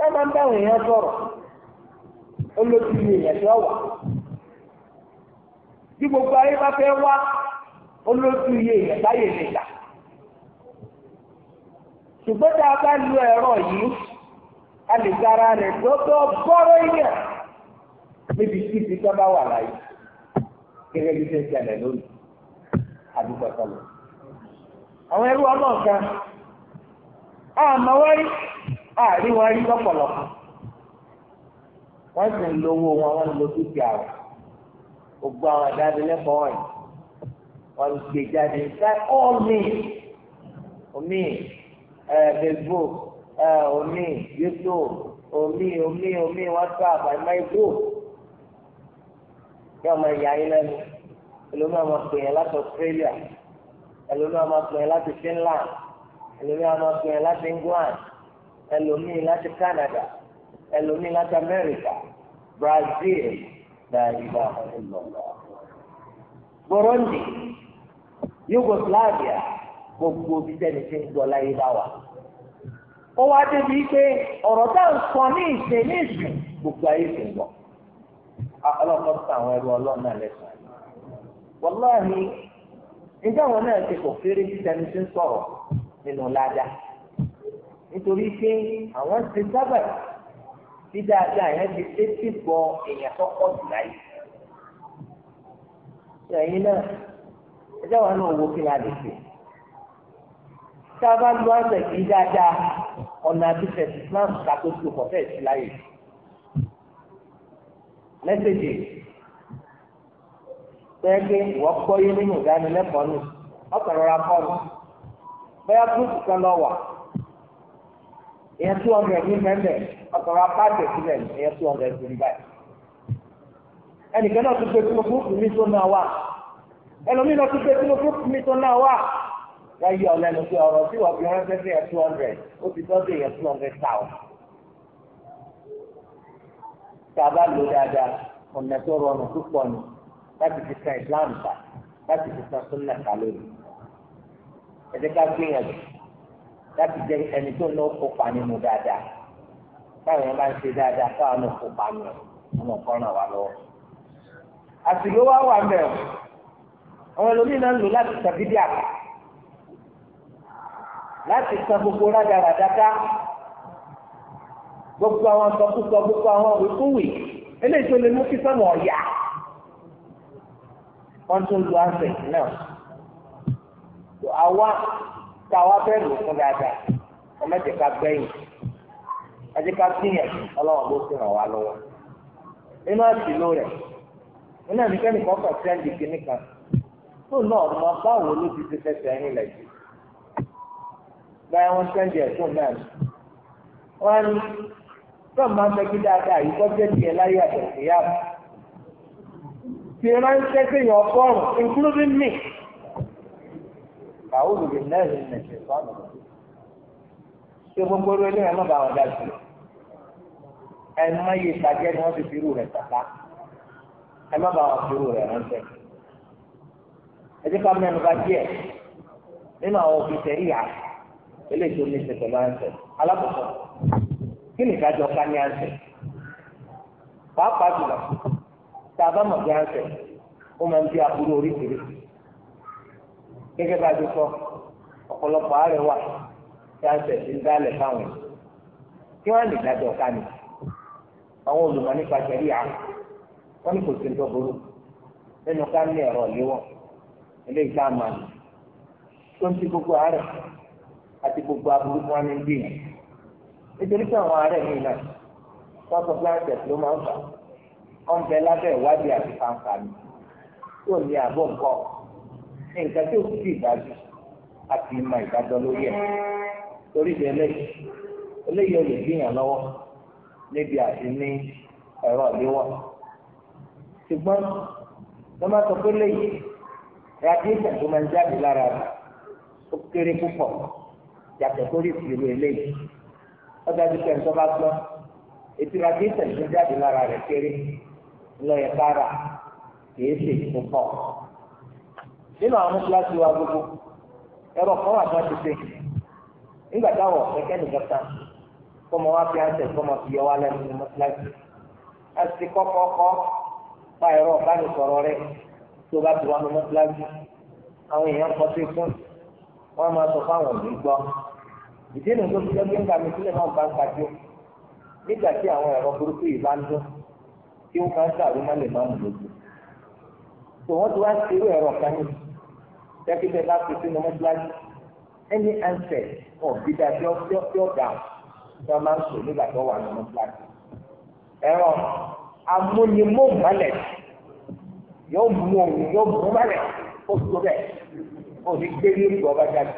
wọ́n máa ń bá àwọn èèyàn sọ̀rọ̀ ó èèyàn tí wọ́n bí gbogbo ayé bá fẹ́ wá ó èèyàn táyé lè gbà ṣùgbọ́n tá a bá lu ẹ̀rọ yìí a lè gara rẹ̀ bọ́rọ̀ yẹn níbi tí ti tọ́ bá wà láyé gẹ́gẹ́ bí ṣe ń ṣẹlẹ̀ àrí wọn rí lọ́pọ̀lọpọ̀ wọ́n sì ń lówó wọn wọ́n ń lo dúkìá wọn gbogbo àwọn ìdánilẹ́kọ̀ọ́ wọn wọ́n gbé jáde ṣáà all omi ẹ̀ facebook ẹ̀ omi youtube omi omi omi whatsapp àìmáyé group yóò máa yà yín lẹ́nu ẹlòmí àwọn akpèyàn láti australia ẹlòmí àwọn akpèyàn láti finland ẹlòmí àwọn akpèyàn láti england ẹlòmíì láti Canada ẹlòmíì láti America Brazil nàìjíríà ọ̀nàmọ̀ Burundi Yugoslavia gbogbo bí sẹ́ni ti ń gbọ́ láyé bá wa ó wá débi pé ọ̀rọ̀ tá à ń sọ ní ìsìn ní ìsìn gbogbo ayé ti ń gbọ́ ọlọ́kọ́ sí àwọn ẹrú ọlọ́run náà lẹ́sàn-án wọ́n lọ́ọ̀ ní ìjọ náà ti kò kéré bí ti ń sọ̀rọ̀ nínú ládàá nítorí pé àwọn ti sábà tí dáadáa yẹn ti tẹ́tí gbọ́ èèyàn tó pọ̀ sí láyé. ẹ̀yin náà ẹjọ́ wa náà wo kí la lè ṣe. tá a bá lo àgbẹ̀ yìí dáadáa ọ̀nà àbíṣẹ́ islam ká tó tó kọ̀ fẹ́ẹ̀ sí láyé. mẹ́sẹ̀gì pẹ́ẹ́gẹ́ ìwọ́ gbọ́ yé nínú ìdánilẹ́kọ̀ọ́ nù ọkàn rọra kọ́ nù bóyá gúúsù kan lọ wà ìyẹn two hundred ní mẹ́mẹ́ ọ̀sọ̀rọ̀ apáàtẹ̀ sílẹ̀ ìyẹn two hundred ní báyìí. ẹnìkan náà tún pé tí mo fún mi tó náà wà ẹlòmíì náà tún pé tí mo fún mi tó náà wà wọ́n yí ọ̀nà ẹnu pé ọ̀rọ̀ tí wọ́n fi ránṣẹ́ sí ẹ̀ two hundred ó ti tọ́jú ìyẹn two hundred thousand. tá a bá lò dáadáa ọ̀nà tó rọrùn púpọ̀ ni láti fi san ìsìláàmù ta láti fi san súnà kálórì. ẹ jẹ́ ká gbìyànjú láti jẹ ẹni tó náà kópa nínú dáadáa báwọn yẹn bá ń ṣe dáadáa káwọn náà kópa nù ọmọ nǹkan náà wà lọ́wọ́. àsìkò wa wà mẹ́rin àwọn ẹlòmíín náà ń lò láti sàbídì àpá láti san gbogbo rádaràdáká gbogbo àwọn sọkúsọ gbogbo àwọn òwìkúwì eléyìí tó lè mú kí sọnù ọ̀yà wọ́n tún lu àṣẹ náà àwa táwa fẹ́ lò fún dáadáa ọmọ ẹ̀jẹ̀ ká gbẹ̀yìn ẹ̀jẹ̀ ká gbìyànjú ọlọ́wọ́n ló fi ràn wá lọ́wọ́ nínú àtìló rẹ̀ nínú àtìkẹ́ nìkan kọ̀ sẹ́ńdì kìíní kan tó náà mọ báwo ló ti ti fẹsẹ̀ ẹ̀yìn lẹ̀ jù báyọ̀ wọn sẹ́ńdì ẹ̀sùn náà ni wọ́n ní tó máa ń fẹ́kí dáadáa yìí kọ́jẹ́ tiẹ̀ láyé àtẹ̀síyàmù ti ránṣẹ́ sí ìyàn ọgọ́rùn-ún including me àwùjọ bíi náà ní nàìjíríà sọ́ọ̀nù ṣé gbogbo orí ẹlẹ́yìn ọlọ́ba àwọn ọ̀dà jù ẹ má yé ìtajẹ́ ni wọ́n fi fi irú rẹ̀ tàpá ẹ má bàa wọn fi irú rẹ̀ ránṣẹ́ ẹ jẹ́ ká mẹ́nu bá díẹ̀ nínú àwọn òfin tẹ̀lé yà eléyìí tó ní ṣe pẹ̀lú àǹsẹ̀ alákòókò kí ni ìdájọ́ ká ní àǹsẹ̀ pàápàá jùlọ tá a bá mọ̀ bí àǹsẹ̀ ó máa ń bí aburú oríṣiríṣi gẹ́gẹ́ bá a ti sọ ọ̀pọ̀lọpọ̀ àárẹ̀ wà tí a ń tẹ̀sí ń dálẹ̀ fáwọn yìí kí wọ́n lè dájọ́ ká ní àwọn olùmọ̀ nípa ṣẹ̀rí à wọ́n ní kò sí nǹkan burú nínú ká ní ẹ̀rọ léwọ̀n eléyìí tá a máa lò tó ń ti gbogbo àárẹ̀ àti gbogbo aburú fún wa ní bí nítorí pé àwọn àárẹ̀ mi náà wọ́n sọ pé àǹtẹ̀sí ló máa ń fà ọ́n bẹ lábẹ́ ìwádìí àti fàǹfà mi tó ní àbọ̀ nǹkan. nǹkan tí òkú sì dájú a ti ìdájọ́ lórí ẹ̀ torí ìdí eléyìí eléyìí ò gbìyàn lọ́wọ́ níbi àti ní ẹ̀rọ ìléwọ́ ṣùgbọ́n wọ́n máa sọ pé léyìí radiation tó máa ń jáde lára rẹ̀ ó kéré púpọ̀ yàtọ̀ sórí ìṣirò bá gbọ́ lára rẹ̀ kéré ṣe nínú àwọn mọ́sálásí wa gbogbo ẹ̀rọ kan wà fún àtúnṣe nígbà táwọn kẹ̀kẹ́ nìkan tán kọ́mọ wá fi àṣẹ kọ́mọ fi yọ wá lẹ́nu ní mọ́sálásí àti kọ́kọ́ kọ́ pa ẹ̀rọ ìbánisọ̀rọ̀ rẹ̀ tó bá ti wá ní mọ́sálásí àwọn èèyàn kọ́ sí fún wọ́n máa sọ fáwọn òbí gbọ́ ìdí nìkan tó fi lọ́gbẹ́ ń gbà mí sílẹ̀ máa ń bá ń gbàdúrà nígbà tí àwọn ẹ̀rọ burúkú yìí bá ń dún tí wọ́n máa ń sàrú má lè má mú lójú. tòwọ́n ti wá ń ṣerú ẹ̀rọ kan yìí tẹ́kítẹ́ bá fi sínú mọ́tíláṣí ẹni ẹnsẹ̀ ọ̀ bídà tí ó tí ó tí ó dà tí wọ́n máa ń sọ nígbà tó wà nínú mọ́tíláṣí. ẹ̀rọ amúnimóhùnmálẹ̀ yóò mú òun yóò mú málẹ̀ ó tó bẹ̀ ó ní gbélé ìgbọ́ bá jáde.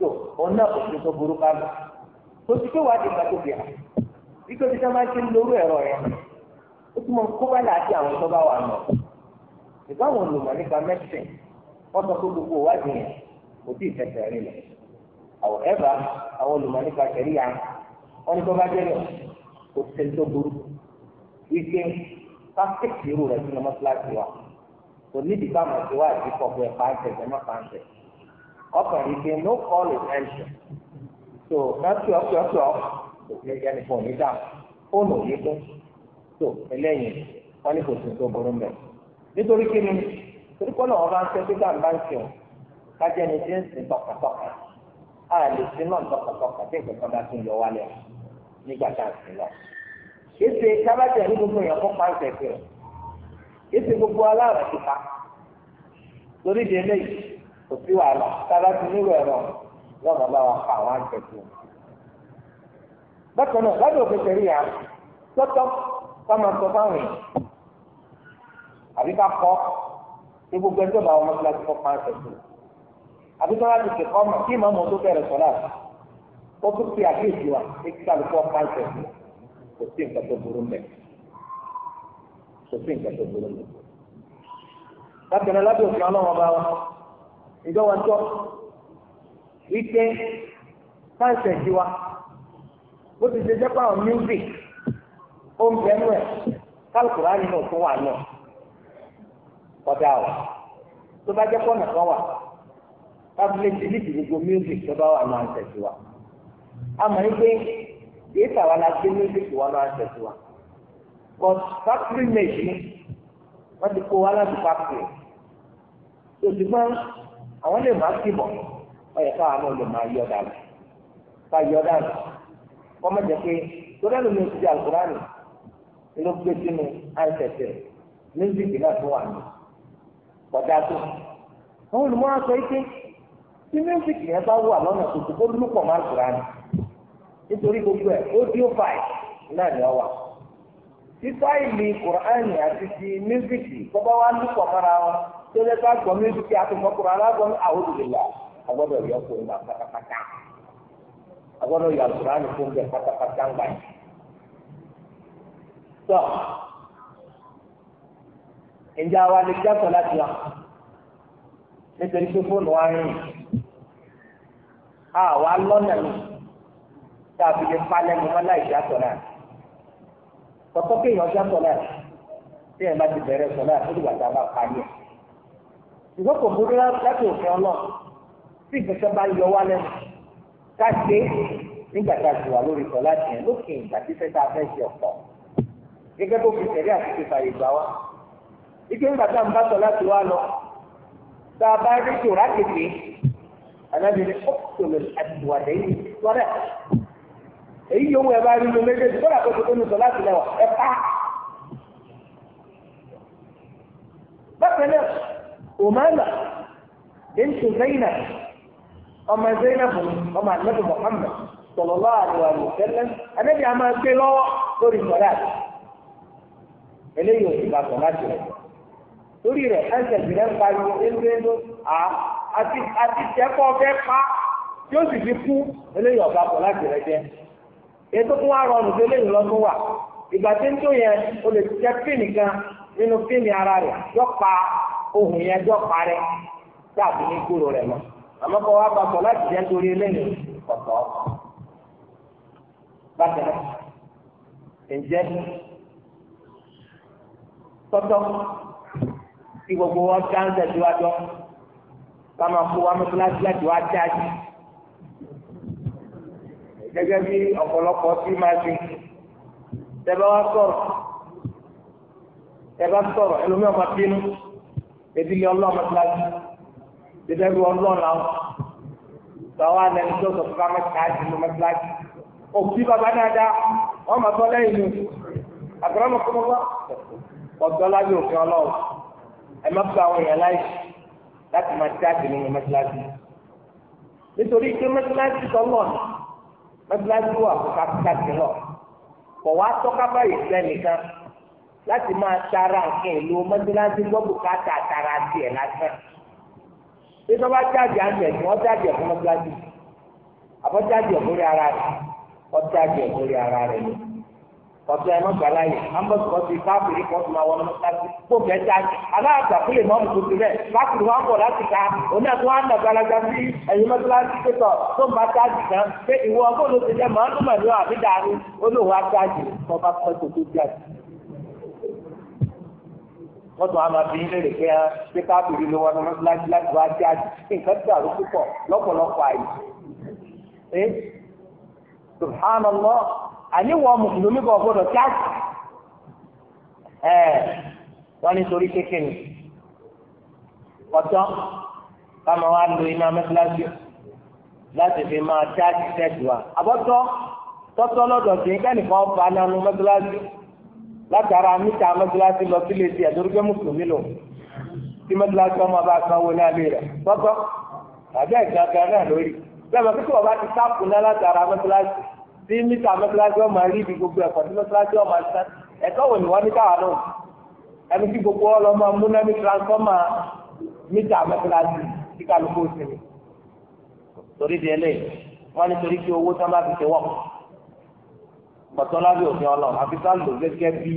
tó òun náà kò tó burú bá lọ. tó ti tó wá di ìgbà tó bìà ikú ti sábà ti ń lórú ẹ̀rọ yẹn ó tún mọ kó bá láti àwọn tó bá wà nù. ìbáwọn olùmọ̀ nípa mẹ́sìn wọ́n sọ pé gbogbo ìwádìí yẹn kò tí ì fẹsẹ̀ rìn lọ. àwọn ẹ̀bà àwọn olùmọ̀ nípa tẹ̀lé ya wọ́n ní bọ́bá jẹ́rẹ̀ kò tẹ̀ tó burú wípé pásítẹ̀kì irú rẹ̀ sínú mọ́ṣáláṣí wa kò ní ìdìbò àmọ̀ tí wà á ti kọ̀ọ̀kọ̀ ẹ̀ pàǹtẹ̀ ẹ̀ mọ́ pàǹtẹ̀ ọkàn yìí no call is answer so lọ́sọ̀ ọ̀sọ̀ òfin ẹ̀jẹ̀ nìkan ò ní dà fóònù ò ní tó so eléyìí wọ́n ní kò sí tó burú mẹ́ nítorí kí ni torí kọ́ náà wọ́n bá ń fẹ́ pé bàbá ń sìn kájẹ́ ni tí ń sìn tọkàtọkà á lè sìn náà tọkàtọkà tí nǹkan kan bá tún yọ wálẹ̀ nígbà tá a sìn lọ. kéṣe kábàjẹ́ ní gbogbo èèyàn fún pàǹtẹ̀ pé o kéṣe gbogbo aláàrẹ̀ ti pa torí di eléyìí kò sí wàhálà tábà ti nílò ẹ̀rọ lọ́nà bá wa pa àwọn àǹtẹ̀ bákan náà lábẹ́ òfin tẹ̀lé yà tọ́tọ́ ká máa sọ fáwọn èèyàn àbí ká kọ́ ní gbogbo ẹjọ́ bá wọn mọ́ síláṣí fọ́ pàǹsẹ̀ tó àbí tó láti kè kọ́ kí màá mọ̀ tó bẹ̀rẹ̀ sọ̀rọ̀ àti ó tún fi àkéèjì wa ní kíkàlù fọ́ pàǹsẹ̀ tó kò sí nǹkan tó burú mẹ́ kò sí nǹkan tó burú mẹ́. bákan náà lábẹ́ òfin ọlọ́wọ́ bá wa ìjọ wa tọ́ wípé pàǹsẹ̀ tí wa bó ti ṣe jẹ́ pàwọn music ó ń bẹ́ẹ̀ nù ẹ̀ kálukùrá nínú òkú wa náà. ọ̀dà ọ̀ tó bá jẹ́ pọ́nà kan wà tábìlẹ́tì níbi gbogbo music tó bá wà náà ń tẹ̀sí wa a mọ̀ ní pé dèéta wa la gbé music wa náà ń tẹ̀sí wa but factory made ni wọ́n ti kó wa láti factory àwọn lè bọ̀ ọ̀yẹ̀ káwa náà lè máa dànù ká dànù pé ló gbé sínú kọjá tó àwọn olùmọ̀ aṣọ ike tí mísíkì yẹn bá wà lọ́nà tuntun ó lùpọ̀ má lùrà ni nítorí gbogbo ẹ̀ audio file náà ni ọ wà tí fáìlì kùránì àti ti mísíkì tọ́ba wa lùpọ̀ mọ́ra wọn tó lè bá gbọ́ mísíkì àtúmọ̀kùnrin alágbọ́n àwọn olùdílà agbọ́dọ̀ yọ kùnrin náà pátápátá agbọ́dọ̀ yọ àlùkùránì fún bẹ́ẹ̀ pátápátá ń gbà yìí ǹjẹ́ àwa lè jákọ̀ láti wà nítorí pé fóònù wa rìn àwa lọ́nà mi tá a fi lè palẹ̀ mọ́ wọn láì jákọ̀ náà kọ́tọ́ kéèyàn jákọ̀ náà tí ẹ̀ bá ti bẹ̀rẹ̀ sọ náà tó lùwà tá a bá parí ẹ̀ ṣùgbọ́n kò burú láti òfin ọlọ́ tí ìfẹsẹ̀ bá yọ wá lẹ́nu ká ṣe nígbà tá a ti wà lórí sọ láti ẹ̀ lókè ìgbà tí fẹ́ tá a fẹ́ ṣe ọ̀pọ̀ gẹ́gẹ́ bó fi tẹ̀lé àti fífa ìgbà wa ike ń bàtà ń bá sọ láti wá lọ tá a bá rí ṣòro àkèké ànábi ní ọ̀pọ̀lọpọ̀ àdìwàdà yìí lọ́dẹ̀ èyí yóò wọ ẹ bá rí inú méjèèjì kó dàgbà tó tónú sọ láti lẹwà ẹ pa. bákan náà òmàlà bíntu Zainab ọmọ Zainab ọmọ ànábi Muhammad sọlọ́lá àdìwàdà tẹ́lẹ̀ ànábi àmà gbé lọ́wọ́ lórí sọ̀rọ̀ àti eléyìí ò torí rẹ̀ ẹsẹ̀ ìrẹ́ ń pariwo ẹgbẹ́ndó àti àti tẹ́kọ̀ fẹ́ pa yóò sì fi kú eléyìí ọ̀gá pọ̀ láti rẹ̀ jẹ́ ètò fún wa rọrùn tó léyìn lọ́dún wà ìgbà tí ń tó yẹn o lè jẹ́ pínì kan nínú pínì ara rẹ̀ yọ pa ohun yẹn jọ pa rẹ̀ tàbí ní gbòòrò rẹ̀ lọ àmọ́ kọ́ wa bá pọ̀ láti jẹ́ torí eléyìí ọ̀tọ̀ bàtẹ̀ ǹjẹ́ tọ́tọ́ tí gbogbo wọn dáńsẹ̀ tí wá jọ ká máa kó wa mọ́tíláṣí láti wá jáde gẹ́gẹ́ bí ọ̀pọ̀lọpọ̀ tí máa ṣe tẹ́bá wá sọ̀rọ̀ tẹ́bá sọ̀rọ̀ ẹlòmíràn máa bínú ebi lé ọlọ́ọ̀ mọ́tíláṣí tẹ́bá lu ọlọ́ọ̀ làwọn tọ́wọ́ lẹ́nu tó sọ̀rọ̀ ká máa ṣáàjì ní mọ́tíláṣí òbí bàbá dáadáa wọ́n máa tọ́ lẹ́yìn nù àgbàrá mọ́kọ́mọ́kọ́ ọ̀dọ́ lábẹ́ òfin ọlọ́ọ̀ ẹ má pa àwọn èèyàn láì láti máa jáde nínú mọ́tíláṣí nítorí pé mọ́tíláṣí sọ́lọ̀ mọ́tíláṣí wà fún kápítákì lọ kọ̀ wá tọ́ka báyìí sẹ́nìkan láti máa tara nǹkan ìlú mọ́tíláṣí gbọ́dọ̀ ká tà tara tiẹ̀ lásán bí wọ́n bá jáde àmì ẹ̀sìn wọ́n jáde ẹ̀fún mọ́tíláṣí àbọ̀ jáde ẹ̀fún rí ara rẹ̀ wọ́n jáde ẹ̀fún rí ara rẹ̀ lọ kọtí ẹ má gbàlá yìí amọ̀tò kọtí káfíìrì kan tó máa wọ ọmọ káfí kó bẹ́ẹ̀ ta ni aláàgbà kó lè mọ́mù tuntun rẹ̀ káfíìrì wọn kọ̀ láti ka òun náà tó wà nà gbalaja sí ẹ̀yin mọ́tíláṣí pẹ̀tọ̀ tó ń bá táàgì kan pé ìwọ ọgbọ́n ló ti jẹ́ màálù màálù àbí dàrú olóhùn àtàgì kọ́ bá pẹ́ tó tó jáde. wọ́n tún á máa fi ilé rè pé ẹ ah, pé káfíìrì ló wọ́n mọ́tíláṣí eh? subhanallah àníwọ̀ mùsùlùmí kan gbọ́dọ̀ ṣáàtì ẹ̀ wọ́n nítorí kékeré ọ̀tọ́ káma wá lo iná mẹ́tíláṣí láti fi máa ṣáàtì tẹ̀sí wa àbọ̀tọ́ tọ́tọ́ lọ́dọ̀ sí kẹ́nìkan fa nánú mẹ́tíláṣí látara mítà mẹ́tíláṣí lọ sílé sí ẹ̀dọ́rúgbẹ́ mùsùlùmí lò tí mẹ́tíláṣí ọmọ bá sanwó ní alẹ́ rẹ̀ tọ́tọ́ tàbí ẹ̀gbọ́n kan náà lórí bẹ́ẹ̀ mọ̀ kíkọ́ bá ti sáàpù náà tí mítà mẹ́tíláṣí ọmọ rí ibi gbogbo ẹ̀kọ́ tí mẹ́tíláṣí ọmọ ṣá ẹ̀kọ́ wò ní wọ́n ní káwọn náà ẹni tí gbogbo ọlọ́mọ múnẹ́mí transfọ́mà mítà mẹ́tíláṣí tí kálukú sí ni. torí di ẹlẹ́yìn wọ́n ní torí kí owó sábà fi ṣe wọ̀ pọ̀tọ́lá bí òfin ọlọ́run àfi ká lò gẹ́gẹ́ bí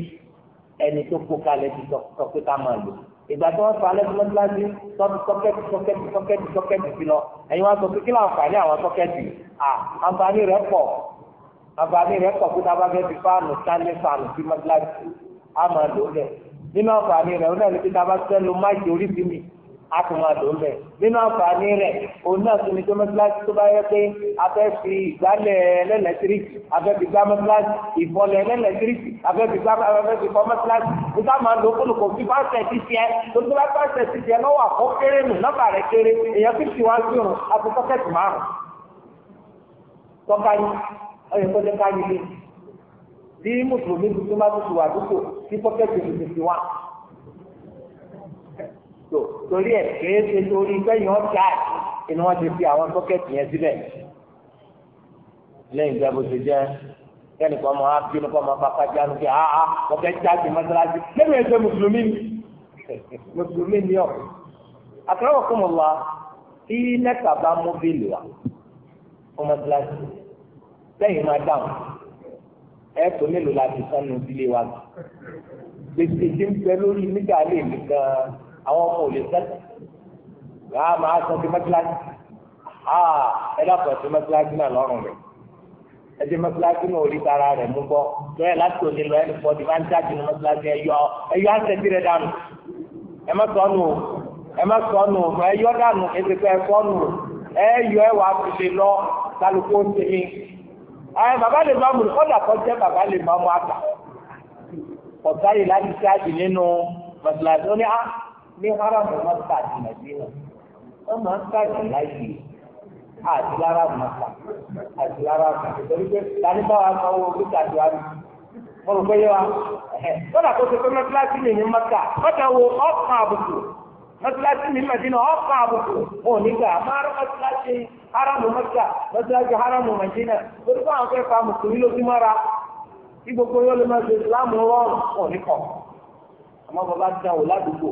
ẹni tó kó kalẹ̀ ti sọ pé ká máa lò ìgbà tí wọ́n fa alẹ́ tí wọ́n ti láti sọ́ọ̀tì sọ́kẹ́tì sọ́kẹ́tì sọ́kẹ́tì sọ́kẹ́tì sí lọ ẹ̀yin wọ́n sọ pé kí ló àǹfààní àwọn sọ́kẹ́tì à àǹfààní rẹ̀ pọ̀ àǹfààní rẹ̀ pọ̀ fún abáfẹ́ fi fáànù sálẹ̀ fáànù sí mọ́tíláṣí àmọ́ ló bẹ̀ nínú àǹfààní rẹ̀ onáà ní pété abá sẹ́nu máìkì orí sí mi a tún máa lò ó bẹ̀ nínú àǹfààní rẹ̀ òun náà tún ní tó mọ́tíláṣí tó bá yẹ pé afẹ́ fi ìgbálẹ̀ ẹlẹ́lẹ́tíríkì afẹ́ fi gbá mọ́tíláṣí ìfọlẹ̀ ẹlẹ́lẹ́tíríkì afẹ́ fi gbá afẹ́ fi fọ́ mọ́tíláṣí nígbà máa lò ó kò fi fáṣẹ̀ sí tiẹ̀ tó tó bá fáṣẹ̀ sí tiẹ̀ lọ́wọ́ àkọ́ kéré nù nọ́mbà rẹ̀ kéré èèyàn fífi wá sí òrùn àti sọ́kẹ́tì márùn-ún tọ́ka yìí ọyẹ kó jẹ ká yí lé bí mùsùlùmí tuntun bá tuntun wà dúpọ̀ sí pọ́kẹ́tì tuntun ti wá. torí ẹ kìí ṣe torí gbẹ̀yìn ọ̀tá inú wọn ti fi àwọn pọ́kẹ́tì yẹn síbẹ̀. lẹ́yìn ìjọba oṣù jẹ́ kẹ́ni kan máa bí inú kan máa bá kájá nu kí áá pọ́kẹ́tì jáde mọ́sálásí lẹ́nu ẹ̀ṣẹ̀ mùsùlùmí ni mùsùlùmí ni ọ̀. àtàwọn kọ́mọ̀ wa tí nẹ́ta bá mú bíìlì wa ọmọ mọ́sálásí sẹ́yìn máa dáhùn ẹ tó mélòó la ti sánú ilé wa gbèsè tí ń bẹ lórí nígbà lè mi gan àwọn ọmọ ò lè sẹ́ wàá máa sọ ti mọ́tíláṣí aa ẹ dàpọ̀ ti mọ́tíláṣí náà lọ́rùn rẹ̀ ẹ ti mọ́tíláṣí náà orí tara rẹ̀ mú bọ́ lọ́yẹ̀ láti òní lọ ẹni fọ́ọ̀dì máa ń jáde ní mọ́tíláṣí ẹ yọ ẹ yọ àṣẹjì rẹ̀ dànù ẹ má sọ nù ẹ má sọ nù ẹ yọ dànù ẹ ti fẹ́ fọ́ nù ẹ yọ ẹ wàá fi lè lọ kálukú ó ti mi àwọn bàbá lè máa mú kọ́dà kan jẹ́ bàbá lè máa mú àgbà ọ̀tá yìí láti ṣe àjì nínú mọ̀tìláṣí ó ní á ah, ní haramu máa ta àjìnà sí wọn wọ́n máa ń ta àjìnà yìí àti lára mọ̀ ta àti lára mọ̀ torí pé tani bá wa sọ owó gbígbà tó wá mọ̀ rò yẹ wa kọ́dà kó ṣe pé mọ̀tìláṣí nìyí mọ̀ ta kọ́dà wo ọ̀kan àbùkù mọ́tíláṣí ní Mẹ́dínà ọ̀pá àbùkù wọn nígbà máa mọ́tíláṣí haramu Mẹ́kà mọ́tíláṣí haramu Mẹ́dínà torí pé àwọn fẹ́ẹ́ fa mùsùlùmí ló fi mọ́ra kí gbogbo yóò lè máa ṣe ìsìláàmù rọrùn wọn níkọ̀ àmọ́ bàbá ti dáwọ́ ládùúgbò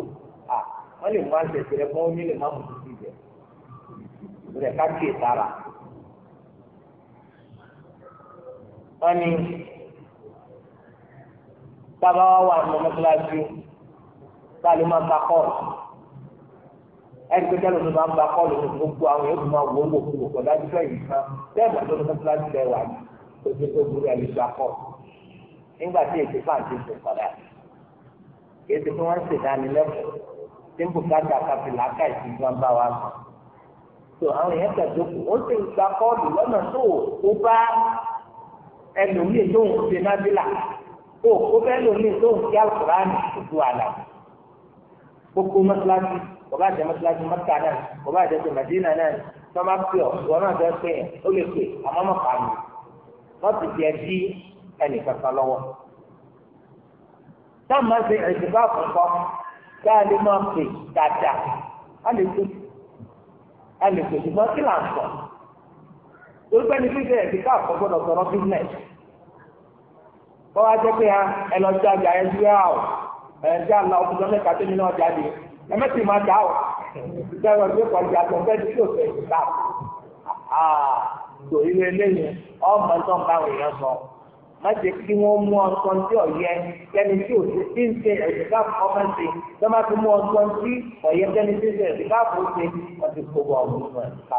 à wọ́n lè mú àṣẹ ìṣẹ̀lẹ̀ fún omi lè má mùsùlùmí jẹ rẹ̀ ká kí ìtara wọ́n ní tábà wà wà ní mọ́tíláṣí tá a lè máa ẹgbẹ́jẹ́ lọ́dún máa ń gba kọ́ọ̀lù ní gbogbo àwọn yóò máa wò wò kúrò pọ̀ dájú fẹ́ yìí kan bẹ́ẹ̀ bá tó lọ́dún tó láti lẹ́wà ní oṣù tó burú ẹ̀ lè gba kọ́ọ̀lù nígbà tí èsì fáǹtì ń sọ̀kọ̀dà èsì tí wọ́n ń ṣèdánilẹ́kọ̀ọ́ tí ń bùkátà kàfìlà káìsì tí wọ́n bá wa sọ. tó àwọn èèyàn tẹ̀síkù ó sì ń gba kọ́ọ̀lù lọ́nà tó o bá ẹlòmíì tó ń ṣe nábìlà kó o bá kò bá jẹ́ mọ́tíláṣí mọ́tíkà náà kò bá jẹ́ ti màdínà náà tó bá pè ọ́ ìwọ náà fẹ́ pè é ó lè pè àmọ́ mọ̀ kàánù wọ́n ti tiẹ̀ dí ẹnì kankan lọ́wọ́. táwọn máa ń ṣe ìdìbò àkọ́kọ́ tá a lè máa pè dáadáa a lè pè a lè pè ṣùgbọ́n kí là ń sọ orúkọ ẹni fífi ìdìbò àkọ́kọ́ lọ sọ̀rọ̀ bísínẹ̀sì kọ́ wa jẹ́ pé ẹ lọ sí ọjà ẹ sí ẹ ọ̀ ẹ̀ ń dá àlọ́ ọkùnrin mẹ́ta tó ní náà jáde ẹ mẹ́tì máa dà ọ́ ìdáwọ̀ ìgbé pàdé àtọ̀fẹ́ tí yóò fẹ́ ìgbà tó ilé lẹ́yìn ọmọ tó ń bá èèyàn sọ mẹ́tì kí wọ́n mú ọsàn tí ọ̀yẹ́ kẹ́ni tí ò ṣe tí ń ṣe ẹ̀dùká ọmọ ṣe tó má fi mú ọsàn tí ọ̀yẹ́ kẹ́ni tí ń ṣe ẹ̀dùká fún ṣe wọ́n ti kó bọ̀ ọ̀hún nù ẹ̀dùká.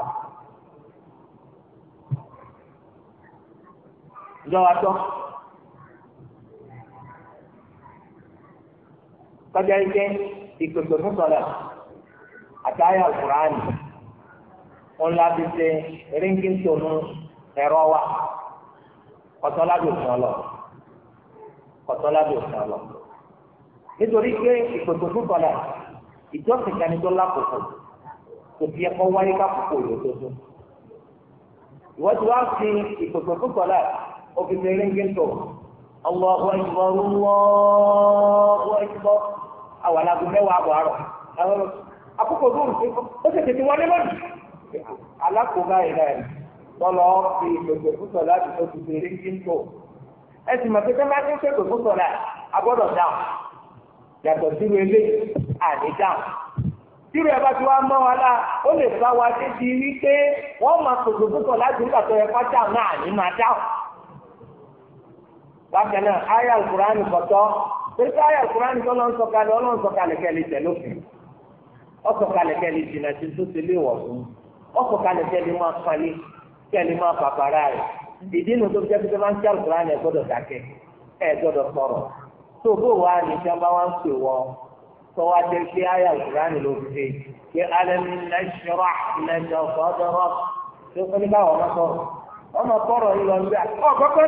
ìjọba tó kọjá ike ìpèpè fún sọlá àtàyà kùránì wọn láti ṣe ríngìntònú ẹ̀rọ wa kọtọ́lábì òfin ọlọ kọtọ́lábì òfin ọlọ nítorí pé ìpèpè fún sọlá ìjọsìn kan ní tó lákòókò kò fi ẹ̀kọ́ wáyé kákòókò yòó tó tó ìwọ́n ti wá sí ìpèpè fún sọlá òfin ríngìntò Allahu akbar Allahu akbar. àwọn alágún mẹ́wàá àbọ̀ àrọ̀ àkókò tó ń sèkó ó tètè wọlé lónìí alákòóbá yìí náà tọ́lọ́ fi gbogbo fúsọ̀ láti tó ti ẹ sì pé ti ń ṣètò náà dáhùn yàtọ̀ síru ilé dáhùn bá ti wá mọ́ ó lè wa wọ́n máa láti nígbà pẹ̀lú ayọ̀ kúránì tó lọ ń sọ̀kalẹ̀ ọlọ́run sọ̀kalẹ̀ kẹ́lẹ̀ tẹ̀ lófin ọ̀sọ̀kalẹ̀ kẹ́lẹ̀ jìnnà tí tó ti lé wọ̀ fún ọ̀sọ̀kalẹ̀ kẹ́lẹ̀ máa falẹ̀ kẹ́lẹ̀ máa pàpàrà rẹ̀ ìdí inú tó fi jẹ́pẹ́ máa ń kí alukúránì ẹ̀ gbọ́dọ̀ dákẹ́ ẹ̀ gbọ́dọ̀ sọ̀rọ̀ tó bó wa ni tí wọ́n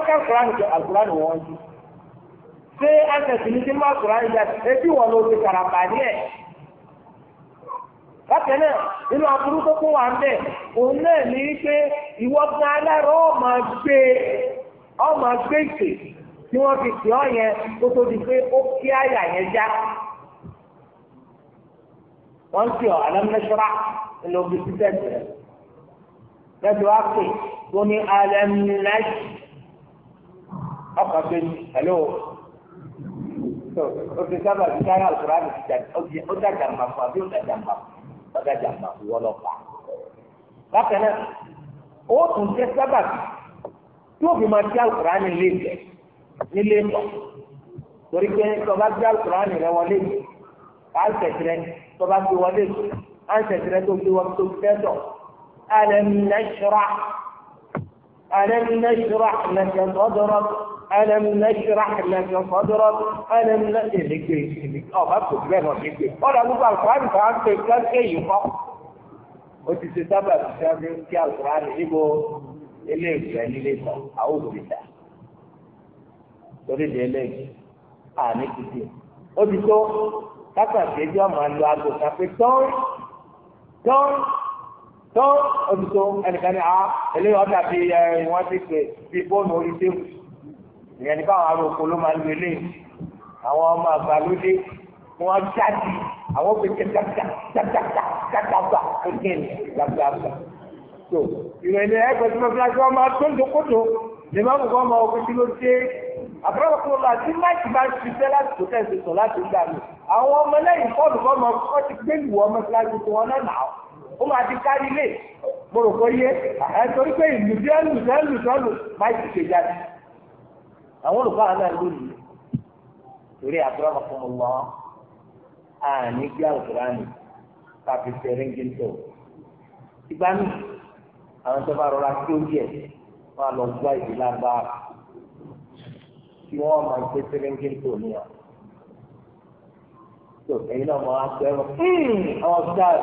ń pè wọ́ wá ṣé ẹsẹ̀sì ní ti má sọ̀rọ̀ ayé ẹbí wọn ló ti kàràpà ní ẹ̀. bákan náà nínú aburú tó kún wa ń bẹ̀ òun náà ní í pé ìwọ gan alára ọ máa gbé ọ máa gbé ìpè tí wọ́n fi pè ọ́ yẹn kó tó di pé ó kí àyà yẹn já. wọ́n ti ọ̀ alámúnáṣọ́rá ló fi títẹ̀ tẹ̀. lẹ́tọ̀ wá pè tó ní alámúnáṣ ọkọ̀ tó ní hello òfin sábà ti káyà àlùkòrá mi ti ọjà jàmbá fún àbí ọjà jàmbá ọjà jàmbá fún wọn lọ́pà. bákan náà ó tún jẹ sábà tí òfin máa ti àlùkòrá mi lé jẹ nílé tọ torí pé tọba ti àlùkòrá mi rẹ wọlé jẹ àǹtẹ̀tẹ̀rẹ̀ tọba ti wọlé jẹ àǹtẹ̀tẹ̀rẹ̀ tó gbé wọn tó gbé tọ̀ àlẹ́ mi náà ṣọ́ra àlẹ́ mi náà ṣọ́ra àlẹ́ mi náà ṣọ́ra. ألم نشرح لك صدرك ألم نشرح لك ọ̀ bá kò bẹ́ẹ̀ lọ sí pé ọ̀dà gbogbo àlùkùránì kan ń pè kẹ́kẹ́ yìí kọ́ ó ti ṣe sábà ti ṣe kí àlùkùránì níbo ilé ìgbẹ́ nílé kan àwọn òbíta torí ìdílé àní títì ó ti tó kákàtí ẹjọ́ máa lo aago kan pé tán tán tán ó ti tó ẹnìkan ní a eléyìí ọ̀dà bíi ẹ̀ wọ́n ti pè bíi fóònù orí tébù ìyẹn ní báwọn ará oko ló máa ń lo ilé àwọn ọmọ àgbàlódé wọn jáde àwọn òfin kẹta kàtàkà kékeré gbàgbàgbà tó ìrẹ̀lẹ̀ ẹgbẹ́ tí wọ́n fi láti wọ́n máa tó ń dòkótó lè má mú kọ́ máa wọ́n fi ló dé àbúrò kò lọ àti máìkì bá ń ṣiṣẹ́ láti tó tẹ̀sí sọ láti gbà mí àwọn ọmọ lẹ́yìn fọ́ọ̀lù kọ́ máa kọ́ ti gbé ìwọ ọmọ kíláàsì tó wọn náà ó máa ti kárí ilé mo rò kó yé ẹ torí pé ìlú bí ẹ lù sẹ́ lù máìkì ṣe jáde àwọn olùkọ́ àwọn náà lónìí torí àbúrò fún mi lọ àní bí àwòrán káfí sẹ́rìn gíńtò ìgbà mi àwọn tó bá rọra kí ó díẹ̀ wọn lọ gbọ́ ìdí lágbára kí wọ́n máa gbé sẹ́rìn gíńtò ní ọ. tó ẹ̀yin náà máa sọ ẹ̀rọ ọ̀ sáà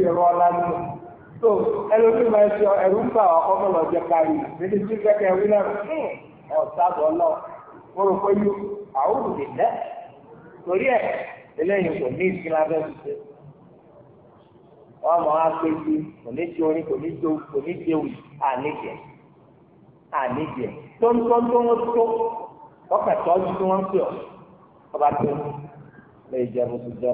ìrọ̀ ọ̀la ni tó ẹlòmíràn ẹ̀rù ń bà ọmọ lọ́jọ́ kárí níbi tí kẹ́kẹ́ wí náà. Hmm ẹ ọ̀sáàbọ̀ lọ mo rò pé yóò àwòrán lè dẹ́ torí ẹ̀ eléyìí kò ní ìsinmi abẹ́ tuntun wọ́n mọ̀ á pé sí kò ní tí orin kò ní tí orin kò ní tí ewì àníjẹ àníjẹ tó ń tó tó ọdún tí wọ́n ń pè ọ́ ọba tó lè jẹ́ bó ti jẹ́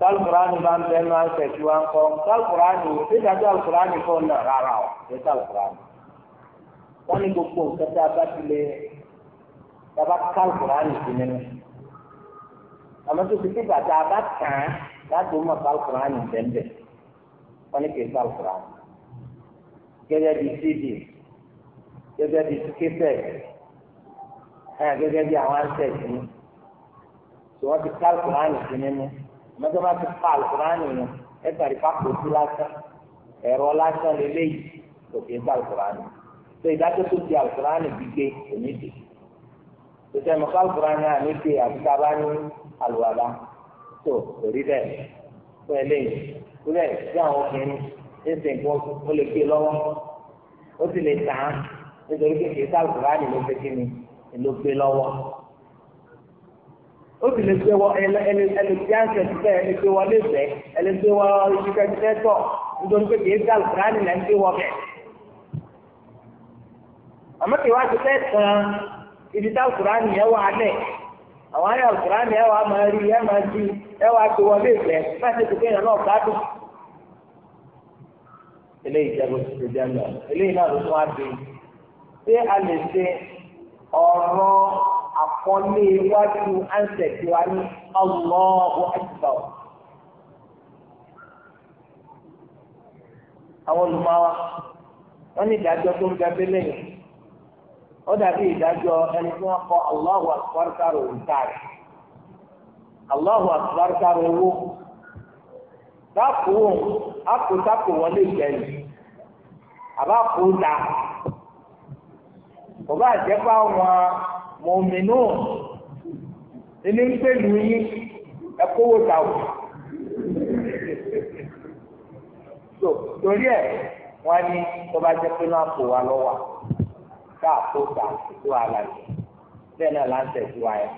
sálùkùránì bá ń bẹnu àṣẹ tí wọ́n kọ́ sálùkùránì ìdájọ́ àlùkùránì kọ́ ń nà rárá o ṣe sálùkùránì. wọ́n ní gbogbo nǹkan tí a bá ti lè bàbá sálùkùránì sí nínú. àmọ́ tó ti fi bàtà a bá tàn án láti mọ̀ sálùkùránì bẹ́ẹ̀ wọ́n ní kì í sálùkùránì. gẹ́gẹ́ bí cd gẹ́gẹ́ bí kẹsẹ̀ gẹ́gẹ́ bí àwọn àṣẹ sí. tí wọ́n ti mọ́tò bá ti pa àlùkùránì yẹn ẹ tàbí pápótú lásán ẹ̀rọ lásán lélẹ́yìí kò kí n pa àlùkùránì tó ìdájọ́ tó di àlùkùránì gbígbé òní dè tó sẹ́nu pa àlùkùránì àní dè àti ká bá ní àlùwàlá tó òrí bẹ́ẹ̀ fún ẹlẹ́yìn kúrẹ́ sí àwọn obìnrin ní sèǹkó ó lè gbé lọ́wọ́ ó sì lè tàn án nítorí kékeré sálùkùránì ló fẹ́ kí ni ló gbé lọ́wọ́ obi le se wɔ ɛlɛ ɛlɛ ɛlɛ ti ansɛ ti sɛ ɛlɛ se wɔ lé fɛ ɛlɛ se wɔ ɛlɛ ti sɛ tɔ nítorí pé kìí sá alukurani la ń se wɔ bɛ àmọ́ kìí wá ti sɛ tán ibi tá alukurani yɛ wà lɛ àwọn ayé alukurani yɛ wà máa rí yɛ máa di yɛ wà wɔ lé fɛ máa ti tètè yàn náà gbádùn eléyìí jẹ́ lóṣù tó jẹ́ lọ eléyìí náà ló tún wá dé ṣé a lè ṣe àkọlé iwájú ansẹt wa ní Allahu Akbar. àwọn olùmọ̀wá wọ́n ní ìdájọ́ tó ń bẹ abẹ́lẹ̀ yẹn ó dàbí ìdájọ́ ẹni tí wọ́n kọ Allahu Akbar kárò òǹkà rẹ̀ Allahu Akbar kárò owó dákòó wọlé ìgbẹ́yìn àbá kó ta kò bá jẹ́ mọ̀mìnú ilé ń pèlú yín ẹ̀kọ́wò tàwọ̀ so torí ẹ̀ wọ́n ní tọ́ba jẹ́ pé náà kò wá lọ́wọ́ ká kó ta tó àlàyé bẹ́ẹ̀ náà láǹtẹ̀ tó wáyé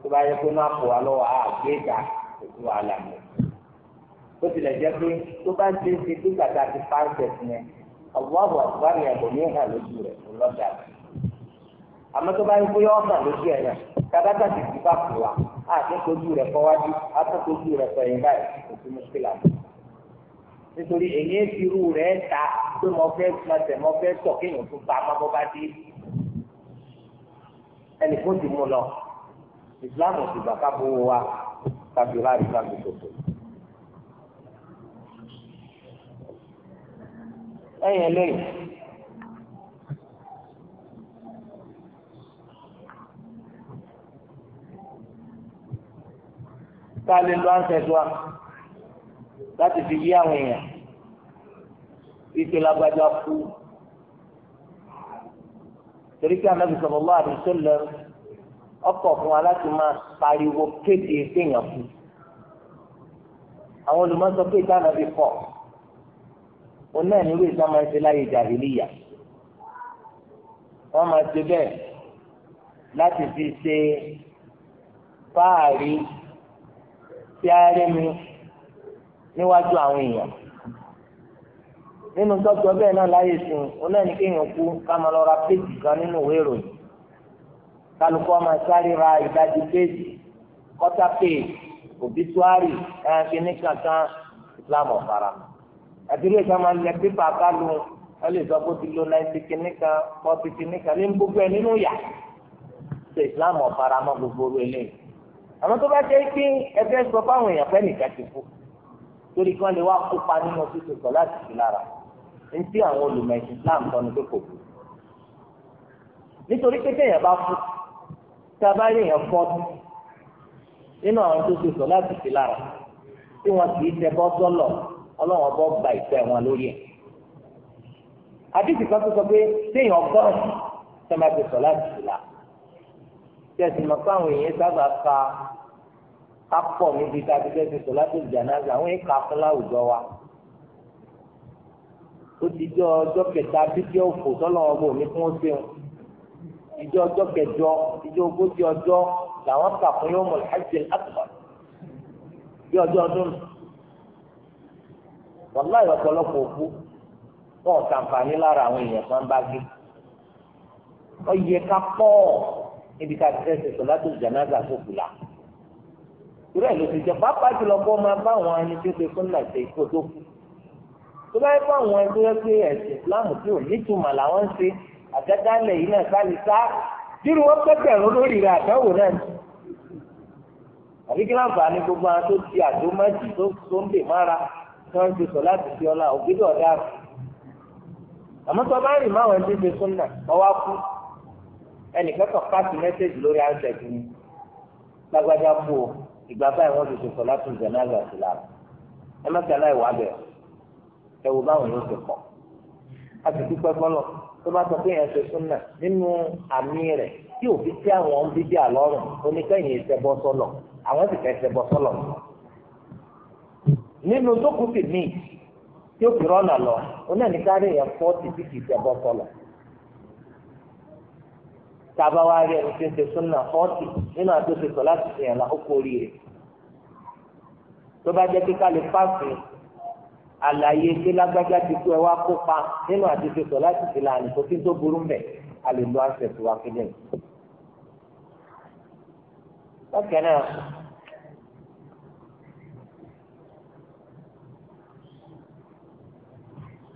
tọ́ba jẹ́ pé náà kò wá lọ́wọ́ á gbé ta tó àlàyé ó tilẹ̀ jẹ́ pé tó bá ń ṣe é ṣe pé kàtà ti fáńtẹ̀ yẹn ọ̀gbọ́n àbọ̀ àgbáyé ẹ̀bùn ní ìhà lójú rẹ̀ lọ́dà rẹ̀ àmọ́ tó bá ń gbé ọ̀nà lójú ẹ̀yà kàdákà sì ti bá kù wá àtúntòjú rẹ̀ kọ́ wájú àtúntòjú rẹ̀ kọ́ ẹ̀yìn báyìí kò sí mọ́síkìlà nítorí èyí ìfirú rẹ̀ ta pé mo fẹ́ gbọ́sẹ̀ mo fẹ́ tọ̀ kéèyàn tó bá má bọ́ bá dé ẹnì kó ti mú lọ ìsìláàmù ti gbà ká bó wa kábi láàrin kábi tòtò. lẹ́yìn eléyìí. ká lè lo ansẹt wa láti fi yí àwọn èèyàn ìpè lágbájá kú torí pé anabi sallallahu alaihi wasallam ọkọ fún wa láti máa pariwo kéde kéèyàn kú àwọn olùmọ̀sọ pé ìdáná fi kọ̀ òun náà nílò ìsá máa ń ṣe láyé jàhílíyà wọ́n máa ṣe bẹ́ẹ̀ láti fi ṣe fáàrí tí a rí mi níwájú àwọn èèyàn nínú tọ́jú ọbẹ̀ náà láyé sí oná ní kéèyàn kú ká máa lọ ra péjì kan nínú ìwé ìròyìn kálukú ọmọ sáré ra ìdajì péjì kọ́tà péjì òbítúárì ẹ̀ẹ́dínní kankan Islam ọ̀fara àti ilé ìjọba lẹ pépà kálu wọ́n lè sọ pé ó ti lo náìtì kìíní kan pọ́ọ̀tì kìíní kan ní gbogbo ẹ̀ nínú yà ṣe Islam ọ̀fara mọ́ gbogbo orí eléyìí àmọ́ tó bá jẹ́ pé ẹgbẹ́ sọ fáwọn èèyàn pẹ́ nìkan ti kú torí kan lè wá kópa nínú títí sọ láti fi lára ní tí àwọn olùmọ̀ ẹ̀sìn Islam sọ ni pé kò kú nítorí pé téèyàn bá kú tá a bá rí èèyàn fọ́ nínú àwọn tó ti sọ láti fi lára tí wọn kì í tẹ bọ́ sọ́lọ̀ ọlọ́wọ́n bọ́ gba ìfẹ́ wọn lórí ẹ̀ àdìsí kan tó sọ pé téèyàn gbọ́n tó máa ti sọ láti fi lára tẹ̀sí mọ̀ pé àwọn èèyàn sábà ka kápọ̀ níbi tá a ti fẹ́ ti sọ láti jànáza àwọn èèyàn kà fún láwùjọ wa ó ti jọ ọjọ́ kẹta bíbí òfò tọ́lọ́wọ́ bò ní fún ó ṣeun ìjọ ọjọ́ kẹjọ ìjọ ogójì ọjọ́ làwọn kà fún yóò mọ̀ láti àtúbọ̀ bí ọjọ́ ọdún wàláì ọ̀pọ̀lọpọ̀ òkú wọn ò ṣàǹfààní lára àwọn èèyàn kan bá gbé ọ yẹ ká pọ̀ níbi ká fẹ́ ṣe sọ̀látò jànáza sókù la irú ẹ̀ ló ti jẹ́ pápá jùlọ kó máa bá àwọn ẹni tó ṣe fún nàìjíríà ikú tó kù tó bá yẹ kó àwọn ẹni tó yẹ pé ẹ̀sìn Islam tí ò nítumọ̀ làwọn ń ṣe àdádálẹ̀ yìí náà sáré sá dírú wọn pẹ́pẹ́rún lórí rẹ̀ àtẹ́wò náà ni àbí kí láǹfà ní gbogbo àwọn tó ti àdó mẹ́jì tó ń dè mára tí wọ́n ń ẹnìkan kan pàṣẹ mẹ́sẹ̀gì lórí àǹtẹ̀gì ni lágbájá kú o ìgbà báyìí wọ́n ti ṣe sọ̀lá tó zẹ̀ náà lọ́sí la ẹ má tẹ̀lé ìwà bẹ̀ ẹ wo báwọn yóò ṣe pọ̀ a ti dúpẹ́ fọlọ́ tó bá sọ pé yẹn ṣe súnà nínú àmì rẹ̀ tí òbí tí àwọn ń bíbí àlọ́rùn oníkẹ́yìn ìṣẹ́bọ sọ́lọ̀ àwọn sì fẹ́ ṣẹbọ sọ́lọ̀ nínú tó míì tí ó fi rọ́nà lọ onáà ní kárí yẹn fọ́ọ̀tì tí kì í ṣẹbọ sọ́lọ̀ tába wá rí ẹni tí ń ṣe súnà fọ́ọ̀tì nínú àtúnṣe sọ láti fi hàn lákòókò oríire tó bá jẹ́ kíkà lè pàṣẹ àlàyé tí lágbájá ti kú ẹ wá kópa nínú àtúnṣe sọ láti fi lànà kó tó burú mbẹ a lè lo àṣẹ tó wá kéde. bákan náà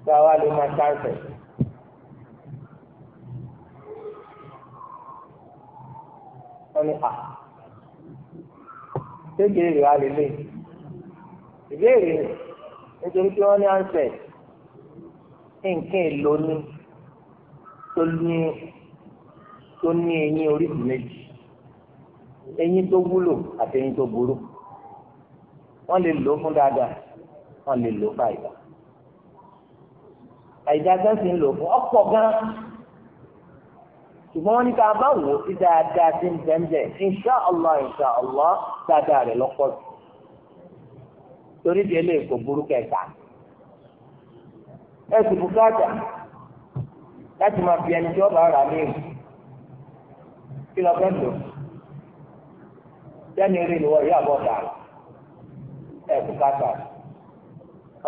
táwa lè máa ṣàṣẹ. wọ́n ní à ah. ṣégeèrè wa lè lè ìbéèrè nítorí pé wọ́n ní ansẹ̀ nǹkan èlò ní tó ní tó ní eyín oríṣìí méjì eyín tó wúlò àti eyín tó burú wọ́n lè lò ó fún dáadáa wọ́n lè lò ó fún àìdá àìdá gán sì ń lò fún ọ̀pọ̀ gan ṣùgbọ́n wọ́n ní ká bá wò ó sí dáadáa sí bẹ́ẹ̀nbẹ́ẹ̀ insha allah insha allah dáadáa rẹ̀ lọ́pọ̀ sí torí di eléyìí kò burú kẹta ẹ sì bùkátà láti máa fi ẹni tí ọba rà léèrè kí lọ fẹ́ lò sẹ́ni eré ni wọ́n yóò àbọ̀ dà ẹ bùkátà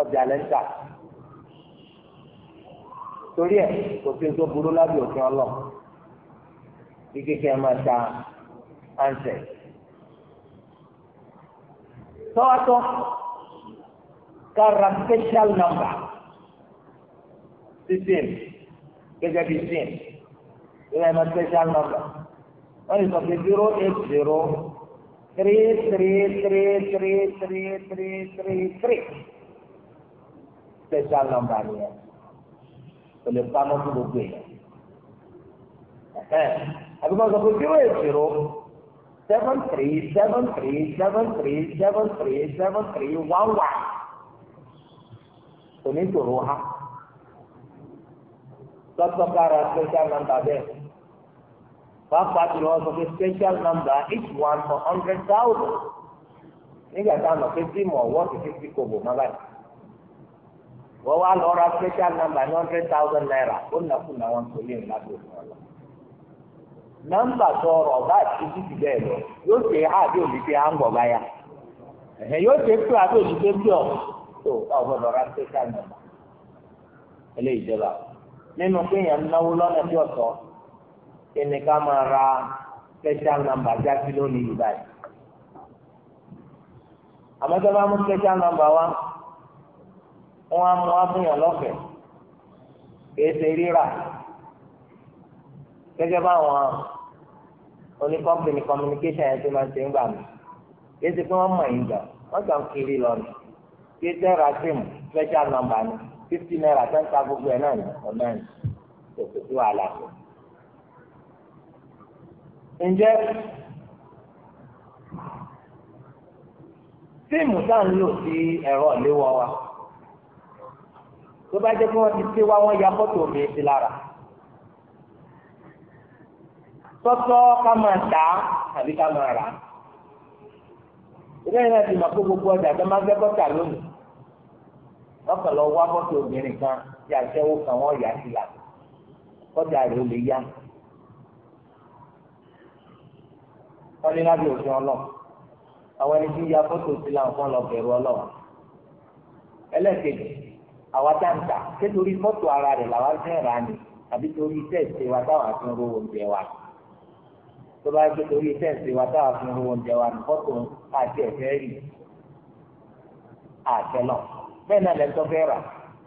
ọjà lẹ́ńtà torí ẹ kò sí tó burú lábẹ́ òfin ọlọ́run ike kí a máa ta ansẹ̀. tọ́wọ́tọ́ ká special number sí sim gẹ́gẹ́ bí sim ìwé special number wọ́n lè sọ zero eight zero three three three three three three three three special number nìyẹn o lè pamọ́ fún gbogbo èèyàn àbí kan sọ pé zero eight zero seven three seven three seven three seven three seven three one one kò ní tòrò ha lọ́tọ̀ kára special number bẹ́ẹ̀ pàápàá jùlọ wọ́n sọ pé special number each one for hundred thousand nígbà tá a mọ̀ pé tí mọ̀ wọ́n ti fi sí kòbò má special number hundred thousand naira ó nàkúnà wọn kò lè na mba ọba àti bee bẹ́ẹ̀ lọ ha ṣe olite òlùfẹ́ à ń bọ̀ báyà yóò ṣe pé àbí òlùfẹ́ bí ọ̀ tó nínú kéèyàn náwó lọ́nà tí ọ̀tọ̀ ẹnìkan máa ra special number jáde lónìí yìí báyìí àmọ́ tí bá mú special number wá wọ́n á mú wá fún lọ́fẹ̀ẹ́ kì oní kọ́mpìnì communication yẹn ti máa ń ṣe ń gbà mí yéé ti pé wọ́n mọ̀ yín gbà wọ́n kàn kiri lọ nù kí ẹ tẹ́ra sim special number ni fifty naira ten ta gbogbo ẹ̀ náà ní ọ̀nà ní tòkè tó àlà kù. ǹjẹ́ síìmù tá à ń lò sí ẹ̀rọ ìléwọ́ wa tó bá jẹ́ pé wọ́n ti ṣe wá wọ́n ya fọ́tò mi sí lára tọ́tọ́ ká máa tà á àbí ká máa rà á. ìrẹ́lẹ̀ náà ti mọ̀ pé gbogbo ọjà tó máa ń gbẹ́kọ̀ lónìí. lọ́kàn lọ wá bọ́tò obìnrin kan tí àṣẹwó kan wọ́n yà sí là kọjá rẹ̀ ó lè yá. wọ́n ní lábẹ́ òfin ọlọ́ àwọn ẹni tí ń ya bọ́tò sí là nǹkan lọ bẹ̀rù ọlọ́wọ́. ẹlẹ́kejì àwa táǹtà kétorí fọ́tò ara rẹ̀ làwa fẹ́ rà ní àbí torí iṣẹ́ ìṣe wa táwọn àti ń rówó ń wa tó bá gbé torí sẹ́ǹsì wa táwa fún owó oúnjẹ wa nìkọ́tò àti ẹ̀fẹ́ rì àtẹlọ bẹ́ẹ̀ náà lẹ́tọ́ fẹ́ rà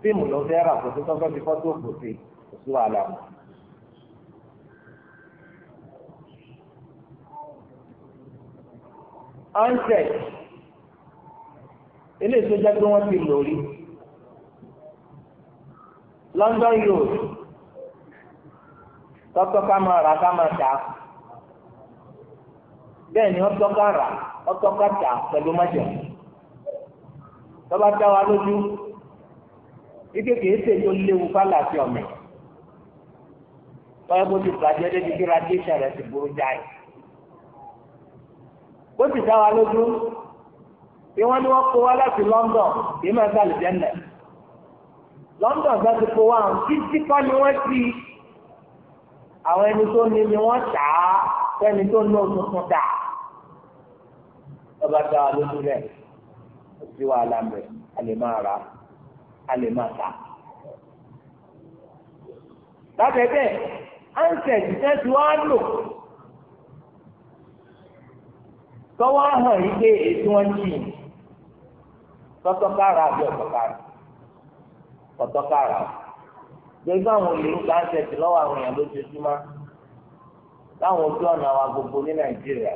fíìmù ló fẹ́ rà kò tó tọ́kọ́ fi fọ́tò òfò kò sí wàhálà mọ́. onset eléyìí tó jẹ́ wọ́n ti lò London Road tọ́tọ́ ká máa rà ká máa tà á bẹ́ẹ̀ ni ọtọ́ka rà ọtọ́ka tà pẹ̀lú májẹ̀ tọ́ba dá wa lójú ike kìí ṣe tó léwu fálà sí ọ̀mì tọ́yẹ bó ti bàjẹ́ débi kí radiation rẹ̀ ti burú jáì bó ti dá wa lójú bí wọ́n ní wọ́n kó wa láti London kìí máa gbà lè jẹ́nà London bá ti kó wa hàn títí kọ́ ni wọ́n ti àwọn ẹni tó ní ni wọ́n tà á fẹ́ni tó ní oṣù tuntun tà tọ́ba dá wa lójú rẹ̀ kò sí wàhálà ń bẹ̀ a lè máa rà a lè máa tà. lábẹ́ bẹ́ẹ̀ ansẹ̀tì náà ti wá lò tọ́wọ́ hàn yí pé ètò wọn jì tọ́tọ́kára àbí ọ̀tọ́kára ọ̀tọ́kára gbẹgbẹ àwọn olè ń gba ansẹ̀tì lọ́wọ́ àwọn èèyàn lójoojúmọ́ láwọn ojú ọ̀nà wa gbogbo ní nàìjíríà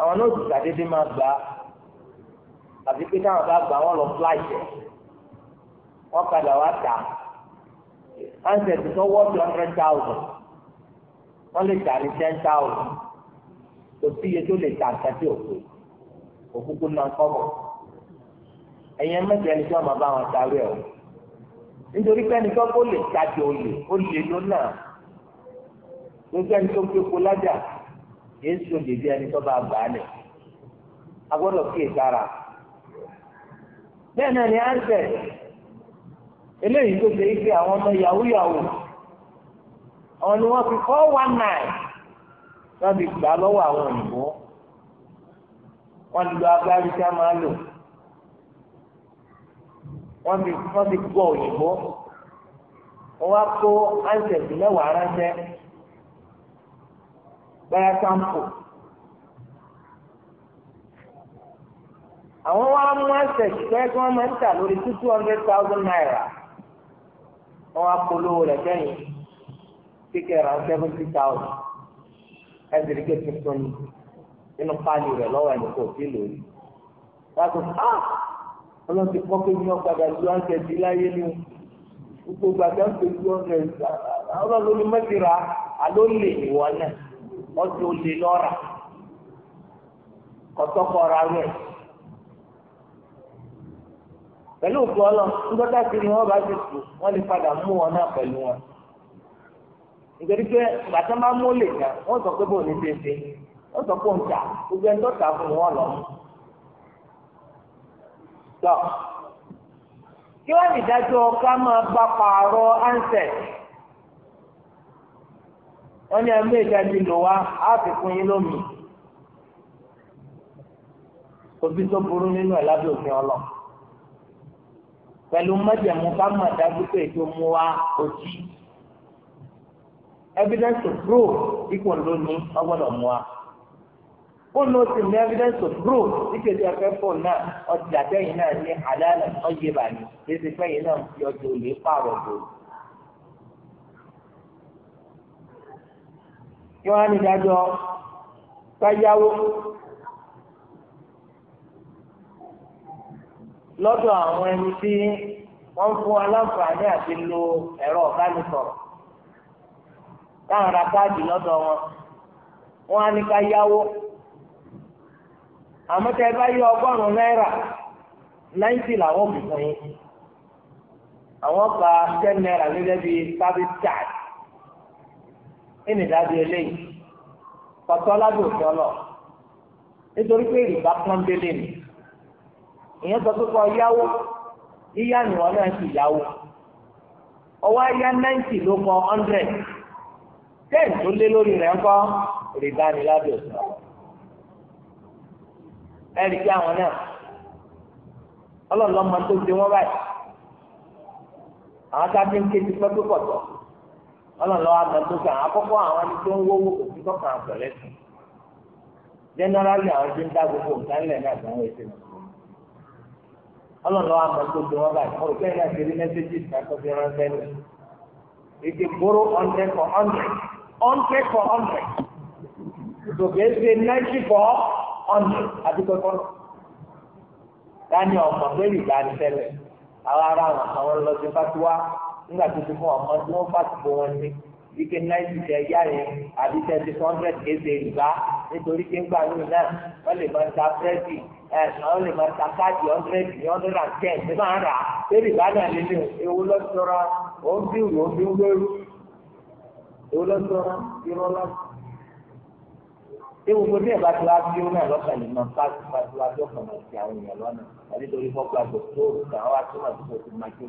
àwọn náà ti sàdédé máa gbà á àti pé táwọn bá gbà wọn lọ fly jẹ wọn padà wá tà handset tó wọ́ two hundred thousand wọ́n lè tà ní ten thousand kò sí iye tó lè tà àtàtì òkú òkúkú náà kọ́bọ̀ ẹ̀yin mẹ́jọ ẹni tí wọ́n máa bá wọn sáré ọ̀ nítorí pé ẹni tó kó lè tajà olè olè lónà gbogbo ẹni tó gbé kó lájà. èsì òde bí ẹni tó bá gbà á a gbọ́dọ̀ kí ìtara bẹ́ẹ̀ náà ni e eléyìí tó ṣe é pé àwọn ọmọ yahoo àwọn ni wọ́n fi four one nine wọ́n fi gbà lọ́wọ́ àwọn òyìnbó wọ́n lo agbárí tí a máa lò fi báyà sáǹpù. àwọn wa mú ẹsẹ̀ ṣùgbọ́n ẹgbẹ́ wọn máa ń tà lórí two hundred thousand naira wọn á polówó rẹ̀ sẹ́yìn kíkẹ́ ra seventy thousand ẹ̀sìn ike tuntun ni nínú páálí rẹ̀ lọ́wọ́ ẹni kò sí lórí wọ́n á sọ ah ọlọ́run ti kọ́ pé mi ò padà ju ọ̀sẹ̀ sí láyé ni gbogbo àgbà tó ń pè ju ọ̀sẹ̀ ọlọ́run ló ní mẹ́tìrà àló lè wọ́n ọtí ó lè lọ́ra kọ́tọ́kọ́ ra rẹ̀ pẹ̀lú òkú ọlọ ńgbọ́tà sí ni wọ́n bá ti sùn wọ́n lè padà mú wọn náà pẹ̀lú wọn nítorí pé bàtà máa mú lè jà wọ́n sọ pé bò ní tètè wọ́n sọ pé òun tà gbogbo ẹni tó tà fún wọn lọ. tọ́ kí wọ́n lè dájọ́ ká máa bá pààrọ̀ ansẹ̀tì wọ́n ní ẹgbẹ́ ìdájí lò wá á fi fún yín lómi òbí tó burú nínú ẹ̀ lábẹ́ òfin ọlọ pẹ̀lú mọ́jẹ̀mú ká mọ̀ dájú pé ètò mú wá òjì evidence to prove ipò lónìí ọgbọ́dọ̀ mú wa fóònù ó sì ní evidence to prove ike tí a fẹ́ fóònù náà ọtí àtẹ̀yìn náà ní àdáyà ọyẹ bàní èsì fẹ́yìn náà yọjú lè pààrọ̀ dòdò. kí wọ́n á ní ìdájọ́ káyáwó lọ́dọ̀ àwọn ẹni tí wọ́n fún aláǹfààní àti lo ẹ̀rọ ọ̀bánisọ̀rọ̀ táwọn ra káàdì lọ́dọ̀ wọn wọ́n á ní ká yáwó àmọ́ tẹ́ ẹ bá yọ ọgọ́rùn-ún náírà náírà làwọn kò fún yín àwọn gba ten naira gẹ́gẹ́ bíi service charge ẹnì dábìí eléyìí kọtọ lábẹ́ òfin ọlọ nítorí pé ìrìbá pọ́nbélé ni ìyẹn sọ pé kọ yáwó yíyá nìwọ náà sì yáwó ọwọ́ ayá náìtì ló kọ hundred ten tó lé lórí rẹ̀ ń kọ́ ìrìbá ni lábẹ́ òfin ọlọ ẹ̀rí kí àwọn náà ọlọ́ọ̀lọ́ máa tó ṣe wọ́n báyìí àwọn tá ń ké ti pẹ́ pé pọ̀ ọlọ́lọ́wọ́ amọ̀tòkà àkọ́kọ́ àwọn ẹni tó ń wówó kò sí tọ́ka àpẹẹrẹ sí jẹ́nẹ́rálì àwọn tí ń dá gbogbo ìdánilẹ̀ náà tó ń wé sí mùsùlùmí ọlọ́lọ́wọ́ amọ̀tòkà wọn báyìí mo rò pé ẹ̀yà ti rí mẹ́sẹ́jì ìtàkọ́sí ránṣẹ́ ní ètè gbóró hundred for hundred hundred for hundred ìdòkè ṣe ninety for hundred àdúgbò dání ọmọ pé ìgbà ní tẹ́lẹ̀ àwọn ará àwọn lọ sí nígbà tó ti fún ọmọ tí wọ́n bá ti bọ̀ wọn sí wíkẹ́ náírà tẹ yá yẹn àbí tẹ́tí hundred kéde ìgbà nítorí pé ńgbà míì náà wọ́n lè máa ta fẹ́ẹ̀dì ẹ̀ wọ́n lè máa ta káàdì hundred ní hundred and ten ṣé máa rà lórí ìgbà náà lélẹ̀ ewu lọ́sọ̀rọ̀ ó ń bí ìlú ó ń bí wẹ́rú ewu lọ́sọ̀rọ̀ irọ́ lọ́sọ̀rọ̀ ewu gbogbo ẹ̀ bá ti wá bí ó náà lọ́kàn lè bá ti bá ti wá bí ọkàn máa ti àwọn èèyàn lọ́nà àbí fọ́pọ̀ àgbò tó kàn wá tó máa ti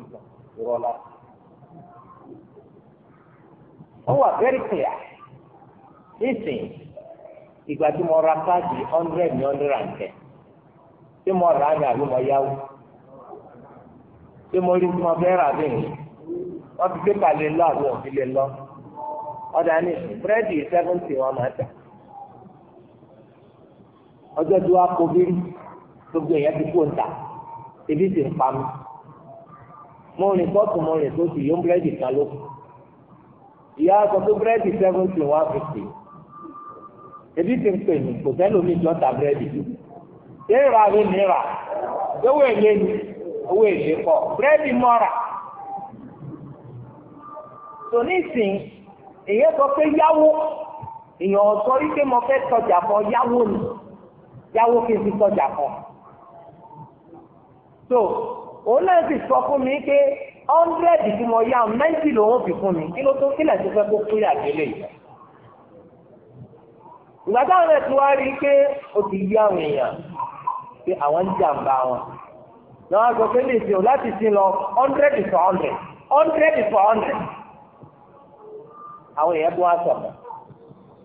ó wà very clear nísìnyí ìgbà tí mo ra káàdì hundred ní hundred and ten tí mo rà á ní àbí mo yáwó tí mo rí tí mo fẹ́ rà bí mi wọ́n fi pépà lé lọ àbí òfin lé lọ ọ̀dà ní búrẹ́dì seventy wọn máa tà ọjọ́ tí wàá kó bírí gbogbo èèyàn ti kó ń tà ebi ń pa mi mo rìn bọ́ọ̀tù mo rìn tó sì yóò búrẹ́dì kan lókun ìyá sọ pé búrẹ́dì seventy one fifty ebi ti ń pè mí kò sẹ́ni omi jọ ta búrẹ́dì ìrà mi nira owó èlé ni owó èlé pọ̀ búrẹ́dì mọ́ra tò nísìn èyàn sọ pé yáwó èyàn sọ wípé mo fẹ́ tọjà kan yáwó ni yáwó kí n fi tọjà kan tó òun náà sì sọ fún mi pé hundred tí mo yá ninety lòun fi fún mi kí ló tó kílẹ̀ tó fẹ́ kó kúrẹ́ àgbélé yìí. ìgbà táwọn ẹ̀ wá rí i pé o ti yí àwọn èèyàn pé àwọn ń jàǹbá wọn lọ́wọ́ àgọ́ pé lè ṣe o láti sin lọ hundred for hundred hundred for hundred àwọn èèyàn bí wọ́n sọ̀rọ̀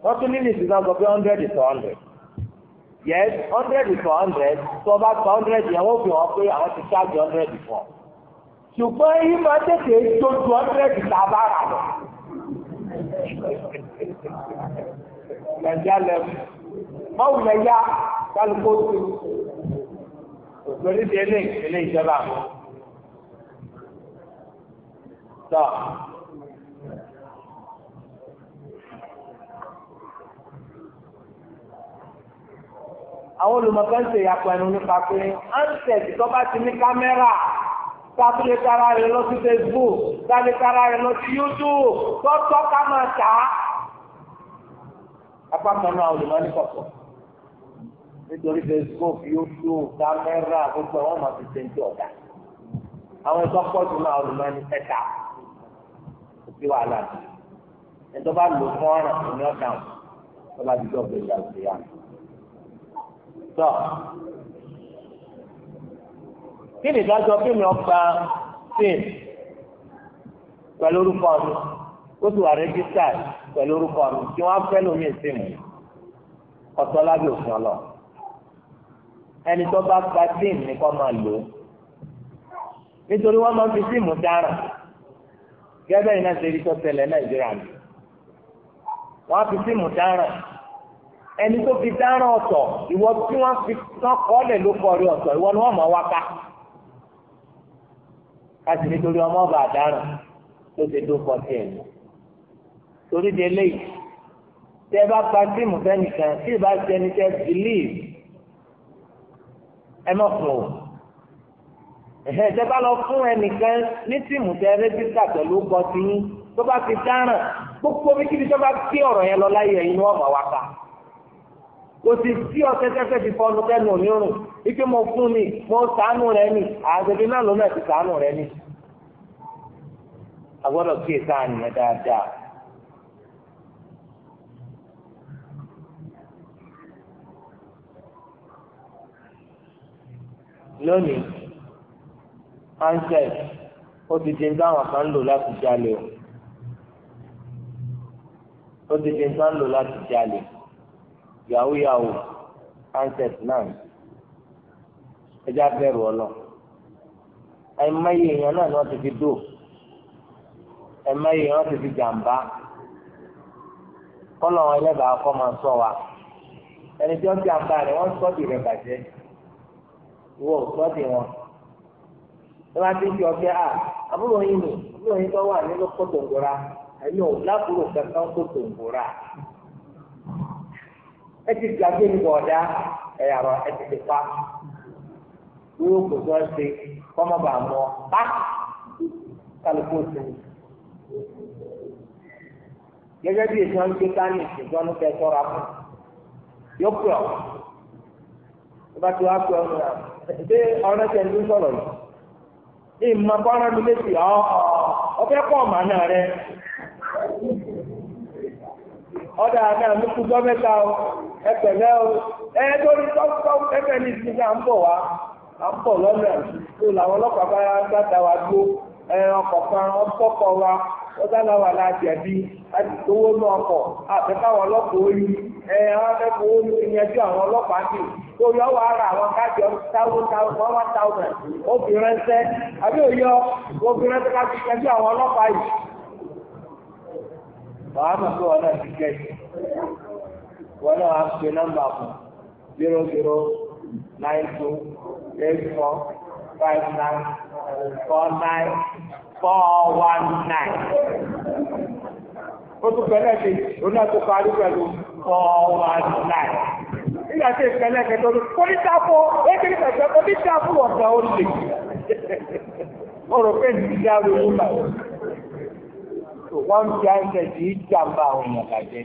wọ́n tún nílì sí náà sọ pé hundred for hundred yes hundred for hundred tó o bá gba hundred yẹn wọ́n fi hàn pé àwọn ti ṣáàjì hundred for ṣùgbọ́n yìí máa tètè tó ju ọ́ndẹ́rẹ́dì tàbá rà lọ. Nàìjíríà lẹ́mú. Máwù lẹ́yà kálukó tu. Òṣèlú di eléyìí eléyìí jọba àmọ́. Tọ́. Àwọn olùmọ̀kẹ́ ń ṣe ìyàpọ̀ ẹnu nípa pé ánsẹ̀tì tó bá ti ní kámẹ́rà kábílẹ̀ kára rẹ̀ lọ sí facebook kábílẹ̀ kára rẹ̀ lọ sí youtube tọ́tọ́ ká máa tà á. apá kan náà olùmọ́ni kọ̀ọ̀kan nítorí facebook youtube kámẹ́rà gbogbo àwọn ọmọ ti ṣèǹtì ọ̀dà àwọn ẹ̀tọ́ pọ̀ jù náà olùmọ́ni ẹ̀ka kò sí wàhálà ẹ̀tọ́ bá lò fún ọ̀ràn ní ọ̀dà ọ̀la dídọ̀ gbẹ̀gbẹ̀ àgbẹ̀yà kí ni ìdájọ́ kí ni ọgbà sin pẹ̀lú orúkọ mi ó sì wà rẹ́gísítà pẹ̀lú orúkọ mi tí wọ́n á fẹ́ lómi ìsìn mi ọ̀tọ̀ lábẹ́ òfin ọlọ ẹni tó bá gba sin ni kó máa lò ó nítorí wọ́n máa fi síìmù dára gẹ́gẹ́ iná ṣe rí tó tẹ̀lé nàìjíríà mi wọ́n á fi síìmù dára ẹni tó fi dára ọ̀tọ̀ ìwọ tí wọ́n fi kọ́ lẹ̀ ló kọ́ rí ọ̀tọ̀ ìwọ ni wọ́n mọ̀ wá ká káṣí nítorí ọmọ ọba àdáràn ló ti dún kọ tiẹ̀ ní. torí de léyìí tẹ bá pa tíìmù fẹ́nìkan tí ì bá sẹni tẹ bìlíìfù ẹ mọ̀ fún o ẹ̀hẹ́ tẹ bá lọ fún ẹnìkan ní tíìmù tẹ rẹ́jísítà pẹ̀lú kọ tiyín tó bá ti dáràn gbogbo bí kíbi tó bá gbé ọ̀rọ̀ yẹn lọ láyé ẹ̀yin ni wọ́n mọ̀ wá pa kò sì sí ọ̀sẹ̀ tẹ́fẹ́ ti fọ́nu tẹ́nu òní rùn ike mo fún ni mo ṣàánú rẹ ni àgbẹ̀bí náà ló náà ti ṣàánú rẹ ni. a gbọ́dọ̀ kí èsà àníyàn dáadáa. lónìí handset ó ti di táwọn kan ń lò láti jalè o ó ti di táwọn ń lò láti jalè yahoo yahoo náà. ẹja bẹ̀rù ọlọ ẹmẹyẹ èèyàn náà ni wọ́n ti fi dò ẹmẹyẹ èèyàn ti fi jàǹbá kọlọ wọn sọ wa ẹni tí wọ́n jàǹbá sọ ti rẹ bàjẹ́ wọ sọ ti wọn ń a àbúrò yín àbúrò yín tó wà nínú lábúrò kankan ẹ ti gbàgbé nípa irú kò tó ń ṣe kọ́mọ́ bàá mọ́ kálukú sí i. bí ń gbé fún yóò pè tó bá ti wá pè yìí ní mi pọ̀ náà rẹ mi kú gbọ́ mẹ́ta o ẹ pẹ̀lẹ́ o ẹ tó ní à ń pọ̀ lọ́nà tó làwọn ọlọ́pàá bá gbàdá wa gbó ọkọ̀ kan ọkọ̀ wa wọ́n dáná wà láti ẹ̀bí láti gbowó ní ọkọ̀ àtẹ́káwọn ọlọ́pàá orí àwọn akẹ́kọ̀ọ́ orí ìyẹnjú àwọn ọlọ́pàá sì tó yọ wà ra àwọn káàdì táwọn táwọn obìnrin àbí obìnrin eight four five nine four nine four one nine. Ó tún pẹ̀lẹ́ ti òun náà tó parí pẹ̀lú four one nine. Nígbà tí ìpẹ̀lẹ́ kẹta ọdún, pólítà fún ọ, ó kéré pẹ̀lú pólítà fún ọ̀gá ó lè. Mo rò pé ìdí ìdí àwọn olóyún bá wọn. Wọ́n fi àìsàn yìí jàǹbá àwọn èèyàn bàjẹ́.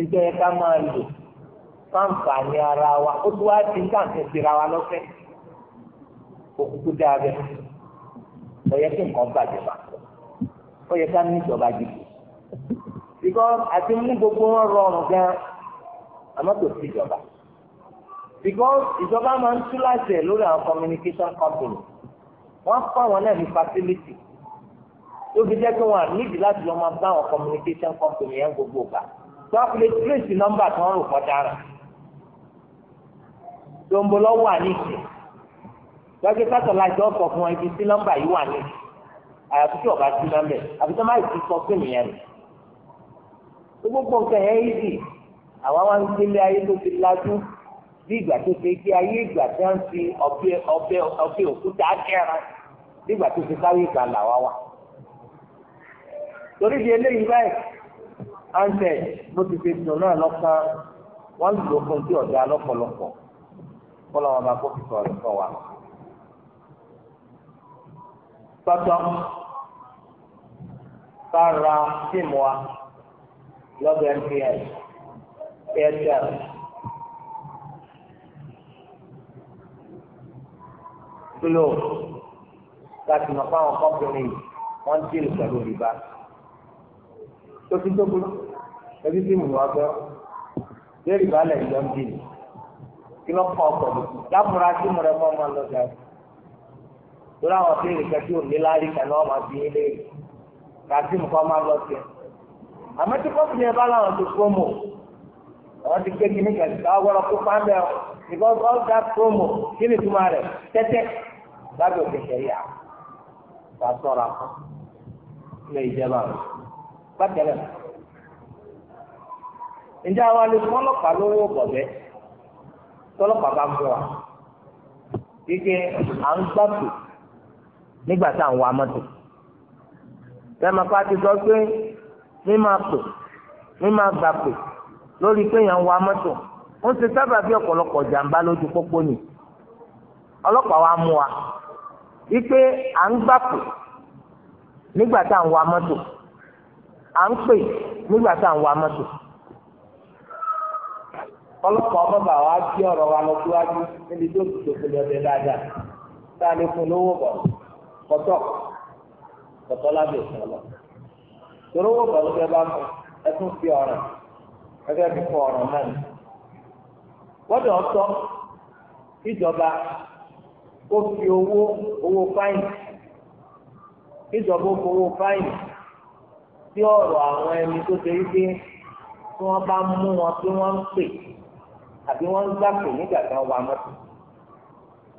Ìjọ yẹn ká máa lò fáǹfààní ara wa ó tún wá di káàkiri síra wa lọ́fẹ̀ẹ́ òkùnkùn dáa bẹ́ẹ̀ ó yẹ kí nǹkan bàjẹ́ bá ó yẹ ká ní ìjọba dìbò bíkọ́ àti mú gbogbo wọn rọrùn gan àmọ́ kò sí ìjọba bíkọ́ ìjọba máa ń tú láṣẹ lórí àwọn communication company wọ́n fún àwọn náà ní facility tó fi jẹ́ pé wọ́n àníjì láti lọ́ọ́ máa bá àwọn communication company yẹn gbogbo gbà tó a fi lè trace nọ́mbà tí wọ́n rò kọjá rẹ̀ dombolọ wà ní ìsìn gbàgbé sátọláìtì ọkọ fún wọn ibi sí nọ́mbà yìí wà ní àyàfi tí ọba sí nọ́mbà àbí tí wọn bá ti sọ pé nìyẹn rẹ gbogbo nǹkan yẹn yìí sì àwọn wa ń gbélé ayé tó ti lajú bí ìgbà tó ṣe gbé ayé ìgbà tí wọn fi ọbẹ ọbẹ ọbẹ òkúta kẹran bí ìgbà tó ṣe káwé ìgbà làwa wà torí di eléyìí báyìí àǹtẹ̀ bó ti ṣe dùn náà lọ́kàn wọ́n lò fún ti ọ̀dà lọ́pọ̀lọpọ̀ kọlọ wọn bá kó fi sọ̀rọ̀ sọ wa tọtọ kára síìmù wa lọ́dọ̀ MTN Airtel Glo láti mọ fáwọn kọ́pìnì wọn ti lè pẹ̀lú ìbá tó fi tó burú ẹbí síìmù wa gbọ́ lórí ìbálẹ̀ ìjọ ń dì ní iná kọ ọkọ̀ lókun lámúra sí mo rẹ mọ́ ọmọ lọ sẹ́yìn lórí àwọn béèrè kẹtí ò ní láàrin kan náà máa fi yín léèrè kàtí mo máa lọ sí àmọ́ tí kọ́ọ̀tù yẹn bá láwọn tó promo àwọn ti gbé kíní kan sí káwọn gbọ́dọ̀ kó pàmbẹ́ ọ because all that promo kí ni túmọ̀ rẹ̀ tẹ́tẹ́ lábẹ́ òfin ṣẹ̀yà wàá sọ̀rọ̀ àpò ilé ìjẹba rẹ̀ gbàtẹ́lẹ̀ ǹjẹ́ àwọn alẹ́ fún ọlọ́pàá lówó bọ̀bẹ́ tọ́lọ́pàá bá fún wa wípé à ń gbàtò nígbà tá à ń wa mọ́tò tẹ́lẹ̀ pa ti sọ pé mímá pè mímá gbà pè lórí pé yàn ń wa mọ́tò ó ti sábà bí ọ̀pọ̀lọpọ̀ jàǹbá lójú pópó ni ọlọ́pàá wa mú wa wípé à ń gbà nígbà tá à ń wa mọ́tò à ń pè nígbà tá à ń wa mọ́tò. ọlọ́pàá ọmọọba wa gbé ọ̀rọ̀ wa lọ síwájú níbi tó ti tòkòlì ọ̀dẹ dáadáa tá a lè fún lówó bọ̀ kọ́tọ̀ kọ́tọ̀ lábẹ́ òfin lọ. torí owó bọ̀ lọ́dẹ bá fún ẹ tún fi ẹgbẹ́ fún náà ni. ìjọba ó fi owó owó fáìn ìjọba ó wọn tí àbí wọ́n ń gbà pé nígbà tí wọ́n wà mọ́tò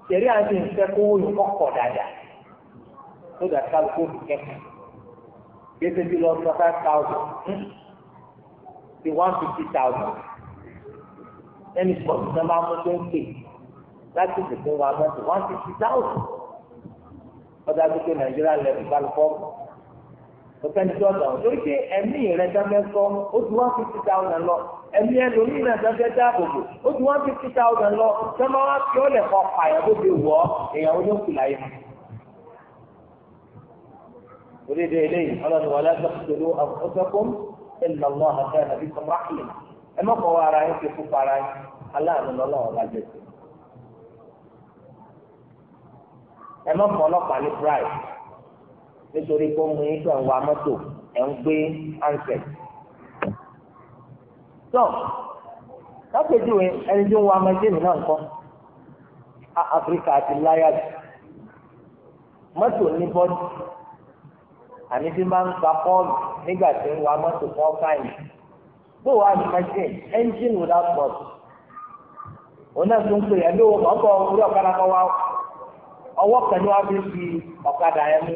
tẹ̀rí àti ìfẹ́ kó wọ́n yóò kọ́kọ́ dáadáa tó dà ká ló kó fi kẹ́kọ̀ọ́ gbèsè bí lọ sọ five thousand sí one fifty thousand ẹnì pọ̀jù náà máa mú tó ń pè láti ìdìbò wa mọ́tò one fifty thousand ọ̀dà gbogbo nàìjíríà lẹ́nu bá kọ̀kẹ́ni tí ọ̀dà ọ̀dọ́ ṣe ẹ̀mí rẹ̀ dáfẹ́ sọ ó ti one fifty thousand lọ ẹ̀mí ẹlòmíì náà dáfẹ́ dáàbòbò ó ti one fifty thousand lọ sọ́mọ́ wá fi ó lẹ̀ kọ́ pààyàn bó ti wọ̀ ọ́ èèyàn ló kù láyé mọ́. orílẹ̀ eléyìí ọlọ́ni wàlá sọ́kùtòrò ọ̀sọ́kùn ẹ̀lọ́ ọ̀hún àti ẹ̀nàbí sọmọ́ ẹ má kọ́ ara yín fi fún para yín aláàánú lọ́lọ́wọ́ bá ẹ má nítorí pé mo ní sọ àwọn amọ́tò ẹ̀ ń gbé ansẹ̀t. tó lápèjúwe ẹni tí ń wa mẹ́jìnì náà ń kọ́ áfíríkà àti láyà jù mọ́tò ní bọ́dì àní tí máa ń gba pọ́ọ̀lù nígbà tí ń wa mọ́tò fún ọ́kàyìn bó wàá ní mẹ́jìnì ẹ́ńjìnì without bọ́ọ̀lù òun náà tún pè é lówó ọkọ̀ orí ọ̀kadà kan wá ọwọ́ kan ní wàá fi fi ọ̀kadà yẹn mú.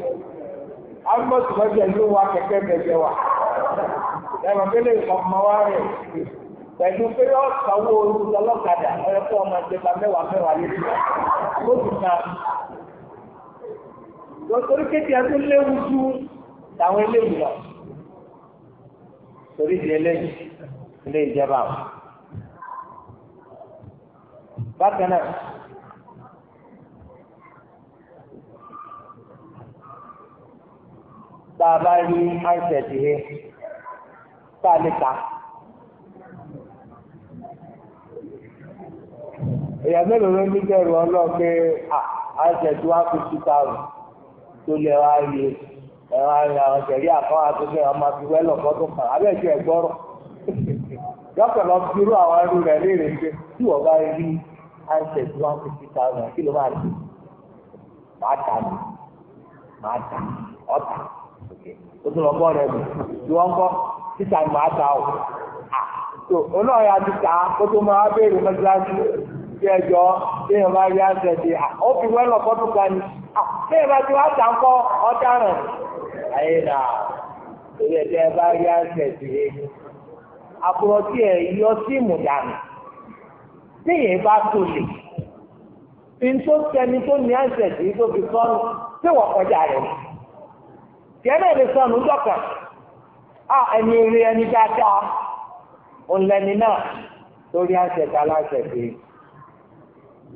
ámbọ̀tì lọ́jọ́ ló wa kẹ̀kẹ́ bẹ̀jẹ̀ wà ẹ̀rọ pélé ọmọ wa rẹ̀ pẹ̀lú pé ó sanwó oru lọ́lọ́kadà ọ̀rẹ́kọ́ ọmọ ìjọba mẹ́wàá mẹ́wàá lé nígbà ó sì kan lọ́sọ̀rọ̀ kéde àti léwu ju tàwọn eléwu lọ torí di eléyìí ilé ìjọba o bákan náà. bá a bá rí áìsẹ̀tì rẹ̀ tá a lè ta. èèyàn mélòó ló ní bẹ̀rù ọlọ́ọ̀pẹ́ áìsẹ̀tì wá fi two thousand tó lè wá rí ẹ̀rọ àwọn tẹ̀lé àkọ́wà tó fẹ́ ọmọ fi wẹ́lọ̀ fọ́tò kan abẹ́ẹ̀tì ẹ̀ gbọ́rọ̀ dọ́kítà lọ fi irú àwọn ẹrú rẹ̀ léèrè pé tí wọ́n bá rí áìsẹ̀tì one fifty thousand kí ló máa rí màá tà mí màá tà ọ̀tà o bọ́ rẹ mi tí kọ́ títà ni màá ta o so olóòyà ti ta kó tó máa béèrè mọ́tíláṣí tí ẹ jọ bá rí àṣẹ ti à ó fi wẹ́lọ̀ fọ́dún kan ni tí èèyàn bá ti wá tà ń kọ́ ọ̀daràn ayé nà torí ẹ̀ bá rí àṣẹ ti rè àkùrọ̀ tí yọ síìmù dànù tí bá tó lè fi tó sẹni tó ní àṣẹ tí tó fi kọ́ tí wọ́n kọjá rẹ̀ ni. tiẹ̀ náà a sọnù á ẹni rí ẹni dáadáa òǹlẹ́ni náà lórí àṣẹ̀dá aláṣẹ̀dé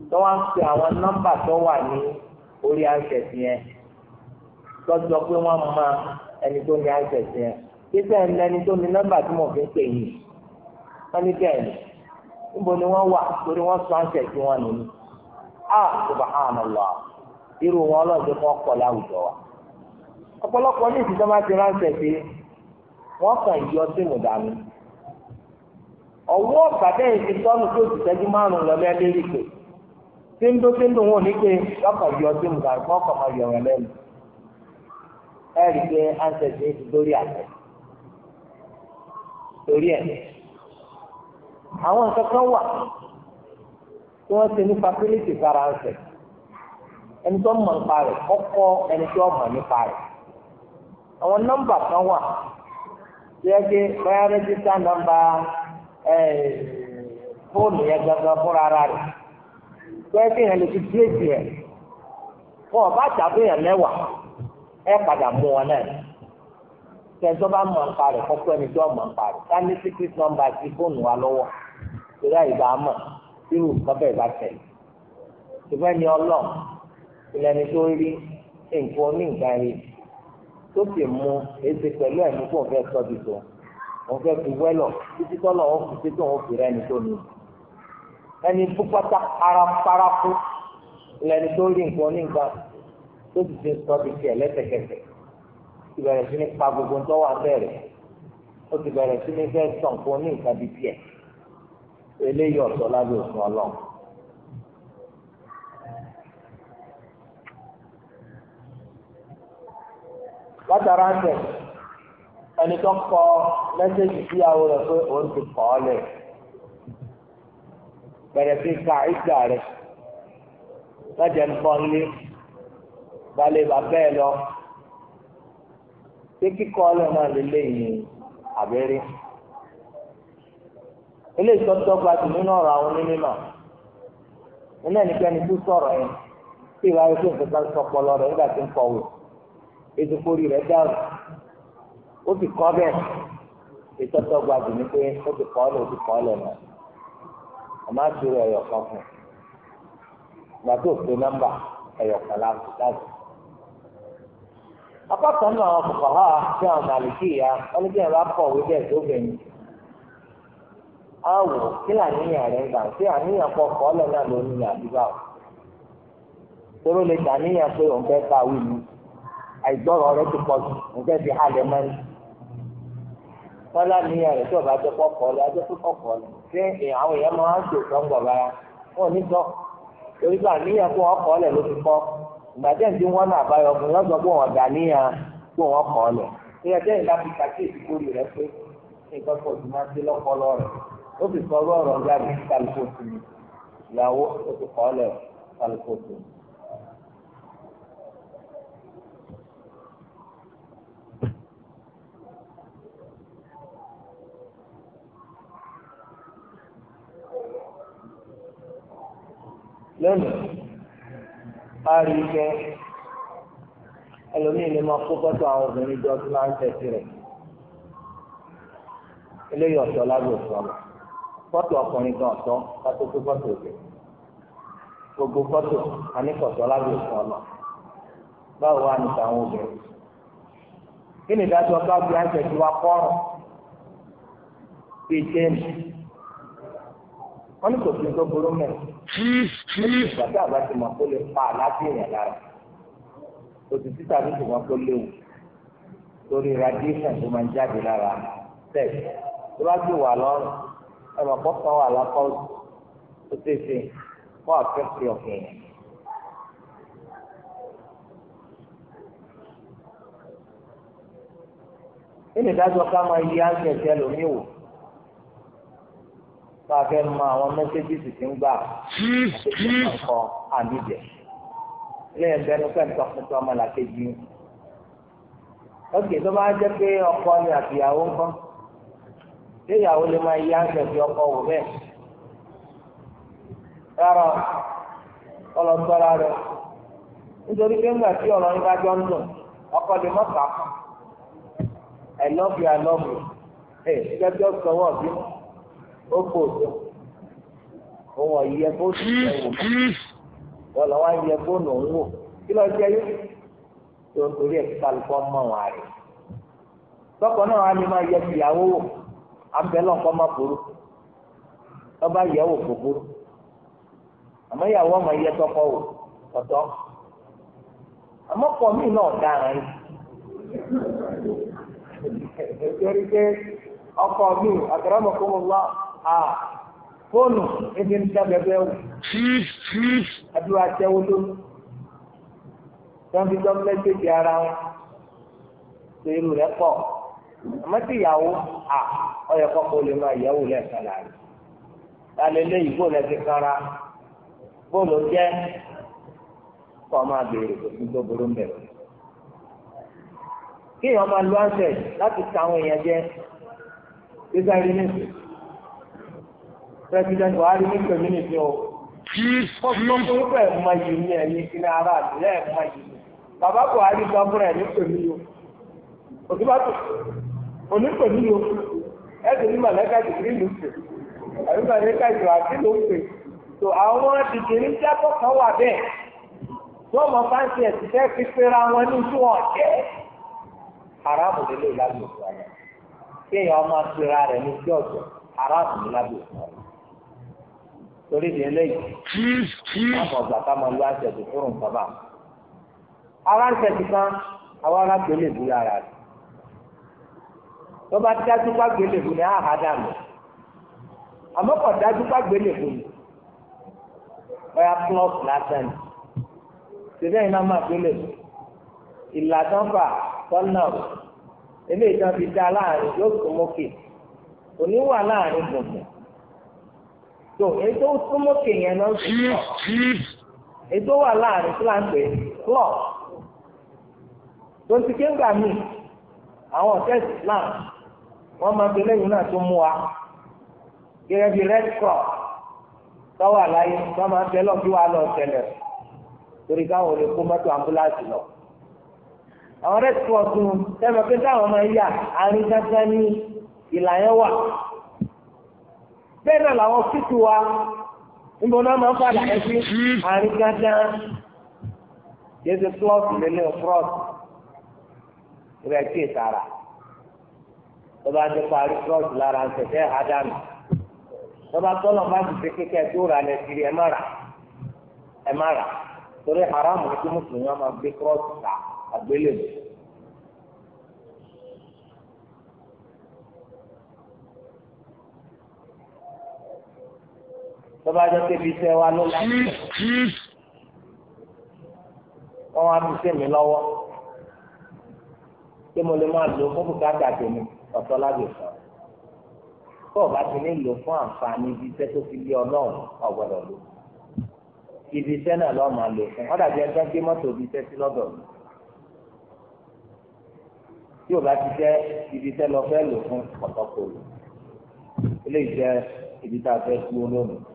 tó wá ń pe àwọn nọ́mbà tó wà ní orí àṣẹ̀dé yẹn lọ́jọ́ pé wọ́n mọ ẹni tó ní àṣẹ̀dé yẹn títẹ̀ ẹni tó ní nọ́mbà tí mo fi ń pè yìí wọ́n ní bẹ́ẹ̀ ni níbo ni wọ́n wà lórí wọ́n sọ àṣẹ̀dé subhanallah irú wọn lọ́jọ́ ọ̀pọ̀lọpọ̀ ní ìsìnkú máa ti ránṣẹ́ pé wọ́n kàn yọ símù dànù ọwọ́ bàtẹ́ ìfisọ́nù tó ti ṣẹ́jú márùn-ún lọ lẹ́lẹ́rì pé tíńdó tíńdó wọn ò ní pé lọ́kàn yọ símù dànù kọ́ kàn máa yọ wọn lẹ́nu ẹ rí i pé ancestry ti dórí àtẹ torí ẹ àwọn nǹkan kan wà tí wọ́n ṣe ní facility fara ancestry ẹni tó mọ̀ nípa rẹ̀ kọ́kọ́ ẹni tó mọ̀ nípa rẹ̀ àwọn nọ́mbà kan wà tí ẹ gbé bóyá rẹ́jísítà nọ́mbà fóònù yẹn gangan fúnra ara rẹ̀ tó ẹ gbé yẹn lè fi dírèsì rẹ̀ fún ọba àtàkùn yẹn mẹ́wàá ẹ padà mú wọn náà tẹ̀sán bá mọ̀ nípa rẹ̀ kọ́kọ́ ẹni tó mọ̀ nípa rẹ̀ ká ní secret number ti fóònù wa lọ́wọ́ ìrẹ́ ìgbà mọ̀ irú nǹkan bẹ́ẹ̀ bá tẹ̀lé ṣùgbọ́n ẹni ọlọ́ọ̀ ilẹ̀ tó rí nǹkan oní nǹkan tó sì mú èsì pẹ̀lú ẹ̀mí fún òun fẹ́ tọ́jú tó òun fẹ́ fi wẹ́lọ̀ títí tọ́lọ̀ òun fi ṣe tó òun fi rẹ́ ẹni tó ní. ẹni púpọ́tà paraparaku lẹni tó rí nǹkan onígbà tó sì ti tọ́jú tiẹ̀ lẹ́sẹ̀kẹsẹ̀ ti bẹ̀rẹ̀ sí ní pa gbogbo tó wà bẹ̀rẹ̀ ó ti bẹ̀rẹ̀ sí ní fẹ́ sọ̀nkún ní nǹkan bíi tiẹ̀ eléyìí ọ̀sọ́ lábẹ́ òfin ọlọ́run. látara ń tẹ̀ ẹni tó kọ mẹ́sẹ̀gì síyàwó rẹ̀ pé òun ti kọ́ ọ lẹ̀ bẹ̀rẹ̀ sí ka ìgbà rẹ̀ lọ́jọ́ ń bọ́ nílé balẹ̀ bàbá ẹ̀ lọ pé kíkọ́ ọlẹ́ náà lélẹ̀ yìí àbẹ́rẹ́ eléyìí tó dọ́gba jù nínú ọ̀rọ̀ àwọn onímọ̀ nínú ẹnikẹ́ni tó sọ̀rọ̀ yẹn tí ìwà ayé tó ń fẹ́ sọ́pọ̀ lọ́rọ̀ nígbà tí ń kọ̀wé. ezekori rẹ̀ dáhùn ó ti kọ́ bẹ́ẹ̀ ìtọ́tọ́ gbajù ni pé ó ti kọ́ lọ ó ti kọ́ lọ nà àmọ́ siri ẹ̀yọ̀ kan fún un ìgbà tó pe nọ́mbà kan láti ha bí àwọn màlìkì ya ọlọ́dún ẹ̀rọ akọ̀wé bẹ́ẹ̀ tó bẹ̀yìn àwò kí làníyàn rẹ̀ ń gbà sí àníyàn pọ̀ kọ́ lọ náà lónìí toro lè dàníyàn pé òun fẹ́ wí ni. àìgbọ́rọ̀ rẹ ti pọ̀ nǹkan ti halẹ̀ mẹ́rin. wọ́n láníyàn rẹ̀ tí ọba jẹ́ kọ́kọ́ lọ ajẹ́ pé kọ́kọ́ lọ ṣé àwọn èèyàn máa ń tò sọ́ńgbọ̀ bára wọn ò ní sọ torí pé àníyàn kó wọn kọ́ lẹ̀ ló ti kọ́ ìgbà tẹ́ ǹdí wọn náà bá yọkùn yọ sọ pé wọn dà níyàn kó wọn kọ́ lẹ̀ ṣé ẹ tẹ́yìn láti kàkíyèsí kórè rẹ pé nǹkan pọ̀ jù máa ń dé lọ́pọ̀lọ́ rẹ̀ ó fi sọ ọ̀rọ̀ ọ̀rọ̀ ọ̀gá mi. lónìí a rí i kẹ ẹlòmíì lè máa kó fọ́tò àwọn obìnrin jọ tó máa ń tẹ̀sí rẹ̀ eléyìí ọ̀tọ̀ lábẹ́ òfin ọ̀la fọ́tò ọkùnrin kan ọ̀tọ̀ kátó kó fọ́tò òkè gbogbo fọ́tò àníkọ̀tọ̀ lábẹ́ òfin ọ̀la báwo wá ní tàwọn obìnrin kí ni ìdájọ́ bá bí àǹtẹ̀ tí wá kọ́rọ̀ bíi jẹ́ẹ̀mù wọ́n ní kò sí tó burú mẹ́rin ìgbàgbọ́ àbá ti mọ̀ kó lè pa àlàáfíà yẹn lára òtù títà ló ti mọ̀ kó léwu lórí radiation tó máa ń jáde lára sẹ́ẹ̀ tó bá gbé wà lọ́rùn ẹ mọ̀ kó kàn wà lọ́kọ́ ó tẹ̀sẹ̀ kó àfẹ́sẹ̀ ọ̀kẹ́ yẹn. nínú ìdájọ́ ká máa yí áńkẹ́ ẹ̀sẹ̀ lómi wò. tá a fẹ́ mọ àwọn mẹ́sẹ́gì sì ń gbà àtẹ̀jọ́ àmì jẹ lẹ́yìn bẹ́ẹ̀ni pẹ́ nípa fún tọ́mọ làkejì ókè tó bá jẹ́ pé ọkọ ni àtìyàwó ń kọ́ lè máa yá ọkọ wò bẹ́ẹ̀ rárá ọlọ́tọ́ra rẹ̀ nítorí pé ńgbà tí ọ̀rọ̀ jọ ń dùn ọkọ lè I love you I love you sọ ofe ụtọ òun ọ̀yẹ́ fóònù ẹ̀wò wọ́n lọ́wọ́ ayẹ fóònù òun wò kí lọ́ọ́ jẹ́ yé tó ń torí ẹ̀ kálukọ́ wọn àrè tọkọ náà á ní máa yẹ tìyàwó wò nǹkan má burú kò burú àmọ́ ìyàwó ọmọ yẹ tọkọ wò àmọ́ kọ́ náà Ah, fóònù ebi ń dábẹ́bẹ́ wò adúlá tẹ́wó lónìí wọ́n fi dọ́gbẹ́ gbèsè ara wọn tó irú rẹ̀ pọ̀ àmọ́ tí ìyàwó à ọyọ lè máa máa béèrè kí máa president buhari ní community o gbogbo pẹ mọ yìí ní ẹ̀yìn kíní ara àtìlẹ mọ yìí bàbá buhari sọ fún ẹ ní community o òtúbàtò òní o ẹ ti ní mọlẹka ìdílé ló pè àbí mọlẹka ìdílé àti ló pè tó àwọn dìgbìrì jábọ̀ kan wà bẹ́ẹ̀ tí wọ́n mọ fáǹsì ẹ̀ ti fẹ́ fi pera wọn ní ojú wọn jẹ́ haramu nílé ìlànà ìfọwọ́ kéèyàn máa pera rẹ̀ ní ojú ọ̀jọ̀ haramu torí ìdí eléyìí àwọn ọgbà ká máa lo àṣẹjù fúrùn bàbá ara ń tẹ̀sí kan àwọn arágbélé bu ara rẹ̀ tó bá dájú pàgbélé bu ni àhà dànù àmọ́ kò dájú pàgbélé bu ni ọ̀yà klọ́ọ̀kì lásán ni ṣẹlẹ̀ iná máa gbélé bu ìlà tó ń fà tọ́nà eléyìí tó ń fi dá láàrin yóò sún mókè òní láàrin gbùngbùn tó ètò súnmọ́kè yẹn náà sì lọ ètò wà láàrin kíláàsì lọ tó ti ké ńgbà mí àwọn ọ̀tẹ́ islam wọ́n máa gbé lẹ́yìn náà tó mú wa gẹ́gẹ́ bí red cross tọ́wọ́ àlàyé wọ́n máa bẹ́ lọ́ọ́ bí wàá lọ ṣẹlẹ̀ torí káwọn ò lè kó mọ́tò ambulance lọ. àwọn red cross ń tẹ́lẹ̀ pé táwọn máa yà àárín ní ìlà wà. bẹ́ẹ̀ náà làwọn títù wa níbo náà máa ń padà ẹ sí àárín gángan yẹn ti flọ́ọ̀sì lélẹ̀ flọ́ọ̀sì rẹ̀ tó bá ti parí flọ́ọ̀sì lára ń tẹ̀sẹ̀ àdánù tó bá tọ́lọ̀ bá ti ṣe kékeré tó rà lẹ́sìrì ẹ̀ má rà ẹ̀ má rà torí haramu ni kí mùsùlùmí wọn máa gbé ta tọ́ba jẹ́ pé ibi iṣẹ́ wa ló láti hmm, hmm. wọ́n wá fi sí mi lọ́wọ́ pé mo lè máa lò fún bùkátà tèmi ọ̀tọ̀ lágbè kan tó o bá ti ní lò fún àǹfààní ibi iṣẹ́ tó fi lé ọ náà ọ̀gbọ́dọ̀ lò ibi iṣẹ́ náà lọ́ọ́ máa lò fún ọ̀dà bí ẹjọ́ gbé mọ́tò ibi iṣẹ́ sí lọ́dọ̀ mi tí o bá ti jẹ́ ibi iṣẹ́ lọ fẹ́ lò fún ọ̀tọ̀ kò lò eléyìí jẹ́ ibi tá a fẹ́ dúró lónìí.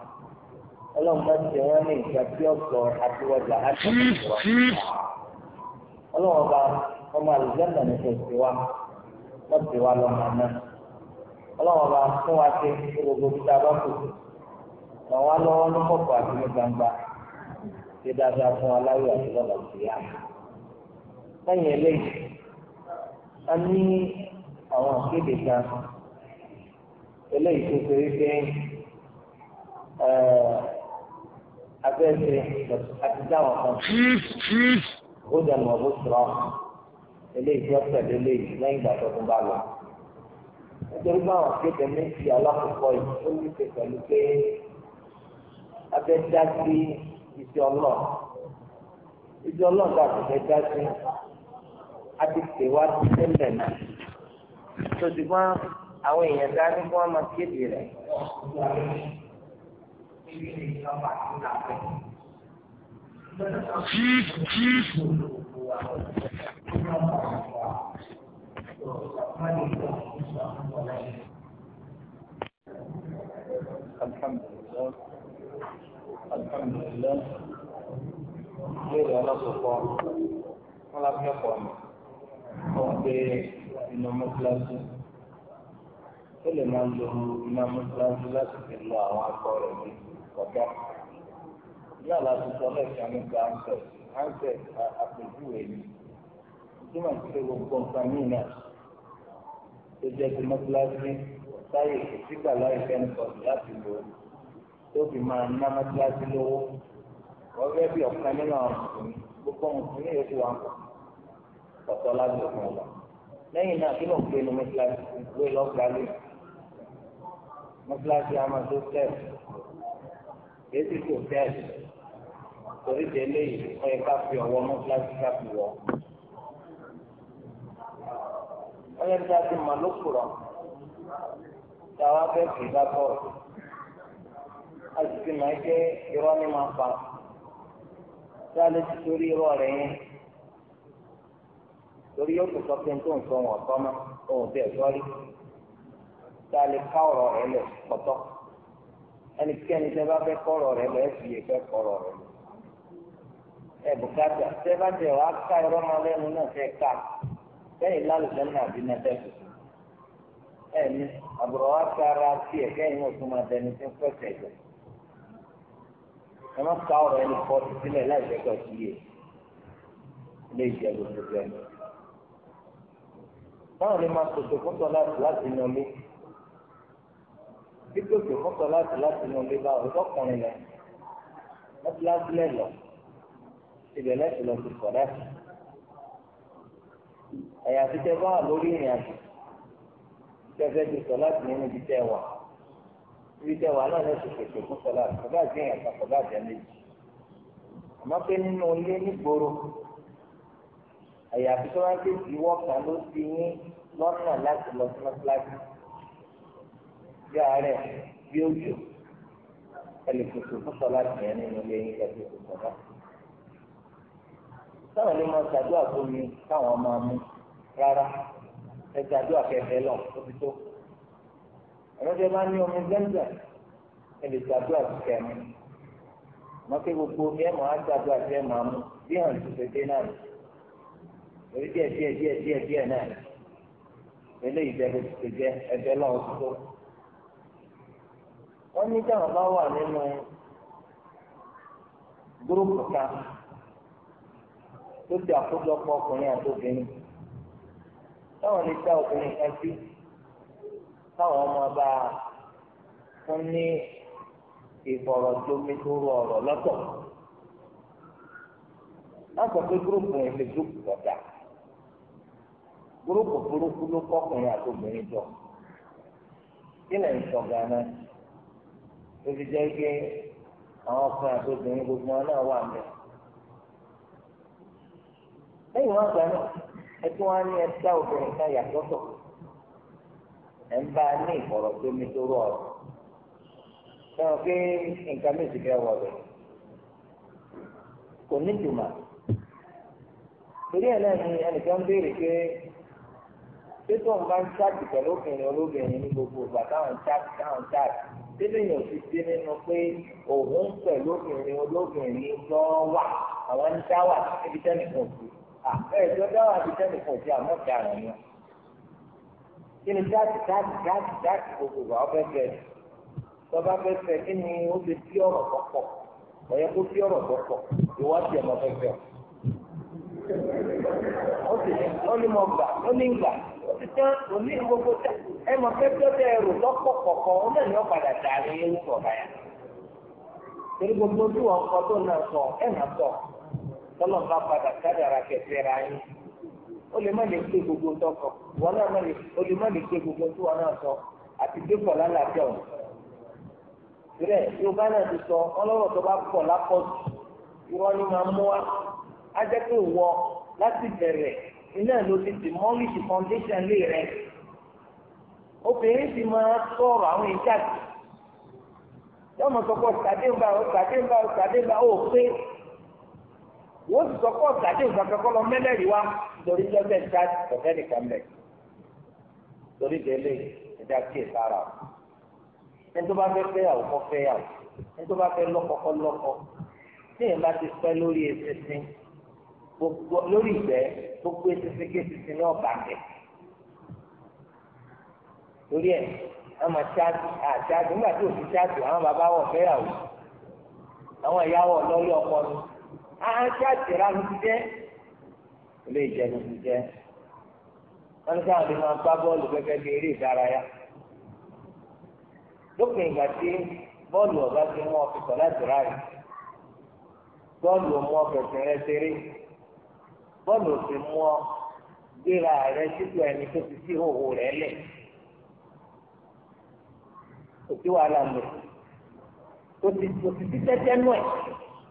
ọlọ́mọ ti wọ́n ní nǹkan tí ọ̀pọ̀ àti ọjà àti ìwà ọlọ́wọ́n bá ọmọ àlùjẹ́nà ní kò sí wa wọ́n sì wá lọ́mọ náà ọlọ́wọ́n bá fún wa ṣe gbogbo títa bá kù ràn wá lọ́wọ́ ní kọ̀kọ̀ àti ní gbangba ṣe dáadáa fún wa láyé àti lọ́nà sí yá lẹ́yìn eléyìí a ní àwọn akéde kan eléyìí tó ṣe wípé ẹ̀ẹ́ abẹ́ẹ̀sẹ̀ àti dáwọn kan ó dẹnu ọ̀bọ̀ sọ̀rọ̀ eléyìí tó tẹ̀lé eléyìí lẹ́yìn ìgbà tó tún bá lọ. nítorí báwọn kéde méjì alákòókò yìí ó ní ṣe pẹ̀lú pé abẹ́ẹ́ dá sí iṣẹ́ ọlọ́ọ̀ iṣẹ́ ọlọ́ọ̀ tó àtúnṣe dá sí àti tèwádìí tẹ́lẹ̀ náà tó ti gbọ́n àwọn èèyàn dání kí wọ́n máa kéde rẹ̀. الحمد لله الحمد لله غير نصفه ولا يقوم inú mọ́tíláṣí ó lè máa lo iná mọ́tíláṣí láti fi lo àwọn akọ rẹ̀ bíi kọ̀dọ̀. Ìyá àlàáfíà sọ lẹ́sìn nípa àǹtẹ̀ àǹtẹ̀ àpèjúwe ni. Ìtumọ̀ sí pé gbogbo nǹkan mí náà tó jẹ́ ti mọ́tíláṣí táyé kò sígbà láì fẹ́ni sọ̀tù láti lò ó. Tó fi máa ná mọ́tíláṣí lówó. Wọ́n fẹ́ bí ọ̀kan nínú àwọn mùsùlùmí gbogbo mùsùlùmí yóò fi wà pọ̀tọ́ lábẹ́ òfin ọ̀la. Lẹ́yìn náà kí ló ń gbé inú mọ́tíláṣí gbé lọ́gbàá Mọ́tíláṣí a tó tẹ̀sí kéésì kò tẹ́ ẹ̀ torí de léyìí ó yẹ ká fi ọwọ́ mú kíláàsì ká fi wọ̀ ó yẹ ká fi mọ̀ lókùrọ̀ táwa fẹ́ fi bá bọ́ọ̀lù a sì fi máa jẹ́ irọ́ ní máa pa sálẹ̀ ti torí irọ́ rẹ̀ yẹn torí yóò tún sọ pé tó ń sọ wọn ọ̀tọ́ náà òun ti ẹ̀ sọ́rí sálẹ̀ ká ọ̀rọ̀ rẹ̀ lẹ̀ pọ̀tọ́ ẹnikẹ́ni tẹ́ bá fẹ́ kọ́rọ̀ rẹ lọ ẹ fi yẹ fẹ́ kọ́rọ̀ rẹ lọ. ẹ bùkátà tẹ́ bá tẹ wàá ká irọ́ máa lẹ́nu náà tẹ́ ká sẹ́yìn lálùjẹ́ náà bí náà tẹ́ tuntun. ẹ ní àbúrò wa ká ara sí ẹ kẹ́yìn náà tún máa dẹni tí ń fẹ́ tẹ̀lé. ẹ má ká ọ̀rọ̀ ẹni kọ́ ti sílẹ̀ láì fẹ́ kọ́ sí yẹ ilé ìjẹ́ gbogbo ẹ̀. báwo ni máa tòṣe fún láti nà lé? pípòtò mọ́tò láti láti inú ilé bá ọ̀dọ́kùnrin lẹ láti láti lẹ lọ ibẹ̀ lẹ́sìn lọ sí sọ̀rẹ́ ẹ̀yà títẹ bá wà lórí ìrìn àjò tẹ́fẹ́ ti sọ láti nínú ibi tẹ́ wà ibi tẹ́ wà náà lẹ́sìn pèsè fún sọ̀rọ̀ àti sọ̀rọ̀ àti ìrìn àjò sọ̀rọ̀ àti ẹ̀mí àmọ́ pé nínú ilé nígboro ẹ̀yà títẹ wá sí ìwọ́ kan ló ti yín lọ́nà láti lọ sí mọ́tíláṣí bí àárẹ̀ bí òjò ẹlẹ kòtò fúnfọ láti yẹn nínú ilé yín kẹfì kòtò náà táwọn ilé máa ṣàdúrà fún mi táwọn máa mú rárá ẹ ṣàdúrà kẹfẹ lọ ó ti tó ẹlọdẹ máa ní omi gbẹngbẹ ẹlẹ ṣàdúrà kẹfẹ mi mọ̀kẹ́ gbogbo omi ẹ̀ máa ṣàdúrà kẹfẹ máa mú bí hàn tó pété náà ni èyí díẹ̀ díẹ̀ díẹ̀ díẹ̀ náà ni eléyìí jẹ́ kó ti jẹ́ ẹgbẹ́ náà wọ́n ní táwọn bá wà nínú gúrúùpù kan tó ti àkójọpọ̀ ọkùnrin àti obìnrin táwọn lè dá obìnrin kan sí táwọn ọmọ bá fún ní ìfọ̀rọ̀jomi tó rọ ọ̀rọ̀ lọ́tọ̀ láti pé gúrúùpù yẹn lè gúrúùpù lọ́dà gúrúùpù burúkú ló kọ́kùnrin àti obìnrin jọ kí lè ń sọ gan tó fi jẹ́ pé àwọn ọkùnrin àti obìnrin gbogbo wọn náà wà mẹ́. lẹ́yìn wọn gbà náà ẹ tún wá ní ẹ̀dá obìnrin kan a ní ìfọ̀rọ̀ tó mi tó rọ̀ ọ̀rọ̀ sọ pé nǹkan méjì fẹ́ wọ̀ bẹ̀ kò ní jùmọ̀ torí ẹ̀ náà ni ẹnìkan ń béèrè pé pétọ́ ń bá ń ṣáàtì pẹ̀lú obìnrin olóbìnrin ní gbogbo ìgbà táwọn ń téléyàn ti dé nínú pé òun pẹ̀lú obìnrin olóbìnrin lọ wà àwọn ń dá wà níbi tẹ́nìkan sí àbẹ́ẹ̀ tó dá wà níbi tẹ́nìkan sí àmọ́ ìdaràn yẹn. kí ni dáàtì dáàtì dáàtì dáàtì gbogbo àwọn fẹ́ fẹ́ tọ́ba fẹ́ fẹ́ kí ni ó lè fi ọ̀rọ̀ tó pọ̀ ọ̀yẹ́ kó fi ọ̀rọ̀ tó pọ̀ ìwádìí ọmọ fẹ́ fẹ́ ó sì ní ó ní gbà ó títí òní gbogbo tẹ ẹ mọ pé tó tẹ ẹrù lọ́pọ̀ kọ̀ọ̀kan ó lè ní ọ̀padà dàrí ewu sọ̀rọ̀ yà. torí gbogbo tí wọn kọ tó sọ ẹ máa sọ tọ́lọ̀ bá padà kẹsẹ̀ ra yín. ó lè má lè gbogbo tọkọ wọn náà ó lè má gbogbo tí wọn náà sọ àti náà ti sọ ọlọ́wọ́ tó bá pọ̀ iná ló ti demolish foundation lé rẹ obìnrin ti máa sọ̀rọ̀ àwọn ìjáde yọmọ sọpọ ṣàdéǹbà ṣàdéǹbà ṣàdéǹbà ó pé wọ́n ti sọpọ ṣàdéǹbà kankan lọ mẹ́lẹ́rìí wa lórí jọ́sẹ̀ ìjà ọ̀fẹ́ nìkan mẹ́ lórí délé ẹ̀dá sí ìtara o ẹni tó bá fẹ́ fẹ́yàwó kọ́ fẹ́yàwó ẹni tó bá fẹ́ lọ́kọ kọ́ tí èèyàn bá ti pẹ́ lórí ẹsẹ̀ sí gbogbo lórí ìgbẹ́ gbogbo esese kesese ní ọba torí ẹ ama nígbà tí òfin ṣáàtì àwọn bàbá wọ àwọn ìyàwó ọkọ ni rà ti ilé ìjẹ ti wọn ní káwọn máa gbá bí eré ìdárayá lópin ìgbà tí bọ́ọ̀lù ọba ti mú ọfìsọ láti ráàyè ọmọ bọ́ọ̀lù òsè mú ọ gbéra rẹ sípò ẹni tó ti sí ìhòòhò rẹ lẹ̀ kò sí wàhálà lọ kò sì kò sì sí tẹ́tẹ́ nù ẹ̀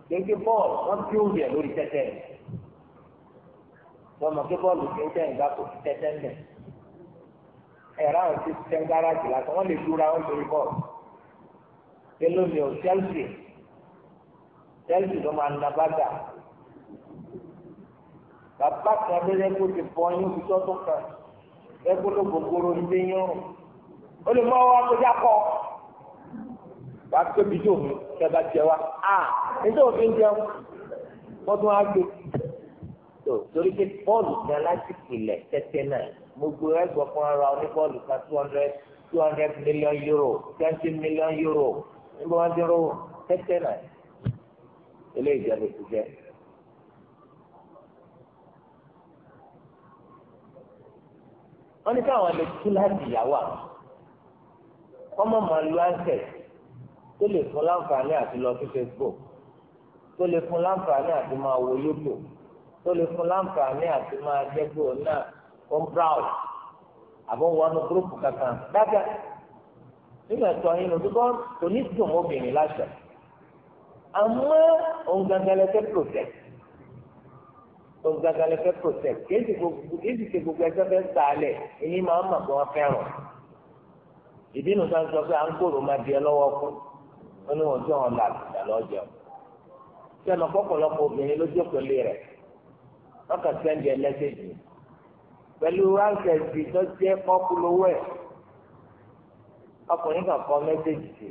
gbẹgbẹ bọ́ọ̀lù wọ́n bí ó yẹ lórí tẹ́tẹ́ rẹ̀ wọ́n mọ̀ pé bọ́ọ̀lù tó ń tẹ̀ ń gbà kò sí tẹ́tẹ́ nù ẹ̀ ẹ̀rọ àwọn tí tẹ́ ń gáràjì lásán wọ́n lè dúra wọn lórí bọ́ọ̀lù pé lónìí o Chelsea Chelsea ló máa ń na bàgà bàbá kan ló yẹ kó ti bọ yín fi tọ́tún kan yẹ kó ló gbogbooro ń dé yín rùn ó lè mọ ọwọ́ akójá kọ wàá tóbi tó mi kẹba jẹ wa a nítorí òfin jẹun wọ́n tún á gbé tó torí pé bọ́ọ̀lù kan láti pìlẹ̀ tẹ́tẹ́ náà gbogbo ẹgbẹ́ fún ara oní bọ́ọ̀lù kan two hundred two hundred million euro twenty million euro níbo wọ́n ti rówó tẹ́tẹ́ náà eléyìí jẹ́ bó ti jẹ́. wọ́n ní káwọn lè tú láti ìyàwó àwọn kọ́mọ máa lu àǹtẹ̀ tó lè fún láǹfààní àti lọ sí Facebook tó lè fún láǹfààní àti máa wo YouTube tó lè fún láǹfààní àti máa jẹ́gbó náà ó ń browse àbọ̀ wọnú gúrúùpù kankan dáadáa nínú ẹ̀tọ́ yín lójú bọ́ kò ní dùn obìnrin láṣẹ àmọ́ òun gangan lẹ́sẹ̀ tó fẹ́ protect kéèdì gbogbo kéèdì ṣe gbogbo ẹgbẹ́ fẹ́ gbà á lẹ̀ èyí máa ń mọ̀ pé wọ́n fẹ́ràn ìdí nu ń sọ pé à ń gbòòrò máa di ẹ lọ́wọ́ fún ó ní wọn tí wọn là àgbà lọ́jọ́ sẹ́nu ọ̀pọ̀lọpọ̀ obìnrin ló jókòó lé rẹ̀ wọ́n kàn sẹ́ndì ẹ mẹ́sẹ̀gì pẹ̀lú ánsẹ̀sì tó jẹ́ pọ́kúlówó ẹ̀ ọkùnrin kan kọ mẹ́sẹ̀gì sí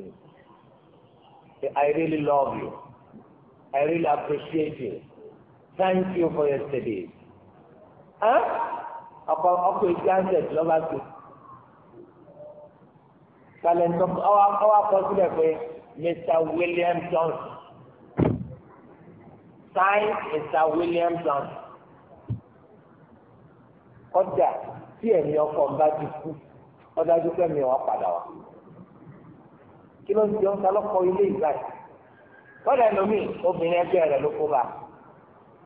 i I really love you I really appreciate you thank you for yesterday ọkọ ọkọ ìgbà ń tẹ̀sí lọ́ba sí kalẹ̀ntọ́ ọwọ́ akọsílẹ̀ pé Mr. William Johnson sign Mr. William Johnson ọjà tí ẹ̀mí ọkọ̀ ń bá ti kú ọdájú pé mi ò wá padà wá kí ló ń jẹun ta lọ́kọ̀ ilé ìgbà yìí kọ́lẹ̀ lómi obìnrin ẹgbẹ́ rẹ̀ ló kó bá a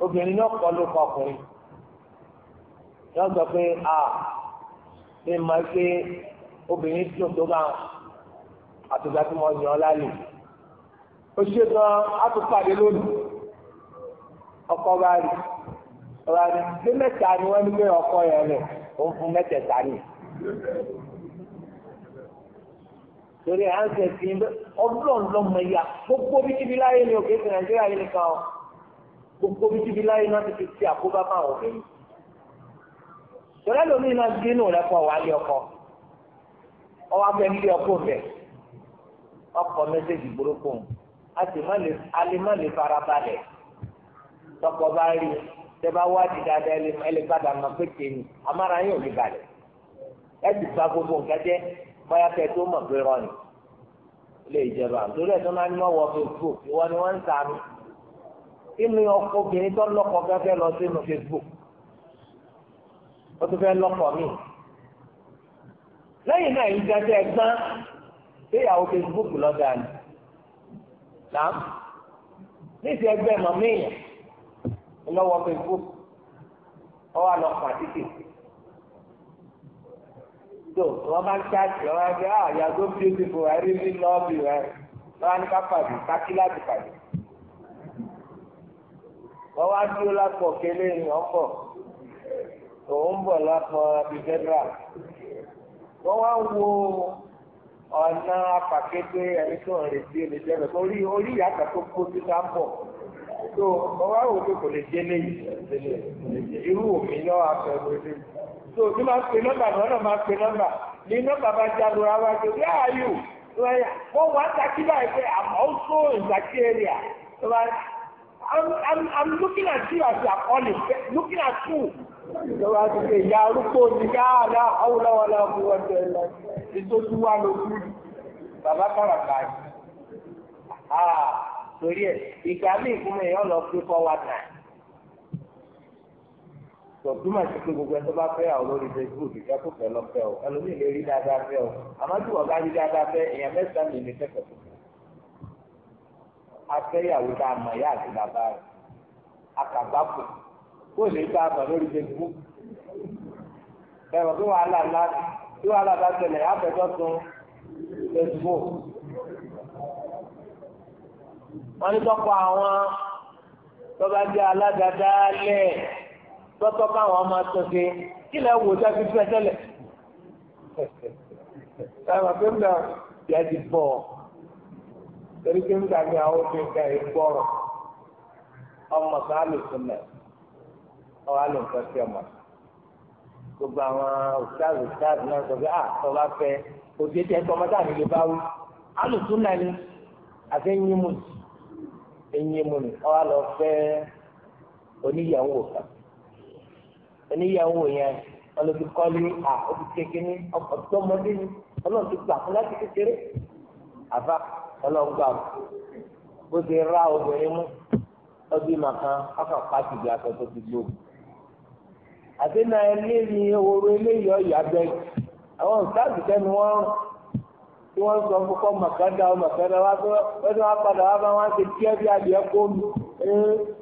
obìnrin náà kọ́ ló kọ ọkùnrin yóò sọ pé a ṣe máa ṣe obìnrin tó tó bá àtúgbà tí mo yàn ọ́ lálẹ́ o ṣe gan atúpàdé lónìí ọkọ bá rí ọba rí pé mẹ́ta ni wọ́n ní pé ọkọ yẹn rẹ̀ ó ń fún mẹ́tẹ̀ẹ̀ta ni torí à ń sẹ̀ sí ọdún lọ́mọ ya gbogbo bíkíbi láyé ni òkè sí nàìjíríà yìí nìkan o gbogbo bí tíbi láyé náà ti fi ti àkóbá bá àwọn obìnrin. Ìjọba lómi náà gbé nù rẹ pọ̀ wá lé ọkọ. Ọwọ́ abẹ́ ń lé ọkọ bẹ̀. Ọkọ mẹ́sẹ̀gì burúkú. A sì má lè alẹ́ má lè fara balẹ̀. Tọkọ bá rí i. Tẹ bá wádìí dáadáa ẹ lè padà mọ̀ pé tèmi. Amára yóò lè balẹ̀. Ẹ ti gba gbogbo nǹkan jẹ́ bóyá kẹ́ tó mọ̀ pé rọ́ọ̀nì. Ilé ìjọba àtúrò ẹ̀ tó máa ń mọ̀ wọ ni wọ́n ń sàánú inú ọkọ obìnrin tó lọ́kọ gẹ́gẹ́ lọ sínú Facebook ó tún fẹ́ lọ́kọ mi lẹ́yìn náà yìí gẹ́gẹ́ gbọ́n séyàwó Facebook lọ́dà ni náà níṣẹ́ ẹgbẹ́ mọ̀mí yẹn lọ́wọ́ Facebook ọ wà lọ pàtìkì tó wọ́n bá ń ṣáàtì wọ́n bá ń ṣe àyàgbó bíi ti fò wá rí ní lọ́ọ̀bì rẹ̀ ní ká pàdé ká kí láti pàdé wọ́n wá dúró lápọ̀ kélé èèyàn bọ̀ òun bọ̀ lápọ̀ ìjẹ́dra wọ́n wá wo ọ̀nà apàkété ẹni tó ń retí olè jẹ́bẹ̀ tó rí orí ìyàtọ̀ tó kó sí ká bọ̀ tó wọ́n wá wò pé kò lè jẹ́ léyìí irú òmí náà àfẹ́wò lé tó tí máa ń pe nọ́mbà náà náà máa ń pe nọ́mbà ní nọ́mbà bá jáde ra wá pé wíwá ayò wọ́n wá ń takí báyìí pé àmọ́ ó tó ìgbàkí ẹ̀rìà tó bá I'm, I'm, I'm looking at you as you are calling, looking at you. Ìjọba ti ṣe ìyá arúgbó ní káàlá àwòlọ́wọ́lá fún ọjọ́ ẹ̀lọ. Ìtòjú wa lójú bàbá kàràkà yìí. Torí ẹ̀, ìgbà míì fún mi yọ̀ lọ pé fọ́wá náà. Tọ̀túmọ̀ sí pé gbogbo ẹni tó bá fẹ́ àwọn lórí Facebook ìfẹ́ kò fẹ́ lọ fẹ́ o. Ẹlòmíì lè rí dáadáa fẹ́ o. Àmọ́ tí wọ́n bá rí dáadáa fẹ́, èèyàn mẹ́ta lè ní fẹ́ pẹ̀lú afẹ́yàwó tá a mọ̀ ìyá àti bàbá rẹ̀ akàgbákò kó lè tá a mọ̀ lórí facebook bẹ́ẹ̀ mọ̀ kí wàhálà ńlá kí wàhálà bá tẹ̀lẹ̀ àfẹ́tọ́ tún facebook wọ́n ní tọ́pọ̀ àwọn tọ́ba jẹ́ aládàáda lẹ̀ tọ́tọ́ káwọn ọmọ tuntun kí lẹ́ wò tá a fi fẹ́ tẹ́lẹ̀ bẹ́ẹ̀ mọ̀ kí wọ́n yẹ ti bọ̀ ọ́. torí pé ń gbàgbé àwọn obìnrin ká ya gbọ́rọ̀ ọmọ kan á á ń ọmọ gbogbo àwọn ustaz ustaz sọ pé ah tọ́ba fẹ́ òde tẹ tọmọ táà nílé náà ni àti mu mu ni lọ fẹ́ oníyàwó kan oníyàwó yẹn ọlọ́dún à ó ọlọ́gbà bó ti ra obìnrin mú ọdún màkan ọkàn bí aṣọ ti gbó. àti náà eléyìí ehoro eléyìí ọ̀yà bẹ́ẹ̀ àwọn òṣìṣẹ́ ìṣẹ́ni wọ́n tí wọ́n sọ fún màkàdá ọ màkàdá wá tó wọ́n padà wá bá wọn ṣe bí adìẹ kó mi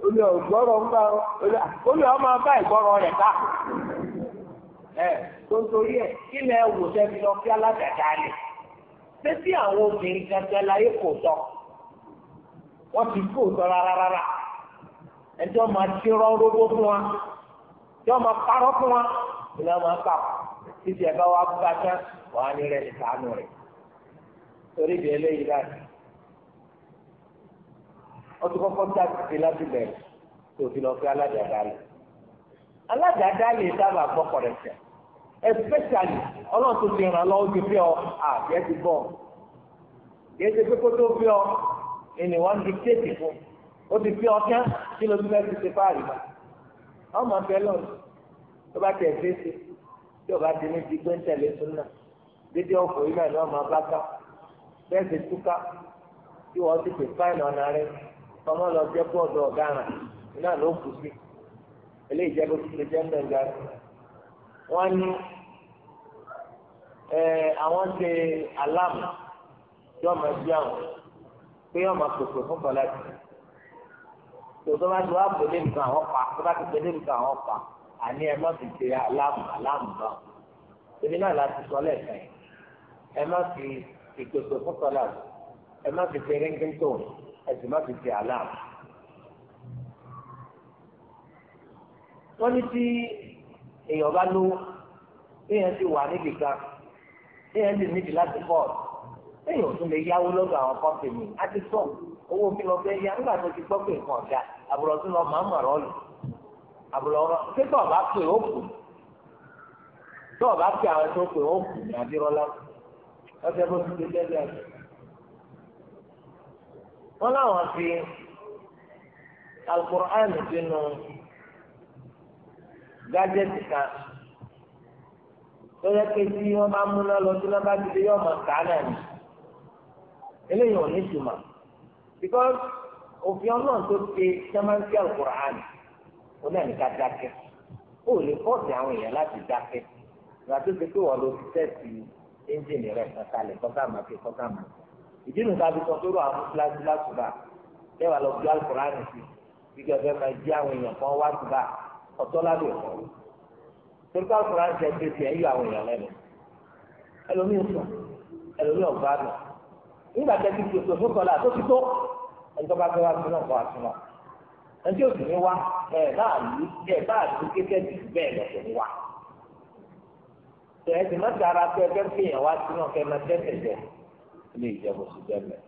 olè ń bá olè ọmọ bá ìgbọ́rọ̀ rẹ̀ ká tó ń torí kí wò sẹ́ni lọ pé tí àwọn obìnrin kankan láyé kò tọ́ wọ́n ti kó tọ́ rárára ẹjọ́ máa ti rán rógbó fún wa ẹjọ́ máa parọ́ fún wa ìlànà máa kà títí ẹ̀ bá wa bá tán wàá ní rẹ̀ ìtànù rẹ̀ torí ìdí eléyìí láti wọ́n ti kọ́kọ́ dá títí láti bẹ̀rẹ̀ tó fi lọ fẹ́ aládàá dálé aládàá dálé sábà gbọ́kọ̀ rẹ̀ sẹ́yìn. especially ọlọ́run tó ti ràn lọ́wọ́ ju bí ọ àbí ẹ ti bọ̀ kì í ṣe pé kó tó bí ọ ènìwọ́n ti tètè fún ó ti bí ọkẹ́ kí ló ti fẹ́ ṣe fáàrí bá ọmọ abẹ bá tẹ̀ ṣe é ṣe tí ọba ti ní ti gbé ń tẹ̀lé náà ọkọ̀ yìí náà ni ọmọ ká bẹ́ẹ̀ túká tí wọ́n ti pè ọ̀nà rẹ ọmọ lọ jẹ́ wọ́n ní àwọn ṣe aláàmù tí wọ́n máa bí àwọn pé wọ́n máa pèsè fún bọ́lá jù tó tó bá ti wá pèlè nǹkan àwọn pa tó bá ti pèlè nǹkan àwọn pa àní ẹ má fi ṣe aláàmù aláàmù náà èmi náà láti sọ lẹ́ẹ̀kan yìí ẹ má fi ìpèsè fún bọ́lá jù ẹ má fi ṣe ríngíntò ẹ sì má fi ṣe aláàmù. wọ́n ní tí èèyàn bá lówó èèyàn ti wà níbi kan èèyàn ti níbi láti bọ́ọ̀lù èèyàn tún lè yáwó lọ́dọ̀ àwọn kọ́mpìnì àti sọ owó mi lọ fẹ́ yá nígbà tó ti gbọ́ pé nǹkan ọ̀dà àbúrò tún lọ màmú ọ̀rọ̀ lù àbúrò ọ̀rọ̀ pépà ọ̀bá pè ó kù tó ọ̀bá pè àwọn tó pè ó kù ní abirọ́lá ọ̀sẹ̀ bó ti dé lẹ́lẹ́ láwọn fi alukur'an sínú. Gadget kan lọ́yẹ́ pé tí wọ́n bá múná lọ sí nọ́mbà ti di yọ̀mọ̀ ká náà ni eléyìí ò ní ìtumọ̀ because òfin ọlọ́run tó ṣe sẹ́mẹ́ntì alukur'an ó náà ní ká dákẹ́ ó lè fọ́ọ̀sì àwọn èèyàn láti dákẹ́ ìgbà tó ṣe pé wọ́n lọ fi tẹ́sì ẹ́ńjìnì rẹ̀ kankalẹ̀ kọ́kàmà fi kọ́kàmà ìdí nìkan fi sọ pé ó àwọn fúláṣí láṣùbà tẹ́wàá lọ gbé alukur'an sí gbígbẹ́ fẹ́ máa jí àwọn èèyàn kan wá ṣùgbà ọ̀tọ̀ lábẹ́ ọ̀tọ̀ torípa ọ̀sọ̀rọ̀ àti ẹgbẹ́ tiẹ̀ ń yọ àwọn èèyàn lẹ́nu ẹlòmíín sùn ẹlòmíín ọ̀gbá nù nígbà tẹ́ ti tòṣò kọlá tó ti tó ẹjọ́ bá wá sínú ọ̀pọ̀ àtúnwá ẹjọ́ òsì ní wá ẹ̀ náà lù ẹ̀ náà lù kékeré jù bẹ́ẹ̀ lọ́sẹ̀ ní wá tẹ̀ ẹ̀ ara pé ẹgbẹ́ fi hàn wá sínú ọ̀kẹ́ máa tẹ́tẹ̀ jẹ ilé ìjẹ́bù sí bẹ́ẹ̀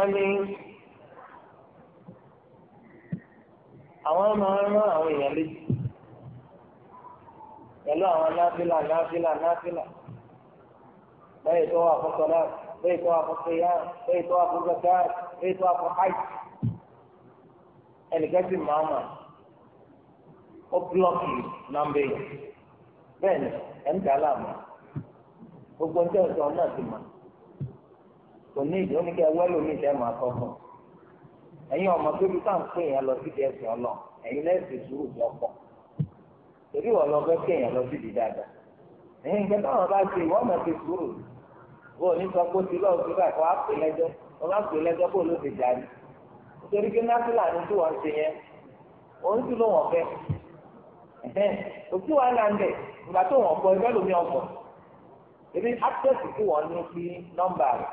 wọ́n ní àwọn máa rán àwọn èèyàn létí pẹ̀lú àwọn náfìlà náfìlà náfìlà lẹ́yìn tó wà fún sọlá lẹ́yìn tó wà fún kéyà lẹ́yìn tó wà fún gbẹ̀gá lẹ́yìn tó wà fún hajj ẹnìkan sì máa mà ó búlọ́ọ̀kì nọ́mbẹ́ bẹ́ẹ̀ ni ẹ̀ ń dà láàmú gbogbo ń kò ní ìdí oníkẹ́ ẹwẹ́ lómi ìdẹ́ máa kọ́ fún un ọmọ tó dúkà ń pè yẹn lọ sí ìdí ẹ̀sìn ọlọ́ ẹ̀yin sùúrù tó pọ̀ torí wọ́n lọ fẹ́ pè yẹn lọ sí ìdí dáadáa ẹ̀yin ìgbẹ́ táwọn bá ṣe ìwọ́n mọ̀ ṣe sùúrù bó o ní sọ pé ó ti lọ́ọ̀ sí kó a pè lẹ́jọ́ kó a pè lẹ́jọ́ bó ló ti jáde torí pé násìlà ni tí wọ́n ṣe yẹn òun sì ló wọ̀n fẹ́ òtí wàá nà ń bẹ̀ ìgbà tó wọ̀n bọ ẹgbẹ́ lómi ọ̀pọ̀ ebi access tí wọ́n ní sí nọ́mbà rẹ̀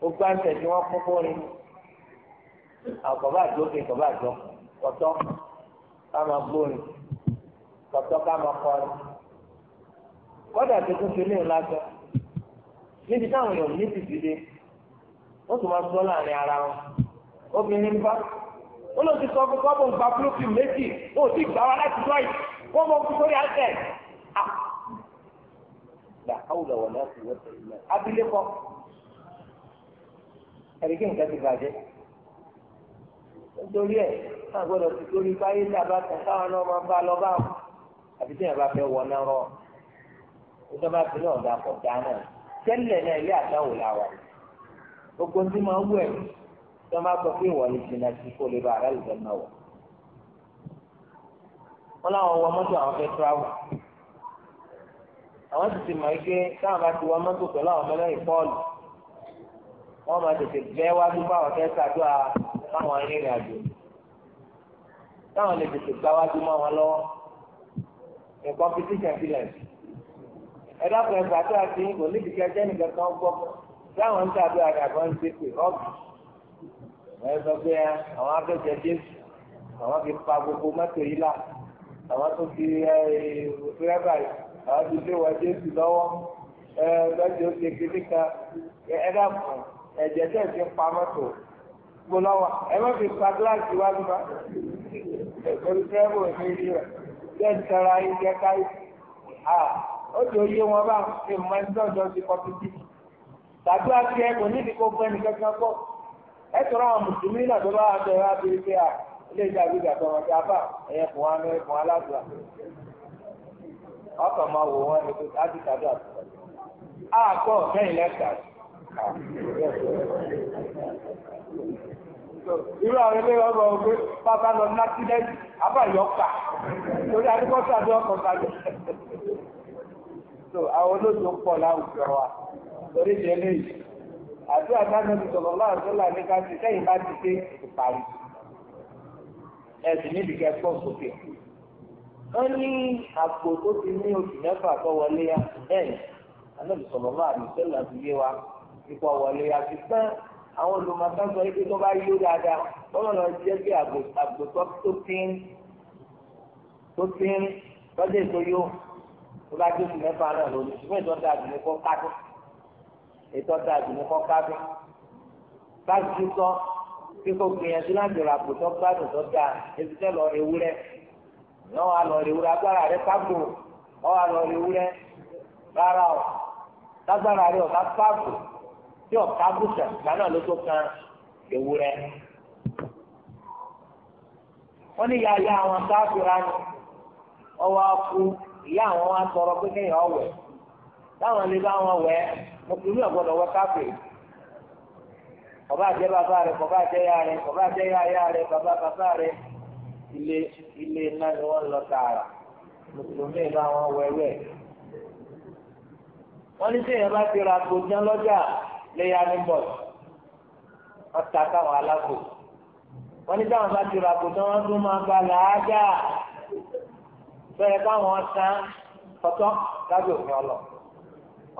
gbogbo àṣẹ tí wọ́n kún fún ni àkọ́bá àdókè kọ́bá àjọ kọ́tọ́ ká máa gbórin kọ́tọ́ ká máa kọrin kọ́dà tó tún fi léèrè lásán níbi táwọn èèyàn ní ti dìde wọ́n tún máa sọ láàrin ara wọn obìnrin bá ó ló ti sọ fún kọ́bù ń gba búlọ́kì méjì ó ti gbà wá láti tọ́ yìí wọ́n mọ fún sórí àṣẹ. Ah! la hawla ẹ̀ríkì nǹkan ti bàjẹ́ nítorí ẹ̀ náà gbọ́dọ̀ ti torí báyé tá a bá tẹ̀ káwọn náà máa bá lọ báwọn àbí tí yẹn bá fẹ́ wọ náà rọ̀ ìjọba ti náà dà pọ̀ dá náà tẹ́lẹ̀ náà ilé àtàwò là wà gbogbo tí máa wù ẹ̀ tí wọ́n bá sọ pé ìwọ ni jìnnà sí kó lè bá ara ìjọ náà wọ̀ wọ́n láwọn wọ mọ́tò àwọn fẹ́ tíráwù àwọn sì ti mọ̀ ike táwọn bá ti wọ mọ́tò pẹ̀lú àwọn mẹ́lẹ́rìn pọ́ọ̀lù wọ́n máa tètè bẹ́ wá dúpọ̀ àwọn fẹ́ ṣàdúrà fáwọn arìnrìn àjò táwọn lè tètè gbá wájú mọ́ wọn lọ́wọ́ ní competition village ẹ̀dá kan ẹ̀fà tó a ti ń kò níbi kí ẹjẹ́ nìkan kan gbọ́ táwọn ń ṣàdúrà ní àgbọn ń ṣépè ọ́ọ̀bù wọ́n sọ pé àwọn abẹ́jẹ jésù àwọn fi pa gbogbo mọ́tò yìí là àwọn tó fi dírẹ́bà àwọn ti gbé wọ jésù lọ́wọ́ ẹ̀ẹ́dọ́jọ́ ó ṣe kékeré kan ẹ̀dá ẹ̀jẹ̀ tẹ̀ fi pa mọ́tò gbọ́láwà ẹ má fi pa gíláàsì wá nípa ẹ̀kọ́rí tẹ́lẹ̀mù ẹ̀mí rí rẹ̀ bẹ́ẹ̀ ń tẹ́ra yín jẹ́ káyé à ó ti oyé wọn bá fi mọ ẹni dọ́dọ̀ sí kọ́pítì tàbí àti ẹ kò ní ìdíkó fún ẹnì kankan pọ̀ ẹ tọrọ àwọn mùsùlùmí náà tó bá wà tẹ̀ wá bíi à ilé ìjà gbígbà tó wọn ti àbá ẹ̀yẹ fún wa mẹ́rin fún aládùá ọkàn máa wò wọn ẹni tó ti tàbí irú àwọn ilé ọgbà ọgbẹ bàbá lọ ní akídẹ́ẹ̀tì abáyọ̀kà lórí adúgbòsà ní ọkọ̀ tàbí. so àwọn olóòtú ń pọ̀ láwùjọ wa lórí ìdí eléyìí àti àtàkùn ti sọ̀rọ̀ lọ́wọ́ àtọ́là ní ká ti sẹ́yìn bá ti dé ìparí ẹ̀sìn níbi kẹ́kọ̀ọ́ sókè. wọ́n ní àpò tó ti ní oṣù mẹ́fà tó wọlé yá bẹ́ẹ̀ ni anábìsọ̀rọ̀ lọ́wọ́ àdìsẹ́là ti yé wa ìpọ̀ wọlé àti pẹ́ àwọn olùmọ̀tán sọ pé tó bá yó dáadáa lọ́wọ́ lọ jẹ́ pé àgbò tó tín tó tín lọ́jọ́ ètò yó tó bá dé oṣù mẹ́fà náà lónìí ṣùgbọ́n ìtọ́ da àdùnnú kọ́ kádùn ìtọ́ da àdùnnú kọ́ kádùn báṣu sọ pé kò gbìyànjú láti ra àgbò gbádùn tó da ebi tẹ́ lọ ewúrẹ́ náà wà lọ ewúrẹ́ agbára rẹ kágbó náà wà lọ ewúrẹ́ rárá o lágbára rẹ ọ̀ tí ọ̀ka bùsà gbà náà ló tó kan ewúrẹ́. wọ́n ní ìyá ìyá àwọn sáfìrà ni ọwọ́ akú ìyá àwọn wa sọ̀rọ̀ pé kéèyàn ọ̀wẹ̀ táwọn lè bá wọn wẹ̀ mùsùlùmí ọ̀gbọ́dọ̀ wọ káfíìn bàbá àjẹ bàbá bàbá ya wọn lọ tààrà mùsùlùmí bá wọn wẹwẹ wọn ní sèyàn bá ti ra lọ́jà léyà ní bọ́ọ̀lù wọ́n ta káwọn alágbò wọ́n ní táwọn bá ti rà kó tán wọ́n tún máa gba làájá bẹ́ẹ̀ káwọn san tọ́tọ́ lábẹ́ òfin ọlọ.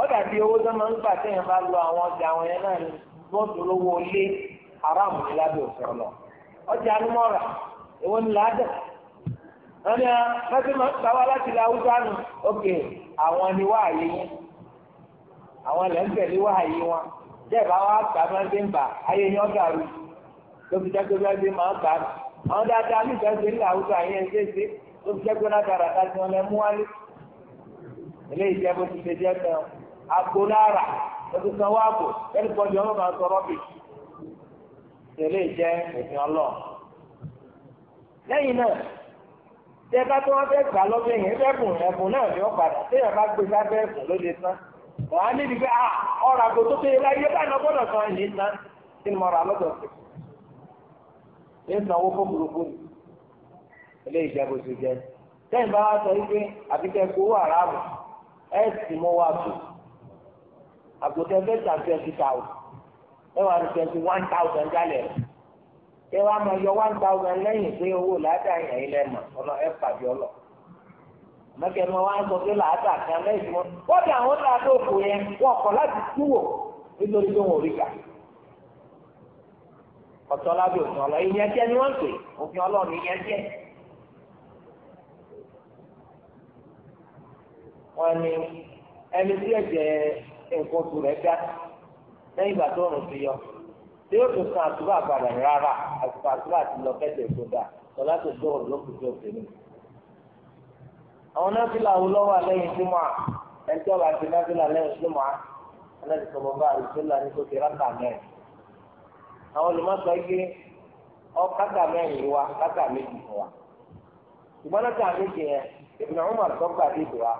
ó dàbí owó tó máa ń gbà téèyàn bá lọ àwọn ọjà àwọn yẹn náà ní bọ́ọ̀dù lówó lé haram ní lábẹ́ òfin ọlọ. ọjà anúmọ̀rà èwo ni làájá wọ́n ní wọ́n máa ń gbà láti ilẹ̀ haúsá nù ókè àwọn ni wáàyè yín àwọn lẹ́ńtẹ̀lé wáàyè wọn dẹ́ẹ̀bá wa gbà máa ń gbé ń bà ayé yẹn ọ̀gá rú lóbi jẹ́ pé wọ́n gbé máa ń gbà rú àwọn dáadáa ní ìgbà gbé ní àwùjọ àyè ẹ̀ ṣe ṣe lóbi jẹ́ pé wọ́n dára ká tí wọ́n lẹ mú wálé ilé ìjẹ́ bó ti ṣe jẹ́ tán àgbo lára lóbi san wá bò ẹni pọ́jù ọmọ máa sọ rọ́bì ilé ìjẹ́ ẹ̀sìn ọlọ́ọ̀ lẹ́yìn náà tẹ́ka tí wọ́n fẹ́ gbà lọ́bẹ̀ yẹn fẹ́ wọ́n á níbi pé à ọ̀rọ̀ àgbo tó tẹ̀lé láyé báyìí lọ́gbọ́dọ̀ ndị ní ìta kí ni mo rà lọ́dọ̀ sí i ń sanwó fún burúkú ni ilé ìjẹ́bù jẹ́ sẹ́yìn bá wá sọ wípé àbíkẹ́ kó ẹ̀ sì mọ́ wá tó fẹ́ tà twenty thousand yọ one thousand lẹ́yìn pé owó làádá yẹn mọ̀ ọ̀nà ẹ̀ mẹkẹmọ wa ń sọ pé làákà kan lẹ́yìn wọn wọn bí àwọn tá tó kù yẹn wọn kọ láti túwò nítorí pé wọn ò rí kà ọ̀tọ̀ lábẹ́ òfin ọlọ ìyẹn jẹ ni wọn pè òfin Ọlọ́run ìyẹn jẹ wọn ni ẹni tí ẹ̀jẹ̀ nǹkan oṣù rẹ̀ dá lẹ́yìn ìgbà tó rùn sí yọ tí yóò tún san àtúbà padà rárá àtúbà àtúbà ti lọ kẹsẹ̀ dà ọlá àwọn náfìlà wo lọ́wọ́ àlẹ́yìn jùmọ̀ à ẹni tí ọba ti náfìlà lẹ́yìn jùmọ̀ à ẹlẹ́dì sọ̀rọ̀ bá àdìsílà ní kò ti rákà mẹ́rin àwọn olùmọ̀sọ̀ yé ọ kákà mẹ́rin wa kákà méjì fún wa ṣùgbọ́n náà káà méjì yẹn ìbùnà ọmọ àtọ́gbà dìbò wa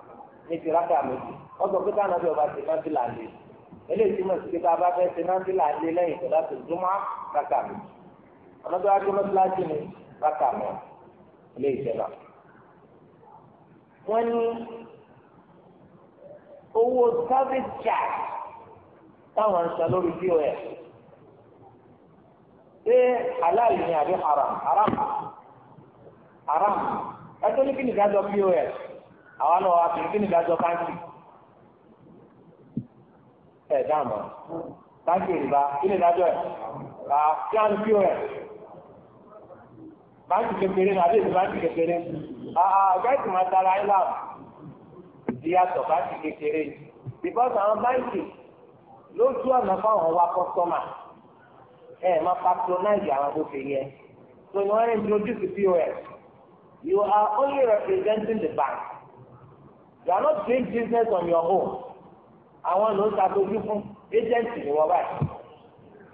ní ti rákà méjì wọ́n sọ pé káà náà bí ọba ti náfìlà lé eléyìí tí mo sì kíkà bá fẹ́ ṣe náfìlà lé lẹ́yìn ni kákà wọ́n ní owó service charge táwọn ń san lórí pos ṣé halal ni àbí haram haram haram ẹjọ́ ní kí ni ìdájọ́ pos àwa náà wà kí ni ìdájọ́ káńtì ẹ̀ dáàmú káńtì ìrìbá kí ni ìdájọ́ ẹ̀ kí á ní pos. báńkì kékeré ní àdéhùn báńkì kékeré ọ̀gá ìgbìmọ̀ tara ìyàtọ̀ báńkì kékeré because àwọn báńkì lójú ọ̀nà fáwọn wa kọ́sọ́mà ẹ̀ máa patronize àwọn tó fi yẹ so you wan introduce pos you are only representing the bank you are not doing business on your own àwọn ló ń ṣàtọ́jú fún agent ni wọ́n báyìí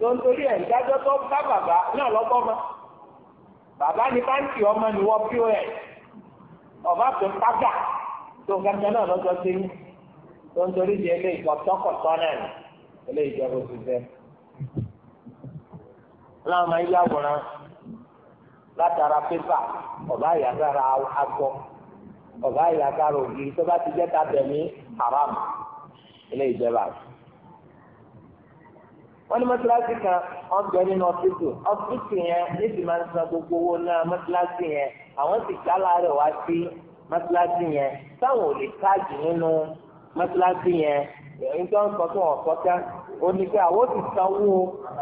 tó ẹ̀ ìdájọ́ tó bá bàbá náà lọ́gbọ́n máa. bàbá ní báńkì ọmọ ni wọ́n pí ẹ̀ ọba tó ń tágà tó ń gàdá náà lọ́jọ́ sí tó ń torí di ilé ìkọ̀tọ́kọ̀tọ́ náà ní ilé ìjọba òṣìṣẹ́. láwọn máa ń yàwòrán látara pépà ọba àyàgára agbọ ọba àyàgára ògiri tó bá ti jẹ́ tabẹ̀mí haram ilé ìjọba àti. wọ́n ní mọ́tíláṣí kan ọ̀bẹ nínú ọ̀fíìsì ọ̀fíìsì yẹn níbi máa ń san gbogbo owó náà mọ́tíláṣí yẹn àwọn sì jálá rẹ̀ wá sí mọ́tíláṣí yẹn táwọn ò lè káàdì nínú mọ́tíláṣí yẹn èyí tó ń sọ tó wọ́n sọ oníkẹ́ àwọn sanwó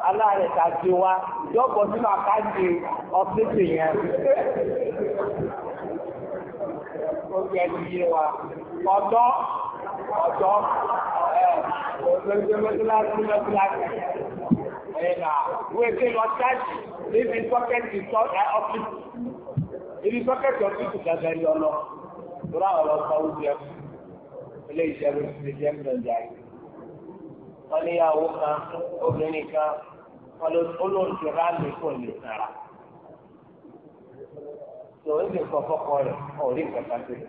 aláàrẹ̀ wa sínú ọ̀tọ̀ mẹ́tíláṣí mẹ́tíláṣí ẹ̀yìnà wọ́n ti lọ ṣáàjì níbi sọ́kẹ́tì ọ́fíìsì ibi sọ́kẹ́tì ọ́fíìsì gàgà ni ọlọ tóra ọ̀rọ̀ sanwó jẹ ilé ìjẹun ti jẹ ń bẹ̀rẹ̀ jáde wọ́n ní ìyàwó kan obìnrin kan wọ́n ló olóńtì ráàlì kò lè sára tòun ti kọ́ fọ́kọ rẹ̀ ọ̀rí nǹkan kan tó lè.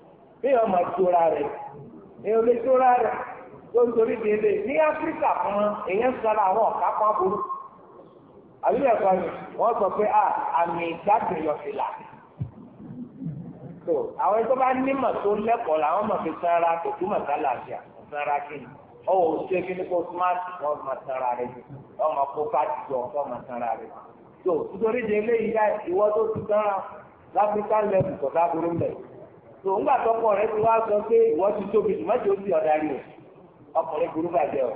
kéèyàn máa tóra rẹ̀ èèyàn lè tóra rẹ̀ tó ń torí di ilé ní áfíríkà kan èèyàn sara àwọn ọ̀ká kan burú àbí ẹ̀kọ́ ni wọ́n sọ pé ah, àmì ìgbàgbé yọ̀sìlà tó àwọn ẹni tó bá nímọ̀ tó lẹ́kọ̀ọ́ làwọn mọ̀ fi sanra kò túmọ̀ sálàáfíà sanra kíni ọwọ́ òṣìṣẹ́ kíni kó smarti wọ́n mọ̀ sanra rẹ̀ ni wọ́n mọ̀ kó fàtijọ́ wọ́n mọ̀ sanra rẹ̀ ni tó nítorí di eléyìí ìwọ́ tó ti sanra láfíríkà lẹ́kùn kọ̀dá burú tó ń gbà tọkọ rẹ ti wá sọ pé ìwọ ti tóbi jù mọ́tò ti ọ̀dà rẹ ọkùnrin burú bàjẹ́ o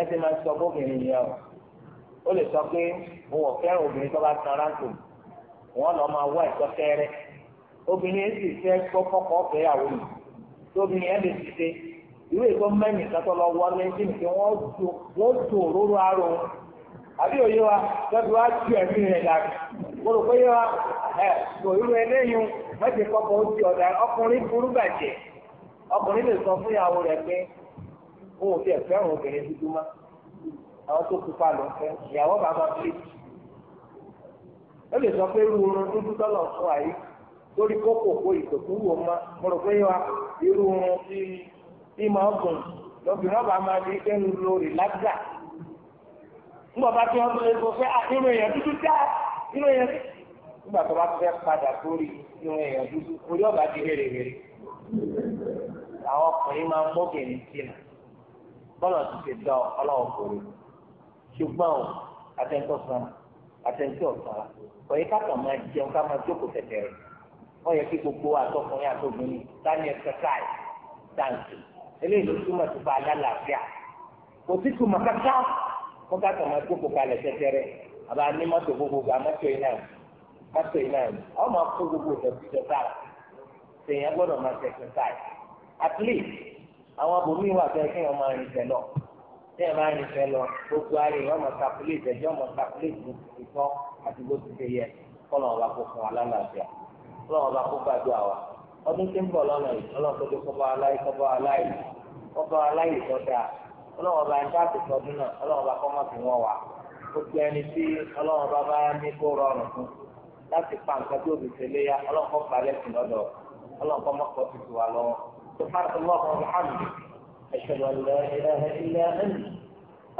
ẹsẹ̀ máa sọ fóbìnrin yẹn o ó lè sọ pé òun ò fẹ́ràn obìnrin tó bá tan wọn lọ máa wá ìtọ́ tẹ́rẹ́ obìnrin yẹn sì fẹ́ mi yẹn lè ti ṣe mẹ́rin lọ wọ́n àbí òye wa wá rẹ̀ mo rò pé yọ ẹ kò irú eléyìí kọ́kọ́ ti ọ̀dà ọkùnrin burú bàjẹ́ ọkùnrin lè sọ fún ìyàwó rẹ̀ pé òun ò tiẹ̀ fẹ́ràn obìnrin dúdú mọ́ àwọn tó pupa ló ń fẹ́ ìyàwó bàbá fi ó lè sọ pé irú oorun dúdú tọ́lọ̀ fún àyè lórí kókò kó ìtòkú wò ma mo pé yọ irú oorun tí ìmọ̀ ọ̀gùn lọ́bìnrin ọba máa di lórí lágbà bá tí wọ́n tó lè sọ ah, inú yẹn nígbà tó bá fẹ́ padà sórí inú yẹn dúdú orí ọ̀gá ti rèrè rèrè àwọn ọkùnrin máa ń mọ́bìnrin jìnnà bọ́lá ti ti dán ọlọ́run kò rí ṣùgbọ́n o àtẹ̀ntọ́ sanra àtẹ̀ntọ́ sanra ọ̀yẹ́ káàkiri máa jẹun ká máa jókòó tẹ̀tẹ̀ rẹ̀ wọ́n yẹ kí gbogbo àtọkùnrin àtọkùnrin dání ẹ̀sẹ̀káì dáǹtì eléyìí ló túmọ̀ sí bá alálàáfíà kò sí túmọ̀ káká wọ́n káàkiri máa jókòó kalẹ̀ tẹ̀tẹ̀ rẹ̀ àbá ní mọ́tò gbogbogbò amọ́tò yìí náà mọ́tò yìí náà ni àwọn máa kó gbogbo ìdọ̀tí jọta sèyàn gbọ́dọ̀ máa tẹ̀sán táì at least àwọn abòmíì wà fẹ́ kéèyàn máa rìn tẹ̀ lọ kéèyàn máa rìn tẹ̀ lọ gbogbo ayé yọ ọmọ calculate ẹ̀jẹ̀ ọmọ calculate bó ti tọ́ àti bó ti ṣe yẹ kọ́nà ọba kó fún wa lálàáfíà kọ́nà ọba kó gbàdúrà wa ọdún tí ń bọ̀ lọ́nà yìí ọlọ́run tó kọ́ba aláì kọ́ba aláì kọ́ba aláì tọ́ dáa ọlọ́run gbogbo ẹni tí ọlọ́run bá bá ní kó rọrùn fún láti pa nǹkan tó bìí tẹ́lẹ̀ ya ọlọ́run kọ́ balẹ̀ sí lọ́dọ̀ ọlọ́run kọ́ mọ́kọ́ ti tù wá lọ́wọ́. سبحانك اللهم وبحمدك أشهد أن لا إله إلا أنت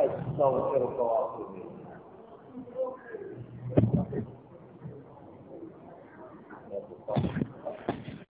أستغفرك وأتوب إليك